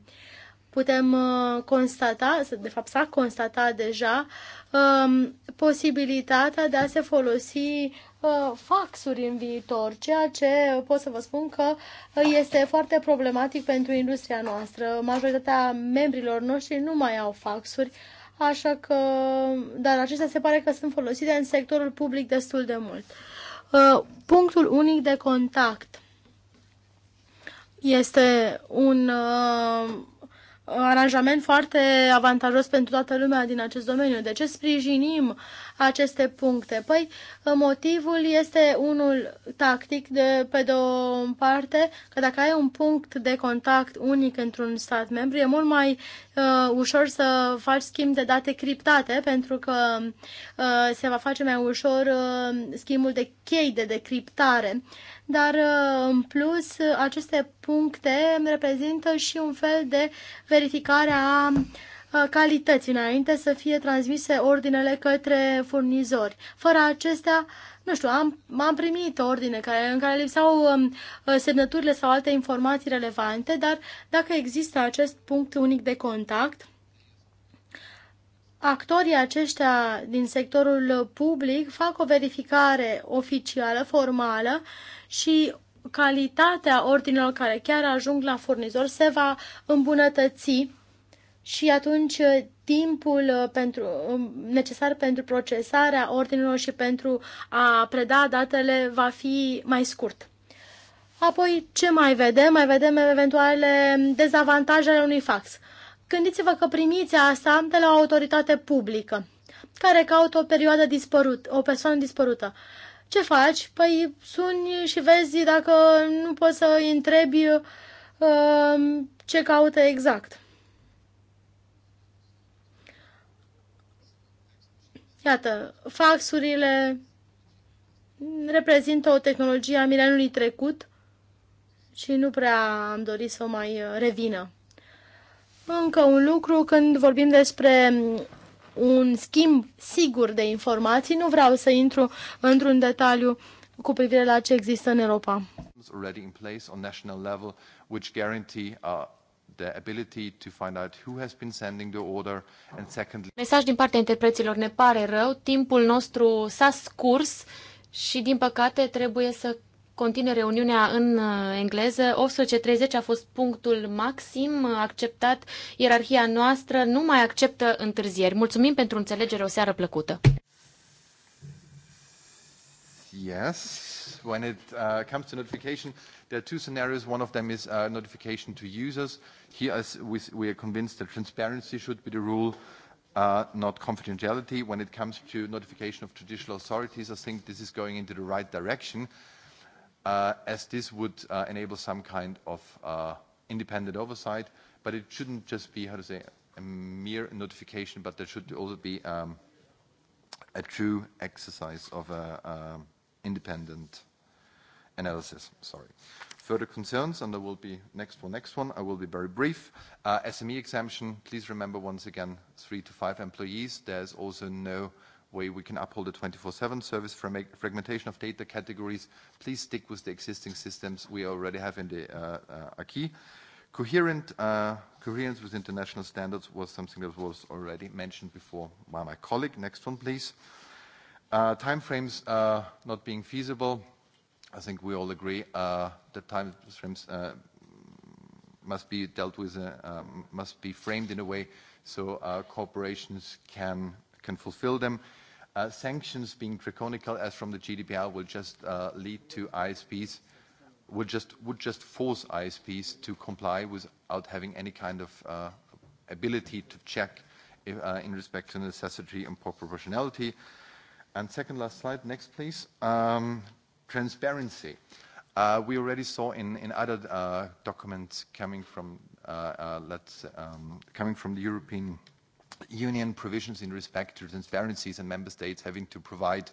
Speaker 3: Putem uh, constata, de fapt s-a constatat deja, um, posibilitatea de a se folosi Uh, faxuri în viitor, ceea ce pot să vă spun că este foarte problematic pentru industria noastră. Majoritatea membrilor noștri nu mai au faxuri, așa că, dar acestea se pare că sunt folosite în sectorul public destul de mult. Uh, punctul unic de contact este un uh, aranjament foarte avantajos pentru toată lumea din acest domeniu. De ce sprijinim aceste puncte? Păi, ă, motivul este unul tactic, de, pe de o parte, că dacă ai un punct de contact unic într-un stat membru, e mult mai uh, ușor să faci schimb de date criptate, pentru că uh, se va face mai ușor uh, schimbul de chei de decriptare. Dar, uh, în plus, aceste puncte reprezintă și un fel de verificare a uh, Uh, calități înainte să fie transmise ordinele către furnizori. Fără acestea, nu știu, am, am primit ordine care, în care lipsau um, uh, semnăturile sau alte informații relevante, dar dacă există acest punct unic de contact, actorii aceștia din sectorul public fac o verificare oficială, formală și calitatea ordinelor care chiar ajung la furnizor se va îmbunătăți și atunci uh, timpul uh, pentru, um, necesar pentru procesarea ordinelor și pentru a preda datele va fi mai scurt. Apoi, ce mai vedem? Mai vedem eventuale dezavantajele unui fax. Gândiți-vă că primiți asta de la o autoritate publică care caută o perioadă dispărută, o persoană dispărută. Ce faci? Păi suni și vezi dacă nu poți să întrebi uh, ce caută exact. Iată, faxurile reprezintă o tehnologie a mileniului trecut și nu prea am dorit să o mai uh, revină. Încă un lucru, când vorbim despre un schimb sigur de informații, nu vreau să intru într-un detaliu cu privire la ce există în Europa
Speaker 1: the ability to find out who has been sending the order and secondly...
Speaker 4: Mesaj din partea interpreților ne pare rău, timpul nostru s-a scurs și din păcate trebuie să continue reuniunea în uh, engleză. 830 a fost punctul maxim uh, acceptat. Ierarhia noastră nu mai acceptă întârzieri. Mulțumim pentru înțelegere, o seară plăcută.
Speaker 1: Yes when it uh, comes to notification, there are two scenarios. One of them is uh, notification to users. Here, as we, we are convinced that transparency should be the rule, uh, not confidentiality. When it comes to notification of judicial authorities, I think this is going into the right direction, uh, as this would uh, enable some kind of uh, independent oversight. But it shouldn't just be, how to say, a mere notification, but there should also be um, a true exercise of a, uh, a um, independent analysis. Sorry. Further concerns, and there will be next for next one. I will be very brief. Uh, SME exemption, please remember once again, three to five employees. There's also no way we can uphold a 24/7 service fragmentation of data categories. Please stick with the existing systems we already have in the uh, uh, acquis. Coherent, coherence with international standards was something that was already mentioned before by my colleague. Next one, please. Time Timeframes not being feasible. I think we all agree uh, that time frames uh, must be dealt with, uh, um, must be framed in a way so uh, corporations can, can fulfill them. Uh, sanctions being draconical as from the GDPR will just uh, lead to ISPs, would just, would just force ISPs to comply without having any kind of uh, ability to check if, uh, in respect to necessity and proportionality. And second last slide, next please. Um, transparency. Uh, we already saw in, in other uh, documents coming from, uh, uh, let's, um, coming from the European Union provisions in respect to transparencies and member states having to provide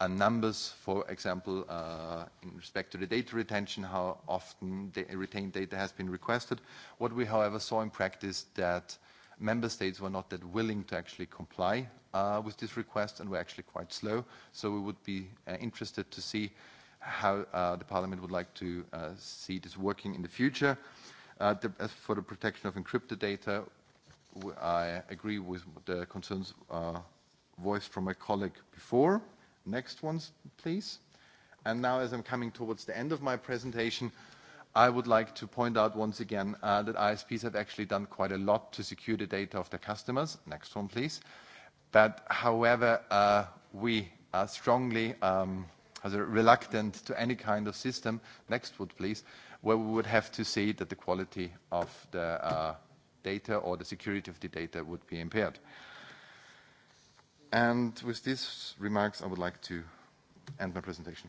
Speaker 1: uh, numbers, for example, uh, in respect to the data retention, how often retained data has been requested. What we, however, saw in practice that uh, Member states were not that willing to actually comply uh, with this request and were actually quite slow. So we would be uh, interested to see how uh, the Parliament would like to uh, see this working in the future. Uh, the, as for the protection of encrypted data, I agree with the concerns uh, voiced from my colleague before. Next ones, please. And now as I'm coming towards the end of my presentation, I would like to point out once again uh, that ISPs have actually done quite a lot to secure the data of their customers. Next one, please. But however, uh, we are strongly um, reluctant to any kind of system, next one, please, where we would have to see that the quality of the uh, data or the security of the data would be impaired. And with these remarks, I would like to end my presentation.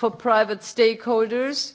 Speaker 5: for private stakeholders